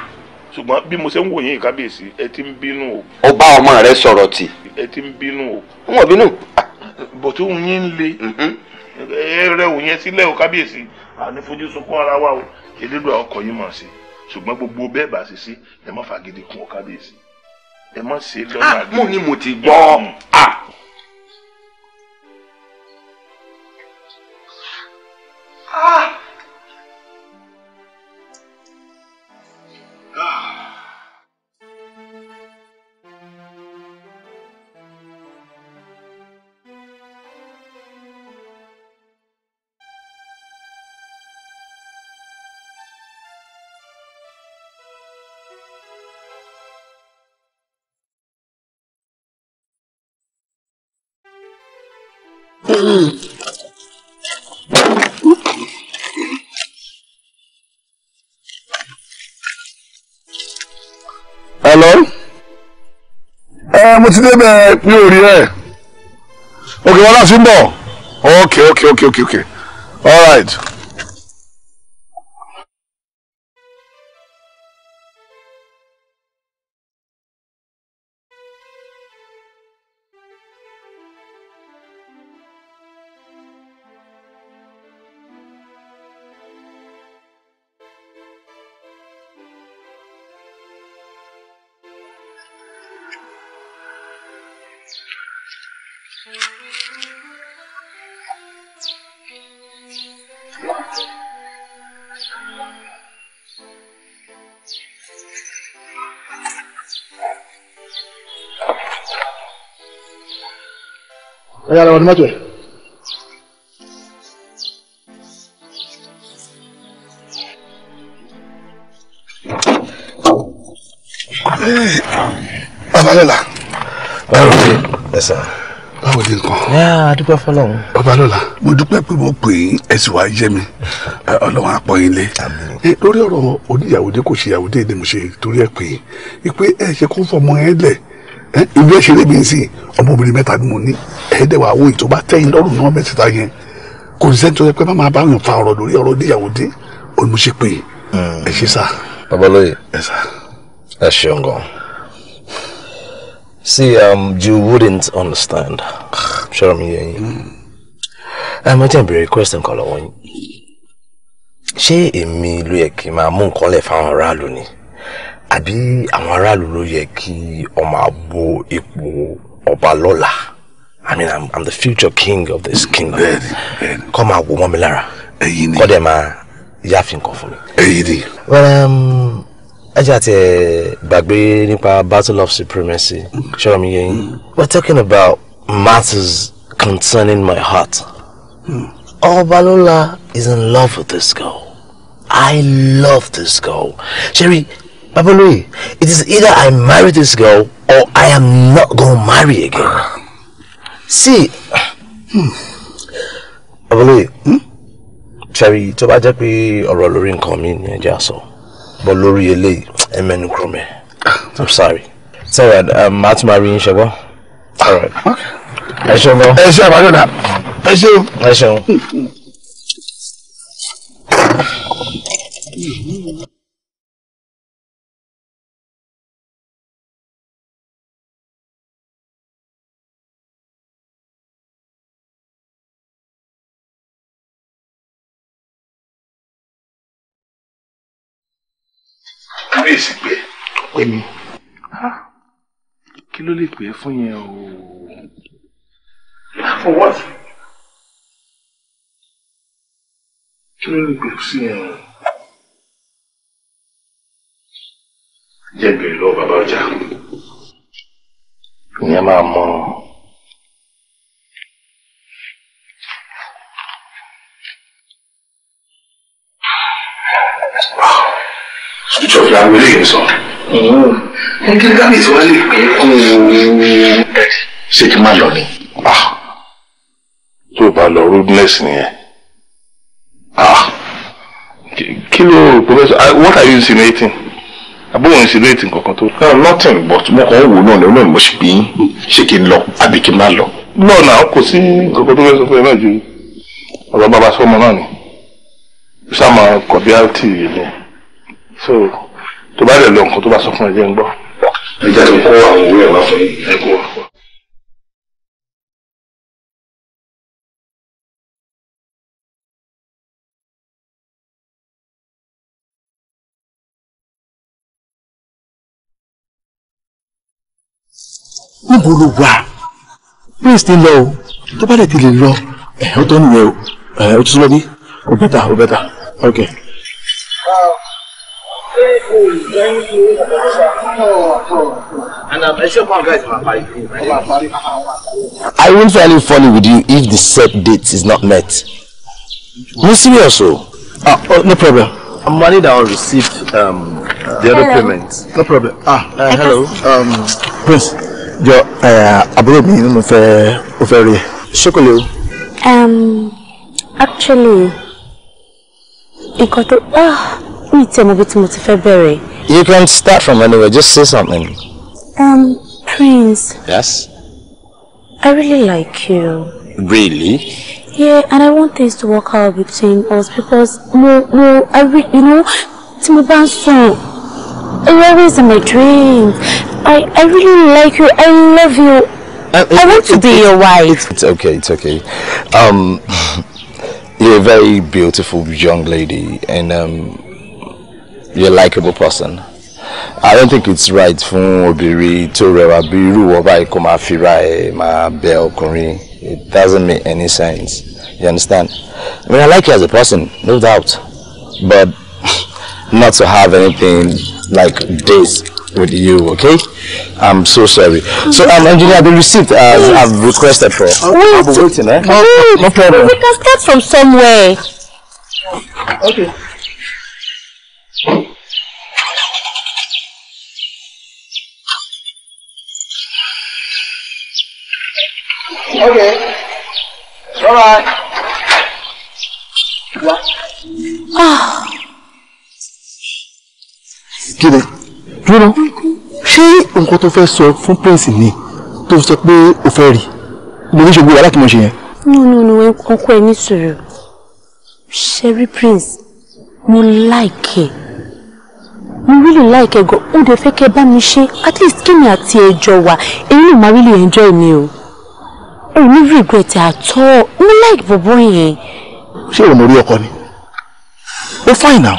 ṣùgbọ́n bí mo ṣe ń wò yín kábíyèsí ẹ ti ń bínú o. ó bá ọmọ rẹ sọ̀rọ̀ tì. ẹ ti ń bínú o. wọn bínú. bọ̀tú yín ń le mm-hmm. ẹ rẹ òun yẹn sílẹ̀ o kábíyèsí àní fojú sunkún ara wa o elédùn ọkọ̀ yìí mọ̀ sí ṣùgbọ́n gbogbo bẹ́ẹ̀ bá ṣe sí ẹ má fagídí kún ọ kábíyèsí ẹ má ṣe lọ́nà. Ah! Ah! mo ti débẹ̀ mi ò rí ẹ̀ òkè wọn láti bọ̀ okay okay okay okay okay all right. ọ̀yà lọ́wọ́ ní mọ́tò ẹ̀. babalọ́la. báwo ni ẹ sá. báwo ni nǹkan. a dúpẹ́ fọlọ́run. babalọ́la mo dúpẹ́ pé mo pè é ẹ sì wá jẹ́ mi ọlọ́run á pọ̀ yín lé. lórí ọ̀rọ̀ oníyàwó dé kò ṣe yàwó dé ni mo ṣe torí ẹ pè é pé ẹ ṣe kó fọmọ ẹ lẹ̀ ìlú ẹ ṣe lébi nsìn ọmọbìnrin mẹ́ta ni mo ní ẹ̀ẹ́dẹ̀ wà wò bá tẹ́yìn lọ́rùn náà mẹ́tẹ̀ẹ̀ta yẹn kò sí sẹ́ni tó máa bá yàn fa ọ̀rọ̀ lórí ọ̀rọ̀ níyàwó dé olùmúṣepè ẹ ṣe sá. babalóye ẹ ṣeun gan. see um, you wouldn't understand ṣọ́ra mi yẹ yín ẹ máa jẹ́ ìbéèrè request nǹkan lọ́wọ́ yín ṣé èmi ló yẹ kí n máa mú nǹkan lẹ̀ fáwọn aráàlú ni àbí àwọn aráàlú ló yẹ kí ọmọ àbò ipò ọba lọ́la. I mean, I'm, I'm the future king of this kingdom. Bẹ́ẹ̀ni, bẹ́ẹ̀ni. Kọ́ máa wò wọ́n mi lára. Èyí ni. Kọ́ dẹ̀ máa yáàfin kan Well, um, I just uh, gbàgbé nípa battle of supremacy. Ṣọ́ra mi yẹn. We're talking about matters concerning my heart. Mm. Oh, Balola is in love with this girl. I love this girl. Sherry, Babalui, it is either I marry this girl or I am not going to marry again sí. ọ̀bọ̀lóye hmm. hmm? ṣẹ́rí tó bá jẹ́ pé ọ̀rọ̀ lórí nǹkan mi ni ẹja sọ bọ́ lórí eléyìí ẹ mẹ́nu ah. i'm sorry. Sorry um, màá tún máa rí yín ṣẹgbọ́. ẹ ṣeun bọ́. ẹ ṣe àbájọ́dá ẹ ṣeun. ẹ ṣeun. mm kábíyèsí pé. pé mi kí ló lè pè é fún yẹn o. Ah, for what. kí ló lè pè é sí yẹn o. jẹ́ bèrè lọ́wọ́ bàbá ọjà ìyẹn máa mọ. làwọn eléyìí sọ. n kí gáàmì tí wọ́n lè pè é kú. ṣé kí n má lọ ni. Ah. tó o bá lọ rudeness nìyẹn. Ah. kí ló professor what are you insinuating? abóhùn insinuating kankan tó. no nothing but mo kàn ń wò náà ni olóòrùn mo ṣe bí ṣé kí n lọ àbí kí n má lọ. lọ́ọ̀nà kò sí nǹkan tó fẹ́ sọ fún ẹ náà ju ọ̀rọ̀ bàbá sọ́mọ náà ni. sáà máa kọ̀ bí á tì í ni tó bá dẹ̀ lọ nǹkan tó bá sọ fún ẹ jẹ́ ń gbọ́. ẹ jáde kó àwọn owó wá fún ẹ kó wá. níbo ló wà praise ti lọ o tó bá dẹ̀ ti lè lọ ẹ̀ ọ́ tọ́ nìyẹn o ẹ̀ ọ́ tún sọ bí o bẹ́tà o bẹ́tà okay. Uh, I won't find it funny with you if the set date is not met. No serious o. Oh? Ah, oh, no problem. Money that I received um, the hello. other payment. No problem. Ah, uh, hello. Um, Prince, your uh, abroad me no fair, o fẹ́ Um, actually, nǹkan to Ah mi tẹ́ mo bí tí mo ti fẹ́ bẹ̀rẹ̀. You can start from anywhere. Just say something. Um, Prince. Yes. I really like you. Really? Yeah, and I want things to work out between us because no, no, I re you know, tí mo bá ń sùn, you're always in my dreams. I, I really like you. I love you. Uh, it, I want to it, be it, your wife. it's okay. It's okay. Um, you're a very beautiful young lady, and um, you're a likable person. I don't think it's right fún obìnrin tó rẹwà bí irú wọ báyìí kó máa fira ẹ̀ máa bẹ ọkùnrin. It doesn't make any sense. You understand? I mean, I like you as a person, no doubt. But not to have anything like this with you, okay? I'm so sorry. So, um, engineer, the receipt as uh, I've requested for. Wait. I'll be waiting, eh? Wait. No problem. We can start from somewhere. Okay. Okay. Bye bye. Jíde, dúró, ṣé nǹkan tó fẹ́ sọ fún Prince ni tó sọ pé o fẹ́ rí? Mo ní ṣògbó aláàkí mo ṣe yẹn. No, no, no, ọkọ ẹ ní sùúrù. Ṣé rí Prince, mo like it mo really like ẹ gan ó dẹ̀ fẹ́ kẹ́ bá mi ṣe at least kí ni àti ẹjọ́ wa èyí ló máa really enjoy mi o ó ní regret at all mo like bọ̀bọ̀ yẹn. ṣé ìwọ mo rí ọkọ ni ó fine now.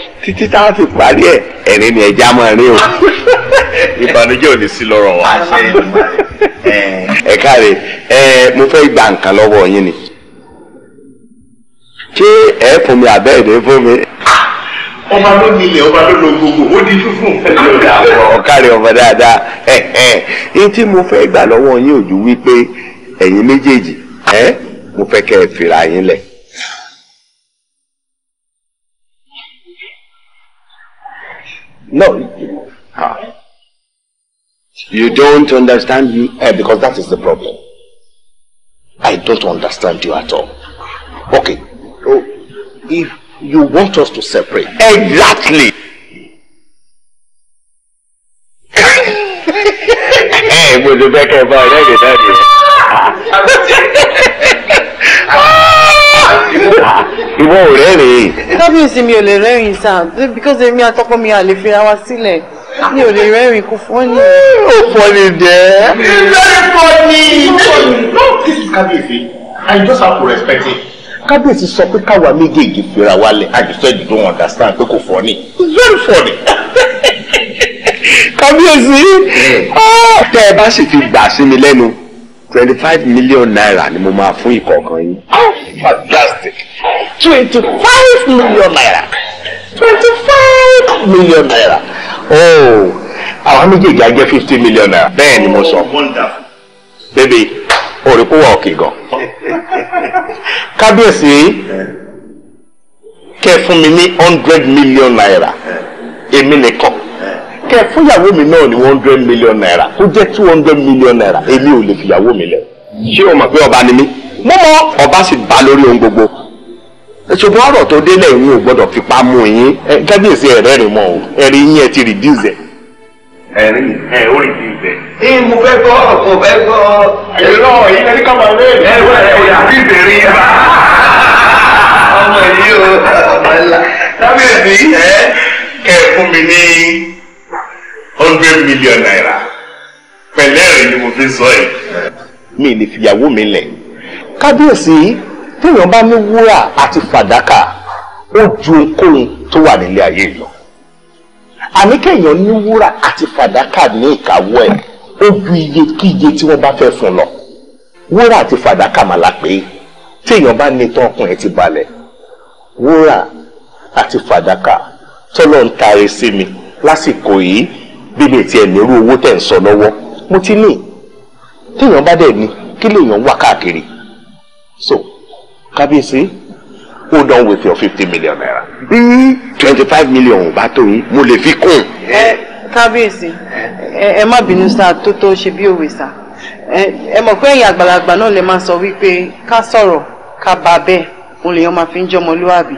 títí tá a fi parí ẹ̀ ẹ̀rín ni ẹja máa rí o ìbànújẹ́ ò ní sí lọ́rọ̀ wa. ẹ káre ẹ mo fẹ́ gba nǹkan lọ́wọ́ yín ni ṣé ẹ fún mi àbẹ́ ẹ̀dẹ́ fún mi. ọba ló ní ilẹ̀ ọba ló lo gbogbo ó di fífún ọ̀kárí ọba dáadáa ẹ ẹ ní tí mo fẹ́ gbà lọ́wọ́ yín ò ju wípé ẹ̀yin méjèèjì ẹ mo fẹ́ kẹ́ ẹ fìrà yín lẹ̀. No. Ah. You don't understand you uh, eh, because that is the problem. I don't understand you at all. Okay. So if you want us to separate. Exactly. Hey, with the back of that head, ìwọ ò rẹ́rìn-ín. kábíyèsí mi ò lè rẹ́rìn-ín sá because èmi àtọ́kọ mi à lè fi ara wa sílẹ̀ mi ò lè rẹ́rìn-ín kò fọ́ ni. ó fọ́ ni jẹ́. very funny. no this is kábíyèsí i just have to respect it. kábíyèsí sọ pé káwa méjèèjì fira wálẹ̀ i just said you don't understand pé kò fọ́ ni very funny kábíyèsí tẹ́ ẹ bá sì ti gbà sí mi lẹ́nu twenty five million naira ni mo máa fún ìkọ̀ọ̀kan yín. oh fantastic twenty five million naira twenty five million naira oh àwọn méjèèjì á jẹ́ fifty million naira bẹ́ẹ̀ ni mo sọ bébè òrìkúwà òkè gan kábíyèsí kẹ́ fún mi ní hundred million naira èmi nìkan kẹ́ fúnyàwó mi náà ní one hundred million naira kó jẹ́ two hundred million naira èmi ò lè fìyàwó mi lẹ̀. ṣé o mọ̀ pé ọba ni mí mo mọ ọba sì bá lórí ohun gbogbo ṣùgbọ́n ọ̀rọ̀ tó délẹ̀ yín ò gbọ́dọ̀ fipá mú yín kábíyèsí ẹ̀rẹ́ rìn mọ́ o ẹ̀rí yín ẹ ti reduce ẹ̀rí ẹ̀ ó reduce ṣé mo fẹ́ gbọ́ ọ̀rọ̀ kò fẹ́ gbọ́. ẹ̀rọ náà yín lẹ́ni ká máa rẹ́ẹ̀rì. ẹ̀rọ ẹ̀ ò yà sí ìbéèrè yẹn. ọmọ yìí o ọmọ hundred million naira pẹ̀lẹ́ rẹ̀ ni mo fi sọ yìí. mi lè fìyàwó mi lẹ̀ kábíyèsí téèyàn bá ní wúrà àti fàdákà ó ju ohunkóhun tó wà nílé ayé lọ àní kéèyàn ní wúrà àti fàdákà ní ìkáwọ́ ẹ̀ ó ju iye kí iye tí wọ́n bá fẹ́ fún lọ wúrà àti fàdákà mà lápé téèyàn bá ní tán ọkùnrin ti balẹ̀ wúrà àti fàdákà tọ́lọ́ ń taari sí mi lásìkò yìí bí mi tiẹ̀ lérú owó tẹ̀ ń sọ lọ́wọ́ mo ti ní téèyàn bá dẹ̀ ní kí lèèyàn wá káàkiri so kábíyèsí hold on with your fifty million naira bí twenty five million ò bá tó yín mo lè fi kún. ẹ kábíyèsí ẹ má bínú sá tó tó ṣe bí òwe sá ẹ mọ̀ pé ẹ̀yin àgbàlagbà náà lè máa sọ wípé ká sọ̀rọ̀ ká bá bẹ́ẹ̀ òun lèèyàn máa fi ń jọmọlúwàbí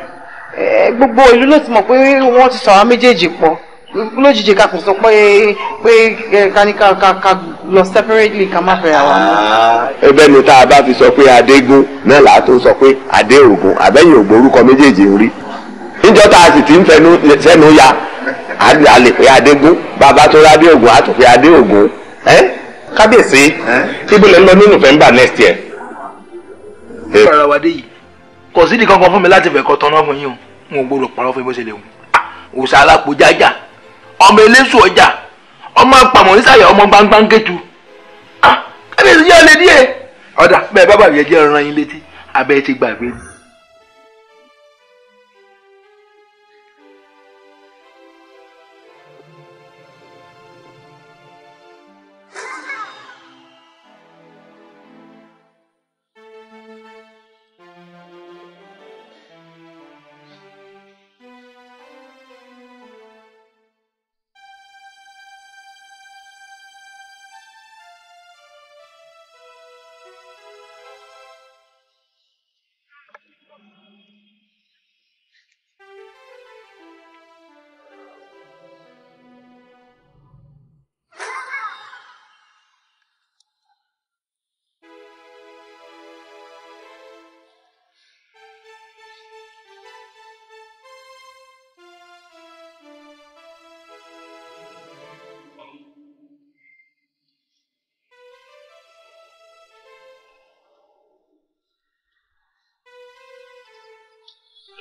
gbogbo ìlú ló ti mọ̀ pé wọ́n ti sọ àwọn méjèèjì pọ̀ lójijì ká kò sọ pé pé káníkà ká lọ separately ká má fẹ́ra wa. Ah, ẹ̀bẹ̀ ni tá a bá fi sọ pé adégún náà là á tó sọ pé adé ògùn àbẹ́yìn ògùn orúkọ méjèèjì ń rí níjọ́ tá a sì ti ń fẹnu sẹ́nu ya a lè pe adégún bàbá tó rádé ògùn a tún fi adé ògùn. kábíyèsí ibo lè ń lọ ní November next year. ìfara eh. wa dé yìí kò sídìí kankan fún mi láti fẹ̀kọ́ tán náà fún yín o n ò gbọdọ̀ parọ́ fún bó ṣe lè wù òòṣà ah, alápò jájà ọmọ eléṣù ọjà ọmọ apàmọ̀ nísàyà ọmọ gbangban kẹtù ah kábíyèsí yá lé díẹ̀ ọ̀dà bẹ́ẹ̀ bá bàbá yẹn jẹ́ ọ̀ràn yín létí abẹ́ ti gbàgbé ni.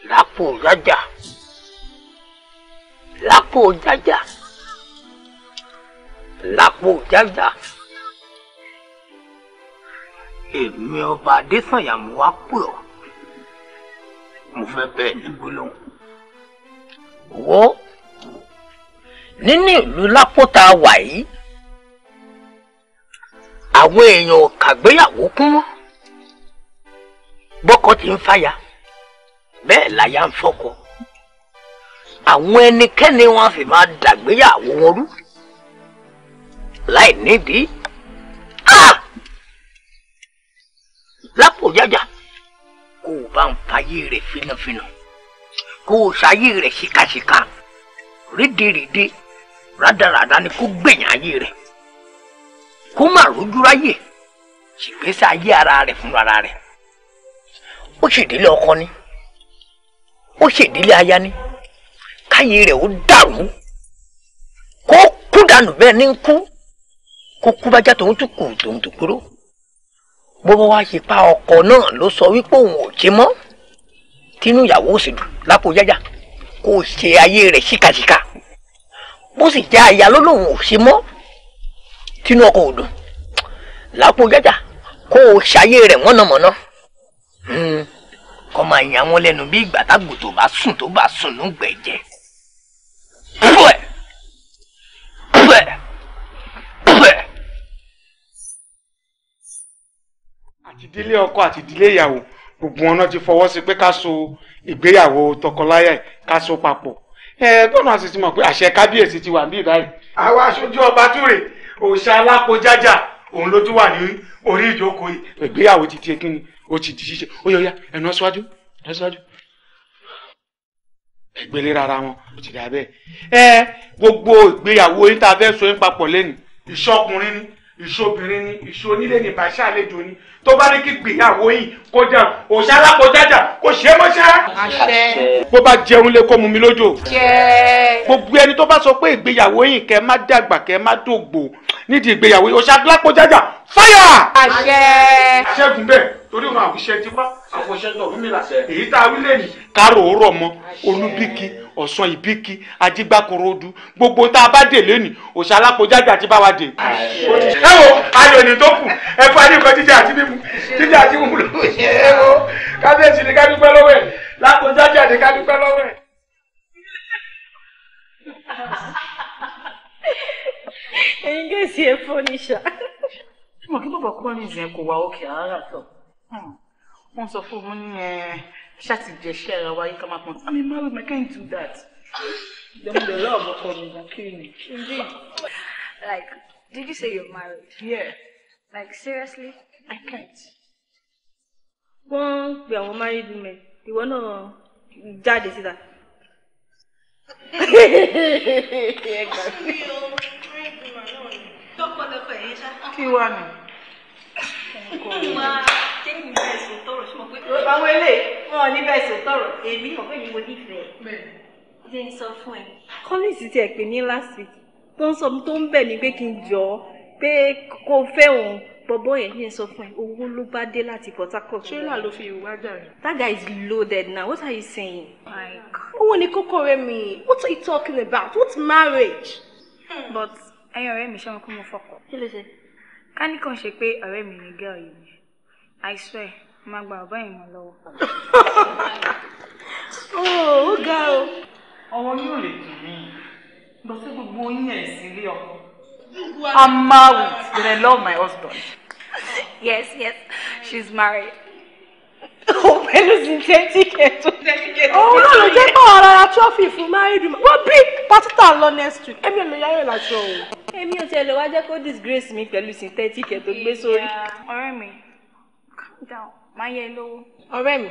lápò jájà lápò jájà lápò jájà èmi ọba adésànyà mo wá pè ọ́ mo fẹ́ bẹ́ẹ̀ ní wo nínú ìlú lápò tá a wà yìí àwọn èèyàn kàgbéyàwó kún mọ́ bọ́kọ ti ń fàyà bẹ́ẹ̀ láyà ń fọkọ àwọn ẹnikẹ́ni wọn fi máa dàgbéyàwó wọn rú láì nídìí lápò jájà kó o bá ń fayé rẹ̀ fínàfínà kó o ṣayé rẹ̀ ṣìkàṣìkà rídìrídì rádaràdà ni kó gbẹ̀yìn ayé rẹ̀ kó má rojú ráyè ṣègbésí ayé ara rẹ̀ fúnra rẹ̀ ó sì délé ọkọ ni ó ṣèdílé aya ni káyé rẹ̀ ó dàrú kó kú dànù bẹ́ẹ̀ ní kú kó kú bájá tòun tún kù tòun tó kúrò bọ́bọ́ wá ṣe pa ọkọ náà ló sọ wípé òun ò ṣe mọ́ tínú ìyàwó ò sì dùn lápò yáyà kó ṣe ayé rẹ̀ síkàsíkà bó sì jẹ́ aya ló lòun ò ṣe mọ́ tínú ọkọ ò lápò yáyà kó ṣayé rẹ̀ mọ̀nàmọ́ná. Mm kọ́ máa yàn wọ́n lẹ́nu bí ìgbà tágbò tó bá sùn tó bá sùn ló ń gbẹ̀ jẹ́. bẹ́ẹ̀ bẹ́ẹ̀ bẹ́ẹ̀. àti ìdílé ọkọ àti ìdílé ìyàwó gbogbo wọn náà ti fọwọ́ sí pé ká so ìgbéyàwó tọkọláyà ká so papọ̀ ẹ gbọ́dọ̀ àti ti mọ̀ pé àṣẹ kábíyèsí ti wà ní ìbáyìí. àwa aṣojú ọba túrè òòṣà alápò jájà òun lójú wà ní orí ìjókòó ìgbéyàwó ti tiẹ̀ kí ni ó ti di ṣíṣe ó yọ ya ẹnu ọsíwájú ẹnu ọsíwájú ẹgbẹlẹ rárá wọn ó ti dà bẹ́ẹ̀ ẹ gbogbo ìgbéyàwó yín tá a fẹ́ so yín papọ̀ lẹ́nu ìṣọkùnrin ni ìṣobìnrin ni ìṣonílé ni bàṣà àlejò ni tó bá ní kí gbìyàwó yìí kó jẹun òṣà alákòjájà kò ṣe é mọ́ṣá. àṣẹ. bó bá jẹun lé kó mu mi lójó. jẹ. gbogbo ẹni tó bá sọ pé ìgbéyàwó yìí kẹ má dàgbà kẹ má dògbò nídìí ìgbéyàwó yìí òṣà alákòjájà fáyà. àṣẹ. àṣẹ gùn bẹ́ẹ̀ torí wọn àwùṣẹ ti wá àfọṣẹ tọ fún mi là èyí tá a wí lẹ́yìn. kárò ó rọ̀ mọ́ olúbíkí ọ̀sán ìbíkí ajígbákorodu gbogbo tá a bá dè lẹ́nu òṣà alápòjáde àti báwa dè. ẹ wo ayọ̀ ní tó kù ẹ fún adé nǹkan jíjẹ àti mímu jíjẹ àti mímu ló ẹ wo kábíyèsí ni kádúpẹ́ lọ́wọ́ ẹ̀ lápòjáde àti kádúpẹ́ lọ́wọ́ ẹ̀. ẹ̀yin gẹ̀ẹ́sì ẹ̀ fọ́ níṣà. mo kí bàbá kúmọ́ mi zẹ́ kó wa òkè àárà tán. Hmm. wọ́n sọ fún mi ní eh, ṣàtìjẹsẹ́ ara wa yìí ká máa pọ̀ I'm a married man can't do that. Then the love of me na kill me. Indeed. Like, did you say you're married? Yeah. Like seriously? I can't. Wọ́n we are married women. Ìwọ náà jáde síta. Kí wá ni? Kí wá one? ṣé kí n bẹ tọrọ ṣé mo pé àwọn ilé wọn ò ní bẹ sùn tọrọ èmi ọgbẹ mi mo nífẹ̀ẹ́ ṣé n sọ fún ẹ. collins ti ẹ̀ pè ní last tó ń sọ tó ń bẹ̀ mí pé kí n jọ ọ́ pé kò fẹ́ òun bọ̀bọ̀ yẹn ní sọ fún ẹ owó ló bá dé láti Port Harcourt. trailer ló fi ìwà jà rẹ. that guy is loaded now what are you saying. owó ni kókó rẹ mi what are you talking about what marriage. Hmm. but ẹ̀yin ọ̀rẹ́ mi ṣé wọn kó mo fọkọ. kí ló ṣe. ká ní kàn ṣe pé ọ̀rẹ́ mi ni girl yìí I swear, má gba bàbá yìí mọ́ lọ́wọ́. Oh, ó ga o. Ọwọ́ yóò lè dùn mí. Lọ sí gbogbo yín ẹ̀ sílé ọkọ. I'm married and I love my husband. Yes, yes, she's married. Òun pẹ̀lú sìntẹ́tíkẹ̀ tó tẹ́tíkẹ̀ tó tẹ́tíkẹ̀. Òun náà ló jẹ́ pé ọ̀rọ̀ ara trọ́fì fún máìrì mọ́. Wọ́n bí pásítà lọ next week. Èmi ò lè yáyọ̀ láṣọ òun. Èmi ò tiẹ̀ lè wá jẹ́ kó disgrace mi pẹ̀lú sìntẹ́tíkẹ̀ tó gbé sórí. Ọ̀rẹ́ mi, down máa yẹ lówó. ọ̀rẹ́ mi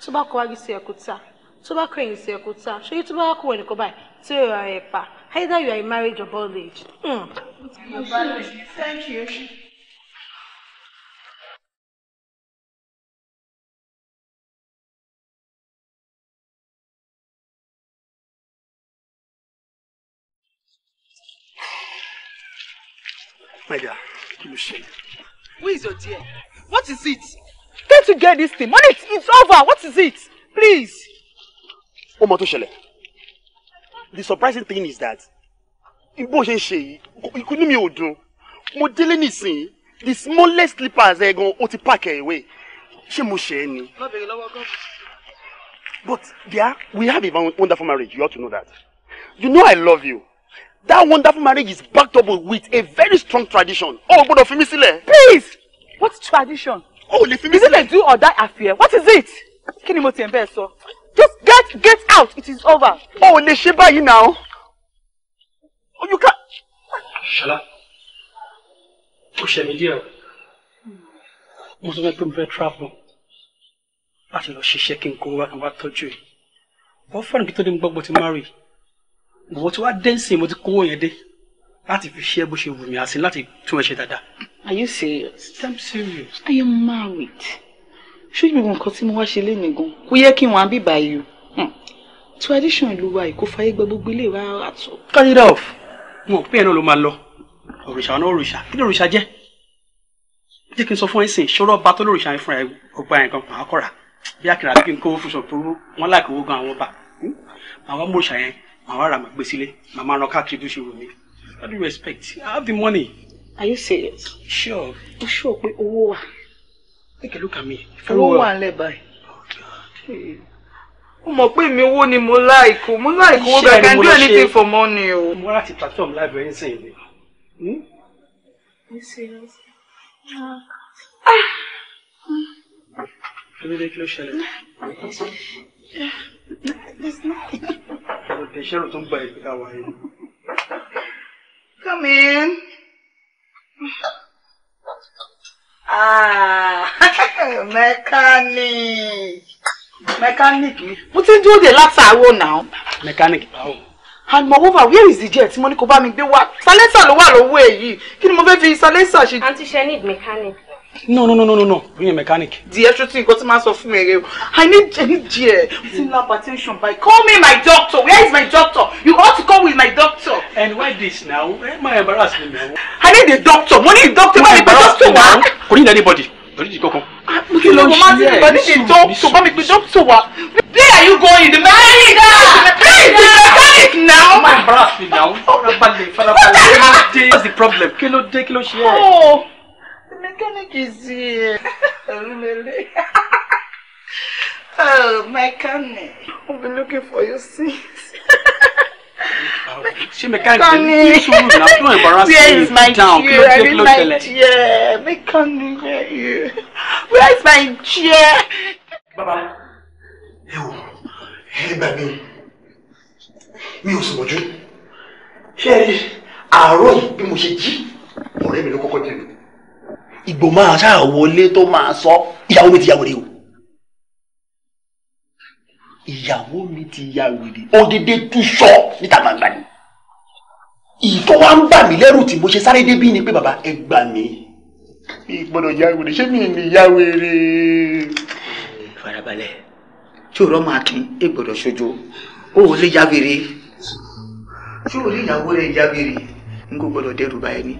tó bá kọ wájú sí ẹ̀kúta tó bá kọ̀yìn sí ẹ̀kúta ṣé tó bá kọ ẹnìkan báyìí tí ó rà ẹ̀ pa either you are in marriage or old age. Mm. Thank you. My dear, you should. Where is your dear? What is it? Can't you get this thing? Money, it's, it's over. What is it? Please. Ó mọ tó The surprising thing is that bó ṣe ń ṣe yìí, mi ò dùn. Mo délé nísìnyí, the smallest slippers ẹ̀ gan, ó ti pack away. Ṣé mo ṣe ni? But dear, we have a wonderful marriage. You ought to know that. You know I love you. That wonderful marriage is backed up with a very strong tradition. Oh, gbọ́dọ̀ fi mí Please. What tradition? Oh, le fi mi sílẹ̀. Is it a do or die affair? What is it? Kí ni mo tiẹ̀ bẹ́ẹ̀ sọ? Just get get out, it is over. O ò lè ṣe báyìí now. Oh, you can. Ṣọlá, o ṣe mi díẹ̀ o. Mo sọ fẹ́ pé mo fẹ́ travel láti lọ ṣiṣẹ́ kí n kó wá kí n wá tọ́jú ẹ̀. Wọ́n fẹ́ràn kí tó dé mi gbọ́gbọ́ ti marry. Ìwọ tí wàá dẹ́nsìn mo ti kówó yẹn dé láti fi ṣe bó ṣe wù mí àti láti tún ẹ ṣe dáadáa. are you serious. i'm serious. i am married. ṣé ìgbìmọ̀ nǹkan tí mo wá ṣe lé mi gan kó yẹ kí n wàá bí báyìí o. Hmm. tradition ìlú wa ìkó fàyè gba gbogbo ilé ìwà àtọ. cut it off wọn ò pé ẹ náà ló máa lọ òrìṣà náà òrìṣà kí ni òrìṣà jẹ́ jẹ́ kí n sọ fún ẹ sìn ṣọ́rọ́ ọba tó lórìṣà yẹn fúnra ẹ ọgbà yẹn gan pàákọ́ rà bí àkìrà bí n kó fún sọ̀rọ̀ wọn láì kówó gan àwọn ọba àwọn hmm. mọ̀ọ́ṣà yẹn màá wá rà màá gbé sílé màá máa rán káàkiri bí ó ṣe wù mí. What do you expect? I have the money. Are you serious? Sure. You sure pé owó wà? Take a look at me. Owó wà nlẹ̀ báyìí. Oh God. Ó mọ̀ pé mi owó ni mo like. Mo like owó I can do anything for money o. Mo láti platform live ẹ̀yìn sẹ́yìn ni. Hmm? Are you serious? Kí ló dé kí ló ṣẹlẹ̀? There's nothing. Ṣé o tó ń gba ìpínlẹ̀ wa yìí? Come in. Ah, mechanic. Mechanic mi. Mo ti ń dúró de látàárọ̀ now. Mechanic báwo? And moreover, where is the jet? Money ní kó bá mi gbé wá. Salẹ́sà ló wà lọ́wọ́ èyí. Kí ni mo fẹ́ fi salẹ́sà ṣe? Àǹtí need mechanic no no no no no no bring a mechanic. The extra thing nkan tí màá sọ fún mi i need jẹnijì ẹ. sinla hypertension by call me my doctor where is my doctor you ought to come with my doctor. and why this now why eh, am I embarrassed now. i need a doctor mo ní doctor why you go doctor wa. kò ní anybody torí di kankan. Ah, mo kì í lọ sí ẹ ní sùn ní sùn bá mi pe doctor where are you going the mechanic where ah! is the mechanic ah! now. am I embarrassed now. farabalẹ̀ farabalẹ̀ kí what's the problem kí ló dé kí ló ṣe é. Mechanic sí ẹ. Olúmẹ̀lẹ́. Oh, mechanic. I've been looking for you since. She mechanic. Mechanic. Now don't Where is my chair? I need my chair. Mechanic, where are you? Where is my chair? Baba. hey, hey, baby. Me also Mi ò sùn I Ṣé ẹ rí àárọ̀ bí mo ṣe jí? Ọ̀rẹ́ mi ló ìgbò máa ṣáà wọlé tó máa sọ ìyàwó mi ti ya wèrè o ìyàwó mi ti ya wèrè ó dédé tú sọ níta gbangba ni ìtọ́ wa ń bà mí lẹ́rù tí mo ṣe sáré débí ni pé bàbá ẹ gbà mí mi gbọ́dọ̀ wèrè ṣé mi ní ya wèrè. farabalẹ̀ tí òrọ́ máa kín é gbọ́dọ̀ ṣojo ó ò lè ya wèrè tí ò lè yàwó rẹ̀ ya wèrè n kò gbọ́dọ̀ dẹ́rù bá ẹni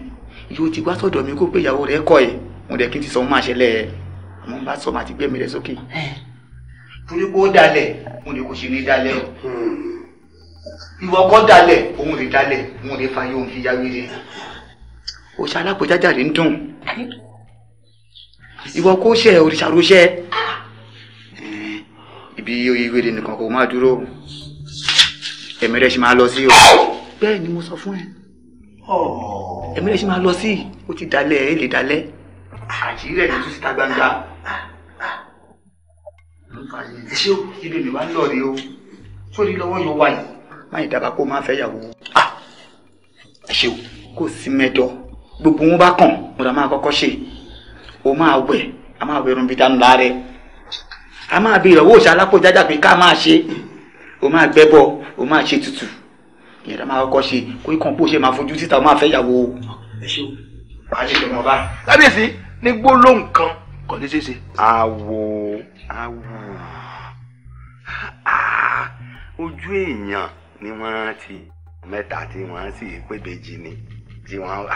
yóò ti wá sọ̀dọ̀ mi kó pé ìyàwó rẹ̀ kọ̀ ẹ́ mo dẹ̀ kí n ti sọ ohun máa ṣẹlẹ̀ ẹ̀ àmọ́ bá sọ máa ti gbẹ̀mí rẹ̀ sókè. torí pé ó dalẹ̀ mo lè kó ṣe ní dalẹ̀ o hmm. ìwọ kọ́ dalẹ̀ òun lè dalẹ̀ òun lè fa yóò fi ya wíire. òṣà alápòjájà rẹ̀ ń dùn ìwọ kó ṣe òrìṣà ló ṣe eh, ibi ìwéde nìkan kò máa dúró ẹ̀mí rẹ̀ ṣe máa lọ sí o bẹ́ẹ̀ ni mo sọ fún ẹ ẹ̀mí lè ṣe máa lọ sí ó ti dalẹ̀ ẹ̀ lè dalẹ̀. àṣírí ẹ̀ ló tún síta gbangba. ẹ ṣé o ibi mi wá ń lọ rèé o sórí lọ́wọ́ yóò wáyé. má yìí dábàá kó máa fẹ́ yàwó. ẹ ṣé o kò sí mẹ́jọ gbogbo wọn bá kàn mo dà máa kọ́kọ́ ṣe o máa wẹ̀ a máa wẹ̀ irun dánú láàrẹ a máa bí ìrọ̀wọ́ òṣà alápò pé ká máa ṣe o máa gbẹ́bọ o máa ṣe tutù ìyẹn ló máa kọ́kọ́ ṣe kó ikàn bó ṣe máa fojú síta ó máa fẹ́ yàwó. ẹ ṣe o wàá lè lọ́mọ bá. kábíyèsí ní gbólóhùn kan kò ní ṣeéṣe. àwò àwò ojú èèyàn ni wọ́n ti mẹ́ta tí wọ́n sì pébeji ni tí wọ́n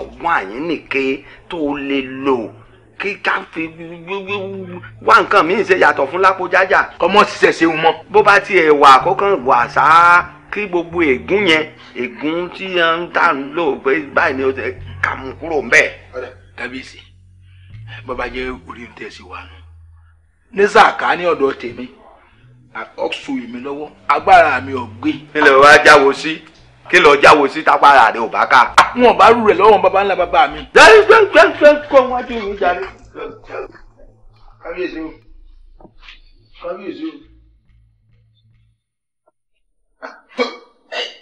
ọgbọ́n àyínnìke tó lè lò kí ká fi wá nǹkan míì ṣe yàtọ̀ fún lápò jájà kọ́mọ́ ṣiṣẹ́ ṣeun mọ́ bó bá tiẹ̀ wà kó kàn wà sáá kí gbogbo ègún yẹn ègún tí a ń tà ń lò pé báyìí ni ó ti kà mú kúrò ń bẹ̀. kábíyèsí bàbá jẹ́ orí ń tẹ̀sí wa nù. ní sàká ní ọ̀dọ̀ tèmi ọ̀sù mi lọ́wọ́ agbára mi ò gbé. ilẹ̀ wa jáwo sí kí lọ jáwo sí tápára rẹ ò bá ká. wọn ò bá rú rẹ lọ́wọ́ bàbá ńlá bàbá mi. jáde gbẹgbẹgbẹ kọ wájú mi jáde. kábíyèsí o kábíyèsí o.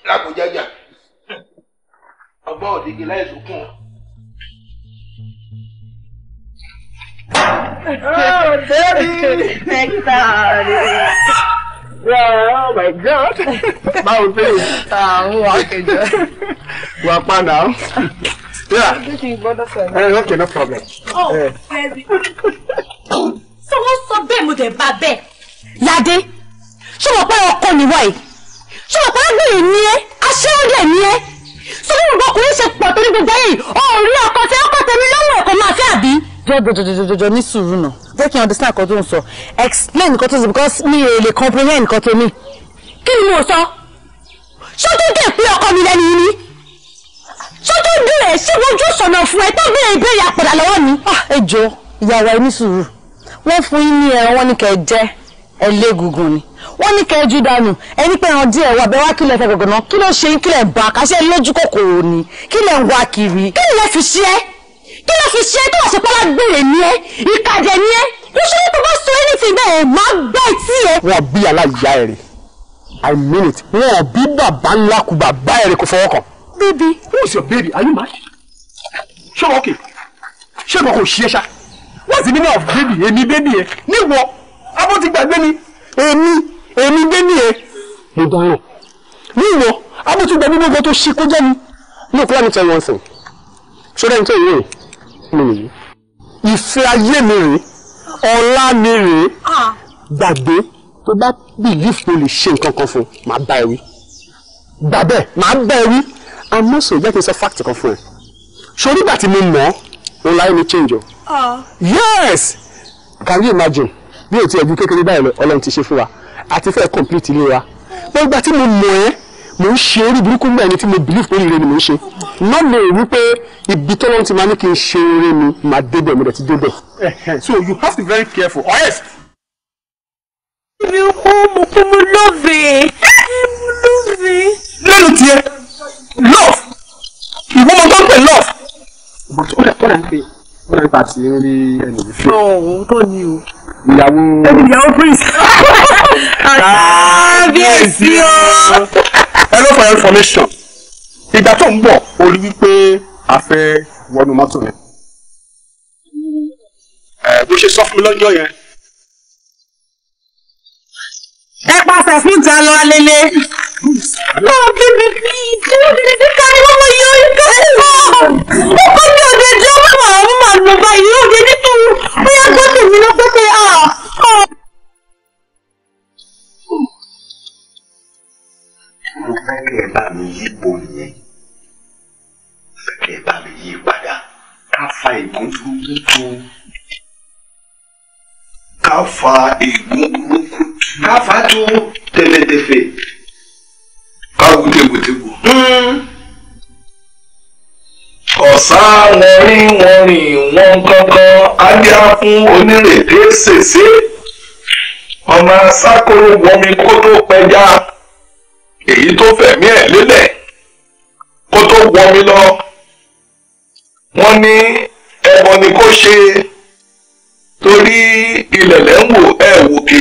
lákòjájà ọgbọ́n òdìgí láì sókun. Oh, Daddy! Nectar! Yeah, oh my God. That would be. Ah, I'm walking. okay, no problem. Oh, uh. baby. Someone sọ bẹ́ẹ̀ mo dẹ̀ bá bẹ́ẹ̀. Ládé, ṣé mo pẹ́ ọkọ ni wáyé? ṣé ọ̀pá gbèrè e ni ẹ́ aṣẹ́wọ́dẹ̀ ni ẹ́ sọ fún gbogbo ọkùnrin ṣe pọ̀ tó ní gbogbo ẹ̀yìn ọ̀rí ọkọ tí ọkọ tẹ̀mí lọ́wọ́ ẹ̀kọ́ máa fẹ́ àbí. jẹ́ jọjọjọjọjọ ní sùúrù náà jẹ́ kí n understand nǹkan tó ń sọ explain nǹkan tó ń sọ because mi ò lè comprehend nǹkan tó ní. kí ni mo sọ ṣó tó dé pé ọkọ mi lẹ́nu yìí ni ṣó tó dé ẹ̀ ṣé ojú sọ̀nà fún ẹ tó bèrè ìbéèrè àpàdà lọ́wọ́ mi. Ah, ẹ jọ ìyàwó ẹ ní sùúrù wọ́n fún yín ní ẹran wọn ní kẹ́ jẹ́ ẹlẹ́gùngùn ni wọ́n ní kẹjú dànù ẹni pé ẹran díẹ̀ wà bẹ́ẹ̀ wá kílẹ̀ fẹ́ gọ̀gọ̀nà kí ló ṣe kí lẹ̀ bá kàṣẹ lójú kòkòrò ni kí lẹ̀ ń wá kiri. kí lè fi ṣe kí lè fi ṣe é tó wà sọpọ́lá gbèrè ni ẹ ìkàjẹ́ ni ẹ lóṣù tó bá sọ anything bẹ́ẹ̀ máa gbá etí ẹ. wọn bí aláìyá ẹ rè i mean it wọn bí bàbá ńlá kù bàbá ẹ rè kò fọwọ́ kàn. baby who is your baby are you mad? ṣé wọn kè ṣé wọn kò ṣe é ṣá what's the meaning of baby èmi baby ẹ níwọ abó ti gbàgbé ni èmi èmi gbé nìyẹn e. mo dáràn ní ìwọ abótúgbà bí gbogbo tó ṣe kó jẹ́ mi ní òkúra mi tẹ̀wọ̀n sìn ṣọ́dọ̀ ní tó ìwé mi nìyí ìfẹ́ ayé mi rèé ọlá mi rèé ah. gbàgbé tó bá bìlíf mo lè ṣe nǹkan kan fún màá bá ẹ wí gbàbẹ́ màá bá ẹ wí amóso jẹ́ kí n sọ fáàkì kan fún ẹ ṣorí ìgbà tí mo mọ̀ ọ́ òun láyé mi change o ah. yes can you imagine bí o ti ẹ̀gbìn kékeré báyìí lọ ọlọ́run ti ṣe fún wa àti fẹ́ complete ilé wa wọ́n gba tí mo mọ̀ ẹ́ mo ń ṣe orí burúkú gbà ẹni tí mo believe pé rere mo ń ṣe má lè pé ibi tọ́lọ́ ti máa ní kí n ṣe rere mi máa débẹ̀ mo dẹ̀ ti débẹ̀. so you have to be very careful or oh, else. mi mo kú mo lọ́ọ̀bì mo lọ́ọ̀bì. lẹ́nu tiẹ̀ love ìwọ́n mo gbọ́ pé love. but ó dà ó dà ń pè é ó lẹ́yìn pàtí ń rí ẹnì yìí fẹ́. ọ̀hún tó ni o. ìyàwó. ẹni ìyàwó prince. Ah, kábíyèsí o. ẹ ló for information ìgbà tó ń bọ̀ o rí wípé a fẹ́ wọnú mọ́tò yẹn. bó ṣe sọ fún mi lọ́jọ́ yẹn. ẹ pàṣẹ fún ìjà lọ alẹ́lẹ́. Oh, baby, please, do you want to carry over your girl? Oh, my God, they're just mama ọ̀nà báyìí yóò dé nítorí bóyá gbọ́dọ̀ mi mi yípo yẹn fẹ́ kẹ́ ẹ bá mi yí padà ká fa ègún burúkú tu ọ̀sá wọn rí wọn rìn wọn kankan ádíá fún onírètè ṣèṣe ọmọ sákòrò wọmi kó tó pẹja èyí tó fẹ̀mí ẹ̀ lélẹ̀ kó tó wọmi lọ wọ́n ní ẹbọ ni kó ṣe torí ilẹ̀lẹ̀ ń wò ẹ̀ wòkè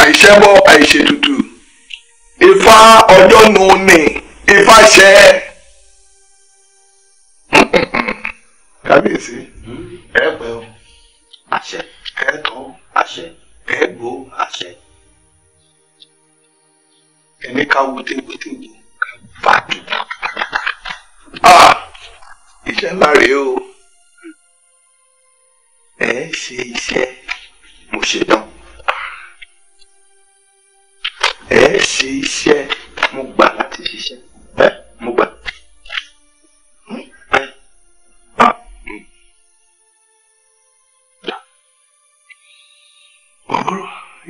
àìṣẹ́bọ àìṣètùtù Ifá ọjọ́ nu ni Ifá ṣẹ́ ẹ̀. kábíyèsí hmm? ẹ o àṣẹ ẹ àṣẹ ẹ àṣẹ ẹni ká wo tégbòtégbò ká bá tó iṣẹ́ ńlá rèé o ẹ ṣe iṣẹ́ mo ṣe tán ẹ ṣe iṣẹ́ mo gbà láti ṣiṣẹ́ ẹ mo gbà.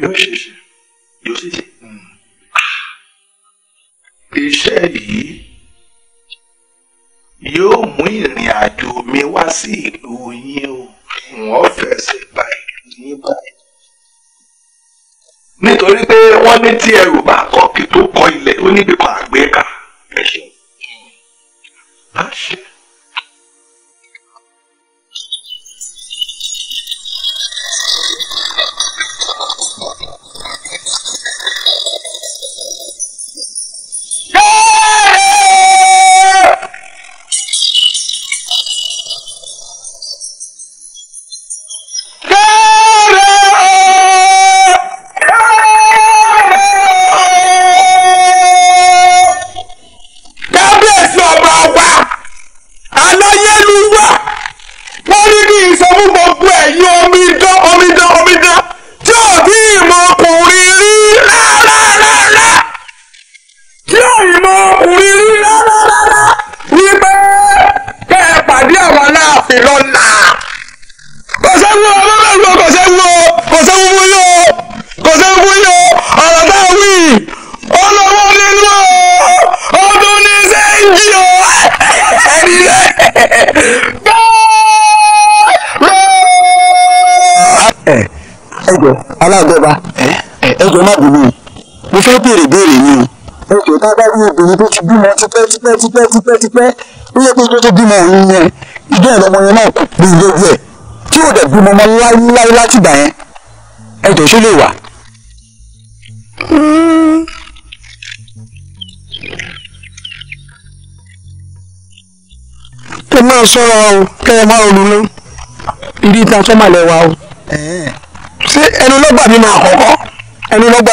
yóò ṣe ṣe yóò ṣe ṣe. Hmm. Ah! iṣẹ́ yìí yóò mú ìrìn àjò mi wá sí ìlú yín o wọ́n fẹsẹ̀ bá ìlú yín báyìí. nítorí pé wọ́n ní tí ẹrù bá kọ́ kí tó kọ ilẹ̀ ó níbi kan àgbéká. ẹ ṣeun. béèrè béèrè ni o. ọkọ̀ tá a bá rí obìnrin tó ti bímọ tipẹ́ tipẹ́ tipẹ́ tipẹ́ tipẹ́ ó yẹ pé tó bímọ òun yẹn ìjọ ẹ̀rọ ọmọ yẹn náà kò bí lójú ẹ̀ tí ò dẹ̀ bímọ ọmọ láíláí láti gbà yẹn ẹ̀jọ̀ ṣó lè wà. ẹ máa sọ́ra o kẹ́ ẹ máa ronú ìdí ìtàn sọ́mà lẹ́wà o ṣé ẹnu lọ́gbà máa kọ́kọ́ ẹnu lọ́gbà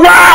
right.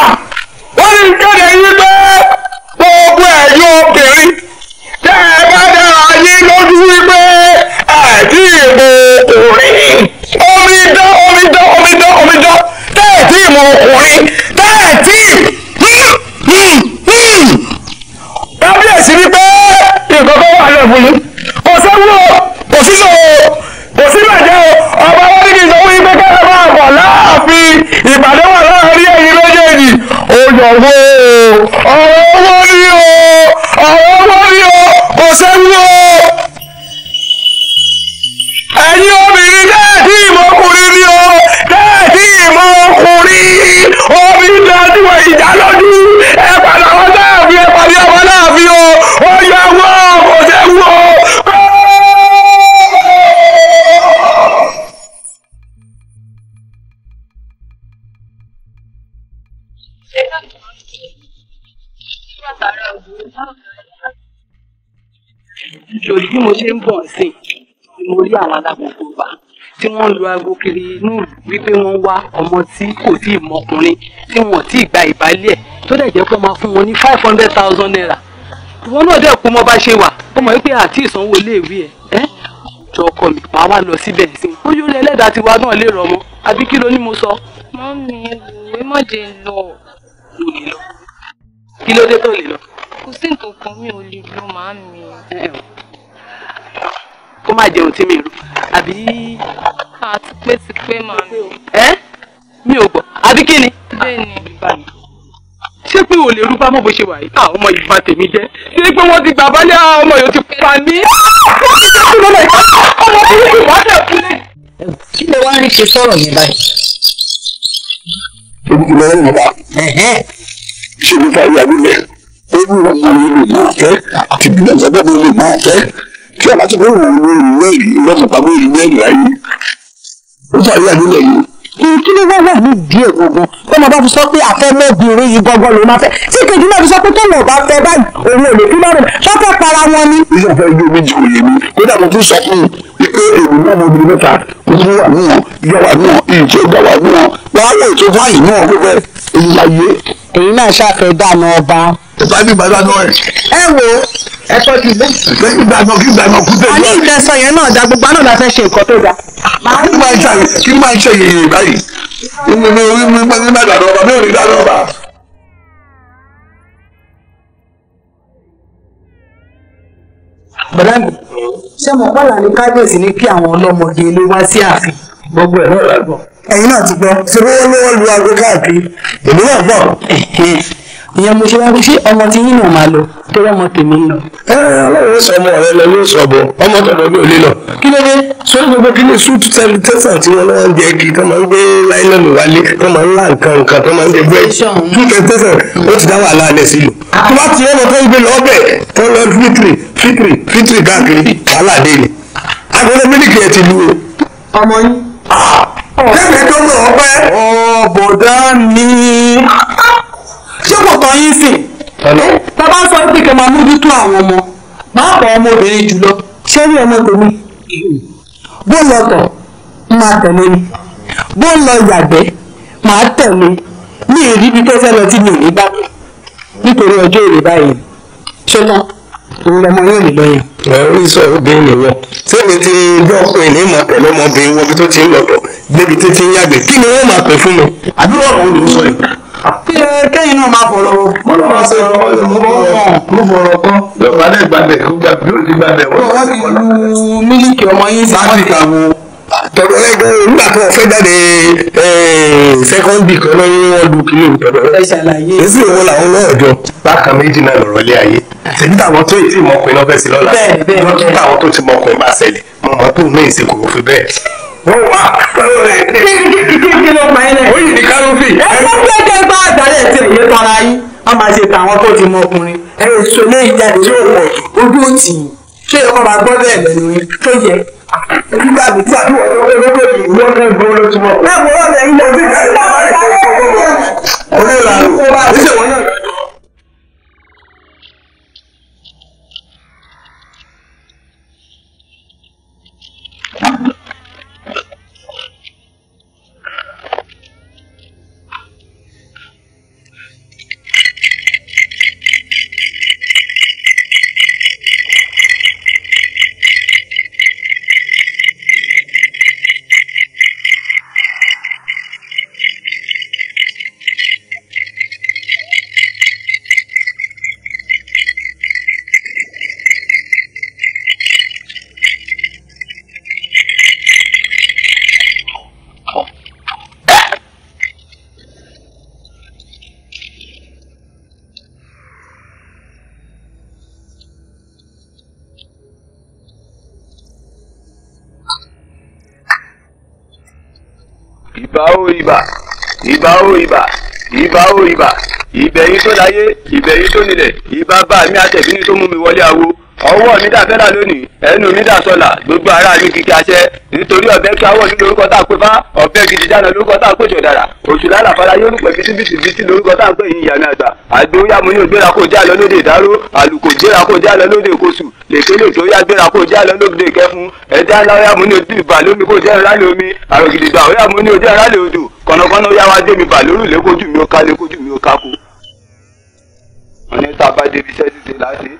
wọ́n ń lu aago kiri inú wípé wọ́n wá ọmọ tí kò tí ì mọkùnrin tí wọ́n tí ì gba ìbálẹ̀ tó dẹ̀ jẹ́ pé wọ́n máa fún wọn ní five hundred thousand naira wọn náà dẹ̀ kú mọ́ bá ṣe wà ó mọ̀ wípé àti ìsanwó iléèwé ẹ̀ jọ ọkọ mi màá wá lọ síbẹ̀ sí i ó yóò lé ẹlẹ́dàá tiwa náà lè rọ̀ mọ́ àbí kí ló ní mo sọ. mọ́mí ìwé mọ̀jẹ̀ lọ. mo lè lọ kí ló dé tó lè lọ. kò sí nǹkan kan mi ò lè lọ màá mi. kó má jẹun tí mi rú àbí pé ti pé màá ní. ẹ mi ò gbọ́ àbí kí ni. bẹ́ẹ̀ni ṣé pé o lè rúbá mọ́ bó ṣe wà yìí. àwọn ọmọ ìbá tèmi jẹ́ ṣé pé wọ́n ti bàbá ní àwọn ọmọ yòó ti pa mí. kí lè wá rí ṣe sọ̀rọ̀ mi báyìí. ìlọ rẹ̀ nípa ṣe ní ká yà nílẹ̀ ó ní wọn kò lè lè máa fẹ́ àti bí lọ́jọ́ bẹ́ẹ̀ lè máa fẹ́ kí ọ̀làjọ́ bẹ́ẹ̀ wò ó lè rí lẹ́yìn lọ́mọ̀pá láyé ó jàre àdúlẹ̀ yìí. kí ló wá wà ní ìdí ẹ̀ gbogbo tó máa bá fi sọ pé àfẹ́mọ́ obìnrin yìí gbọ́ngàn ló máa fẹ́ tí kejì náà fi sọ pé tó wọ̀ bá fẹ́ báyìí òun ò lè fi lọ́rùn sọ́kẹ́ para wọn ni. iṣẹ́ ìfẹ́ ojú méjì kò yé mi kódà mo tún sọ fún un pé èmi náà mo bìnrin mẹ́ta kò tún wà níwọ̀n ìjọ wà níwọ̀n ìjọ ìjọ wà níwọ̀n wàhálà ètò fáyì náà kó fẹ́ èyí máa yé. èyí náà ṣàfẹ́ dáná ọba. ìfàdí ẹ tọ́jú ilé. lẹ́yìn ìgbà náà kí ìgbà náà kú tẹ̀lé. a ní ìtẹ̀sán yẹn náà da gbogbo àná la fẹ́ ṣe nǹkan tó da. kí máa ń ṣe kí máa ń ṣe yèyè báyìí mi mi mi mi mi má dàdọ̀ ọba mi ò ní dàdọ̀ ọba. bọ̀dá mi ṣé mo bọ́là ní kábíyèsí ní kí àwọn ọlọ́mọge ló wá sí ààfin gbogbo ẹ̀ náà lágbọ̀n. ẹ̀yin náà ti gbọ́ ṣé wọ́n lọ́wọ́ lu ìyẹn mo ṣe wá pé ṣé ọmọ tí yín náà máa lọ tó rọmọ tèmi lọ. ẹ ọlọ́run sọ ọmọ rẹ lọ yóò sọ bọ ọmọ tọ̀dọ̀ mi ò lè lọ. kí ló dé sórí gbogbo kí ló sùn tẹsán tẹsán tí wọn máa ń jẹ kí tó máa ń gbé láìlọ́nù wálé tó máa ń lá nǹkan nǹkan tó máa ń jẹ bẹ́ẹ̀ tún tẹsán ó ti dá wàhálà alẹ́ sí lò. tó bá ti ọmọ tó ń gbé lọ ọbẹ̀ tó lọ fitiri fitiri fitiri káàkiri wàhálà dé ni. àgbẹ̀rẹ̀ mílíkì ẹ̀ o. ọmọ yín. Ah! kẹ́kẹ́ tó lọ ọpẹ́. ọ̀bọ̀dá ni ṣé kò tán yín sìn bàbá sọ pé kí n máa mójútó àwọn ọmọ pàápàá ọmọbìnrin jùlọ ṣé rí ọmọ tèmi bó lọ tọ̀ máa tẹ̀lé mi bó lọ yàgbẹ́ máa tẹ̀lé mi èrí bí tẹ́sẹ̀ lọ tí mi ò ní bá nítorí ọjọ́ èrè báyìí ṣọlá òun lọmọ yóò lè lọ́yàn. ẹ̀rọ ìsọ obìnrin nìyẹn sẹ́mi ti gbọ́ pé ní mọ̀ pẹ̀lú ọmọbìnrin wọn bí tó ti ń lọ̀tọ̀ débi tó ti ń yàgbẹ́ kí ni wọ́n máa pè fún mi àbí wọ́n kò ní sọ ìgbà kẹ́yìn náà máa fọ̀rọ̀ mo fọ̀rọ̀ kọ́ lọ́ba náà gbàgbẹ́ kó gbàgbé òní gbàgbẹ́ wọ́n. wọ́n fi lu mílíkì ọmọ yín sí áfíríkà wo. tọ̀dọ̀ lẹ́gbẹ́ nígbà tó fẹ́ jáde sẹ́kọ́ndì kan náà wọ́n lu kílò tọ̀dọ̀ lẹ́gbẹ́. ẹ ṣàlàyé. èsì ìwọ tó ti mọkùnrin náà fẹ́ sí kí tó ti mọ ọkùnrin. ẹ lè lé ìjáde tí ó ojú òtì ṣé ọkọ̀ máa gbọ́ bẹ́ẹ̀ tó yẹ. nígbà mi tí àbúrò ọ̀rọ̀ ló bẹ̀rẹ̀ ìwọ náà gbọ́ ló ti mọ̀. náà mo rọ̀ lẹ́yìn lọ Thank you. ìbà ìbà ó ìbà ìbà ó ìbà ìbẹ̀yìn tó láyé ìbẹ̀yìn tó nílẹ̀ ìbà bá mi àtẹ̀bí ni tó mú mi wọlé awo ọwọ́ mi dà fẹ́lá lónìí ẹnu mi dà sọ̀là gbogbo ara mi kìkì àṣẹ nítorí ọ̀bẹ kí awọ́ mi lórúkọ tá a pè fá ọ̀bẹ gidi dáná lórúkọ tá a pè ṣọ̀dàrà oṣù lálàfàlà yóò rúpẹ́ bítíbítì bítí lórúkọ tá a pè yìnyín àmì àgbà àgbóyàmú ní ògbéra kó já lọ lóde ìdáró àlùkò gbéra kó já lọ lóde ìkosù lèkélè tó yá gbéra kó já lọ lóde ìkẹfun ẹja ńlá ọyàmú ní ojú ìbà lómi kó jẹ́ ńlá lómi àrògidìgbà ọyàmú ní ojú ńlá lòdù kọ̀nàkọ́nà ó yá wá dé mi bà lórúlé kójú mi ó ká lé kójú mi ó ká kú. ọ̀nà tá a bá débi iṣẹ́ ti ṣe láti.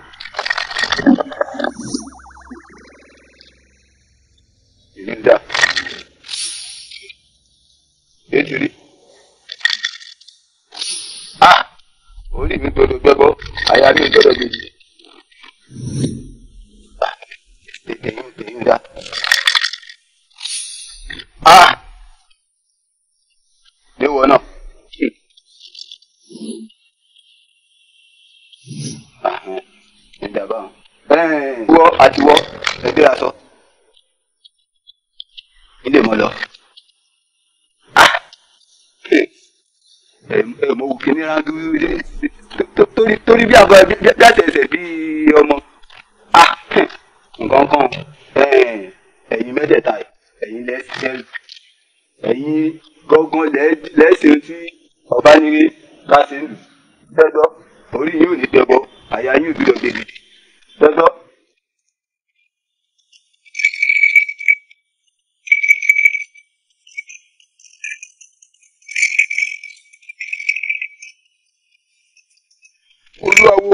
Ìgbìndà. Ejìrí. A ah! orí mi gbọdọ̀ gbẹ́bọ́, àyà mi gbọdọ̀ gbèjì. Èyí èyí ń dá. A léwọ wọ́ àti wọ́ ẹgbẹ́ aṣọ ilé mọ́ lọ. Ah! mo wù kí ní ráńdú torí torí bí àgọ́ bí àtẹ̀sẹ̀ bí ọmọ ah! nǹkan kan ẹ̀yin mẹ́tẹ̀ẹ̀ta ẹ̀yin lẹ́sẹ̀ ẹ̀yin gángan lẹ́sẹ̀ tí ọba nílé ká ṣe ń lù sẹ́dọ̀ orí yóò ní tẹ́gbọ́ àyà yóò dúdọ̀ débi. Dọ́dọ́. olúwawo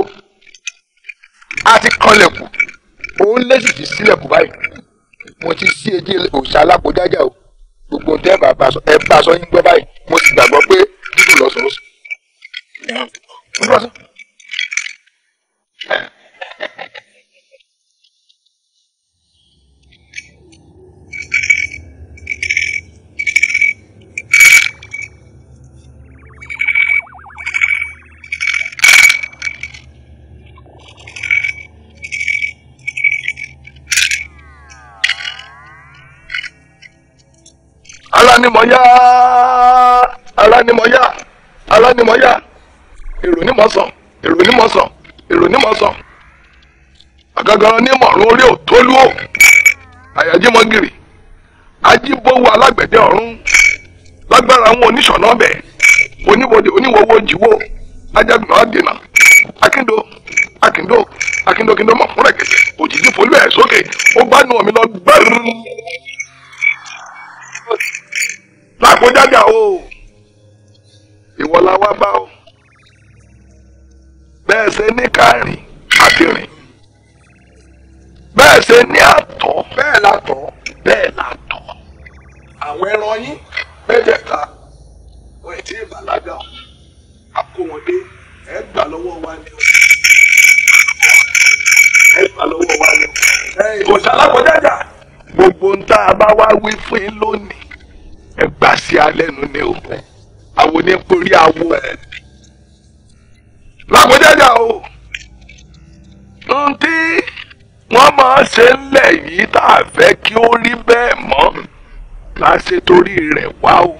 a ti kanlẹ̀kùn òun lẹ́sìn ti sílẹ̀kùn báyìí mo ti sí èdè òòṣà alákòjájà o gbogbo tẹ́ ẹ bá sọ yín gbọ́ báyìí mo sì gbàgbọ́ pé dídùn ni mo yá ara ni mo yá ara ni mo yá èrò ni mo sàn èrò ni mo sàn èrò ni mo sàn àgàgàrà ní mọ̀rún orí òtólú ò àyájímọ́gìrì ajíbówó alágbẹ̀dẹ ọ̀run lágbára àwọn oníṣọ̀nà ọbẹ̀ oníwòde oníwòwò jìwò ajagun náà dènà akíndo akíndo akíndo kíndo mọ̀ fúnra gẹ̀gẹ̀ òjijì fòlú ẹ̀ sókè ó gbánú omi lọ gbẹ́rù láàpọ̀ o ìwọ la wá bá o bẹ́ẹ̀ ṣe ní kárìn àti rìn bẹ́ẹ̀ ṣe ní àtọ̀ bẹ́ẹ̀ la tọ̀ bẹ́ẹ̀ la tọ̀ àwọn ẹran yín mẹ́tẹ̀ẹ̀ta wọ́n ti bàlágà o àpò ẹ gbà lọ́wọ́ wa ni o ẹ gbà lọ́wọ́ wa ni o kò sálà gbogbo ń tá a bá wá wí fún yín lónìí ẹgbà sí alẹ́nu ni o àwọn oníporí awo làkójájà o ntí wọ́n máa ṣe ńlẹ̀ yìí tá a fẹ́ kí ó rí bẹ́ẹ̀ mọ́ la ṣe torí rẹ̀ wá o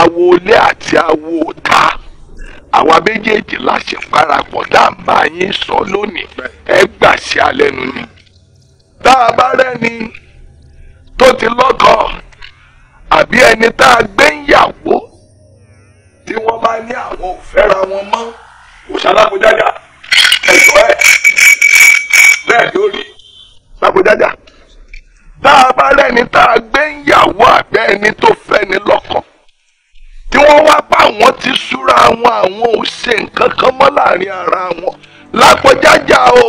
awo ilé àti awo ọ̀tá àwa méjèèjì la ṣe parapọ̀ tá a máa yín sọ lónìí ẹ gbà sí alẹ́nu ni tá a bá rẹ́ni tó ti lọ́kọ̀ọ́ àbí ẹni tá a gbé ń yàwó tí wọ́n bá ní àwọn ò fẹ́ra wọn mọ́ òṣàlágbójájà ẹ̀tọ́ ẹ̀ bẹ́ẹ̀ ni ó rí lágbójájà tá a bá rẹ́ni tá a gbé ń yàwó àbẹ́ ẹni tó fẹ́ni lọ́kọ tí wọ́n wá bá wọn ti súra wọn àwọn ò ṣe nǹkan kan mọ́ láàrin ara wọn lágbójájà o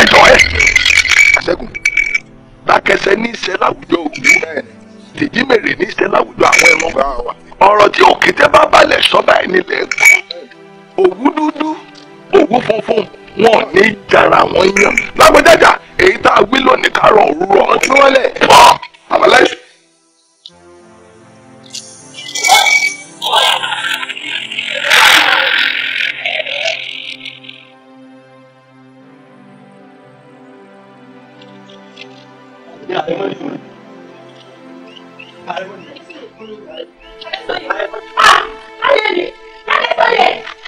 ẹ̀tọ́ ẹ̀ àṣẹ́gun dákẹsẹ ní ìṣẹ́ láwùjọ òkú tìjímèrè ní í ṣe láwùjọ àwọn ẹranko ọ̀rọ̀ tí òkété bá balẹ̀ sọ báyìí nílẹ̀ gbọ́ òwú dúdú òwú funfun wọn ò ní jara wọn yàn lágbẹ́jájà èyí tá a wí lónìí kárọ̀ òrùrọ̀ ọ̀hún tí wọ́n lẹ̀ pọ̀ àbáláṣẹ. Yeah, Hallelujah. Hallelujah.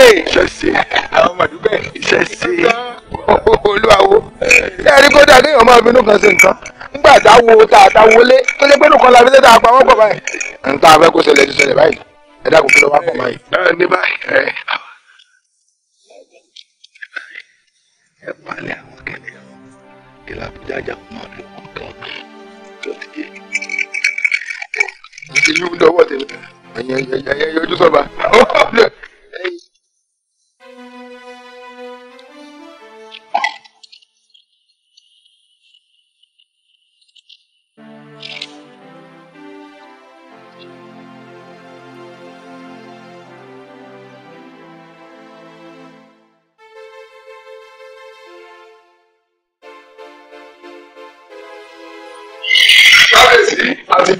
jàre. ṣẹ̀ṣẹ̀ àwọn màdúgbẹ́. ṣẹ̀ṣẹ̀ olúwawo. ẹ̀rí kódà kéèyàn máa bínú kan sí nǹkan nígbà tá a wo tá a ta wọlé tó ṣe pé nǹkan la fi ṣe tá a pa wọ́n pọ̀ báyìí. n ta fẹ́ kó ṣẹlẹ̀ ti ṣẹlẹ̀ báyìí ẹ dákun kí ló wá pọ̀ báyìí. ẹ ní báyìí ẹ ẹ palẹ̀ àwọn kẹlẹ̀ kí la fi jájà kó máa lò ó kàn tó ti yé. mo ti yí ń dọwọ́ tèmi ojú sọ́ba.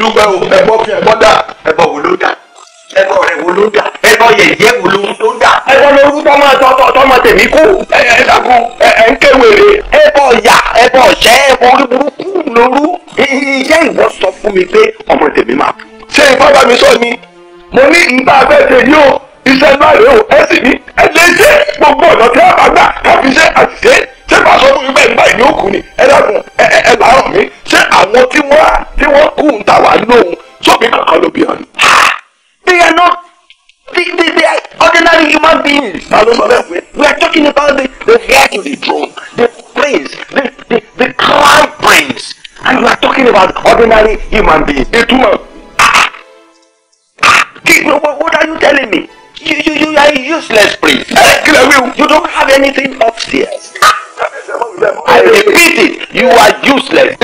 dúpẹ́ o ẹbọ kí ẹbọ dà ẹbọ wò ló dà ẹbọ rẹ wò ló dà ẹbọ yẹyẹ wò ló ń dà. ẹbọ lorúkú tọmọ tọtọ tọmọ tèmi kú ẹ ẹ dàgùn ẹ ẹ ń kéwèrè ẹbọ ya ẹbọ ọ̀ṣẹ́ ẹbọ orí burúkú lorú. ìyá ìwọ sọ fún mi pé ọmọ tèmi máa kú. ṣé ìfọ́ bá mi sọ ni mo ní nta abẹ́ tèmi o iṣẹ́ náà rèé o ẹ sì ní ẹ lè ṣe gbogbo ọ̀nà tí wọ́n bá gbà káfíṣe àṣìṣe ẹ bá sọ bẹ́ẹ̀ nígbà ni ẹ dàgbọ́n ẹ ẹ làárọ̀ mi ṣé àwọn tí wọ́n tí wọ́n kú ń ta wà lóhun sóbi kankan ló bí ọ̀nì. they are not the the the ordinary human beings. ta ló sọ bẹ́ẹ̀ fún we are talking about the the hair to the throne the prince the the the crown prince and we are talking about ordinary human beings. ìtumọ̀ kí what are you telling me. You, you, you are a useless priest. Eh, you don't have anything upstairs. I repeat it. You are useless.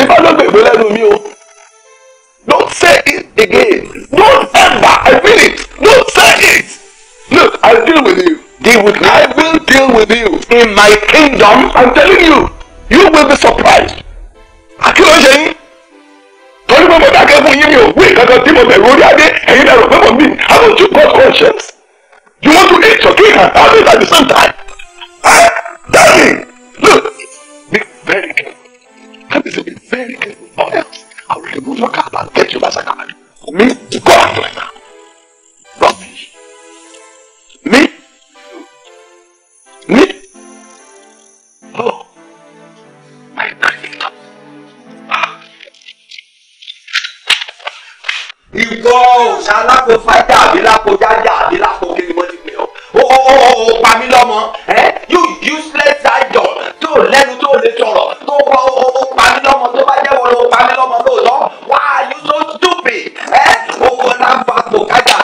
Don't say it again. Don't ever. I mean it. Don't say it. Look, I'll deal with you. Deal with me. I will deal with you. In my kingdom, I'm telling you, you will be surprised. Akínlọ́sẹ̀yìn torí pé mo dákẹ́ fún yín mi ò wí ìkankan tí mo bẹ̀rù orí adé ẹ̀yin lẹ́rù pé mo mi. i. I want to conscience. You want to eat your cake and have it at the same time? Eh? Darling, look, be very careful. Have to be very careful. Or else, I will remove your cap and get you as a card. For me to go out right now. Rubbish. Me? Me? Oh. ìwọ òòṣà alápò fájà àbí lápò jájà àbí lápò kí ni wọ́n ti pè ọ́ ó ó ó ó pa mí lọ́mọ ẹ́ you useless idol tó lẹ́nu tó lè sọ̀rọ̀ tó kọ́ ó ó pa mí lọ́mọ tó bá jẹ́ wọ́n ló pa mí lọ́mọ lóòótọ́ wá you so stupid ẹ́ ó kọ́ láǹfà tó kájà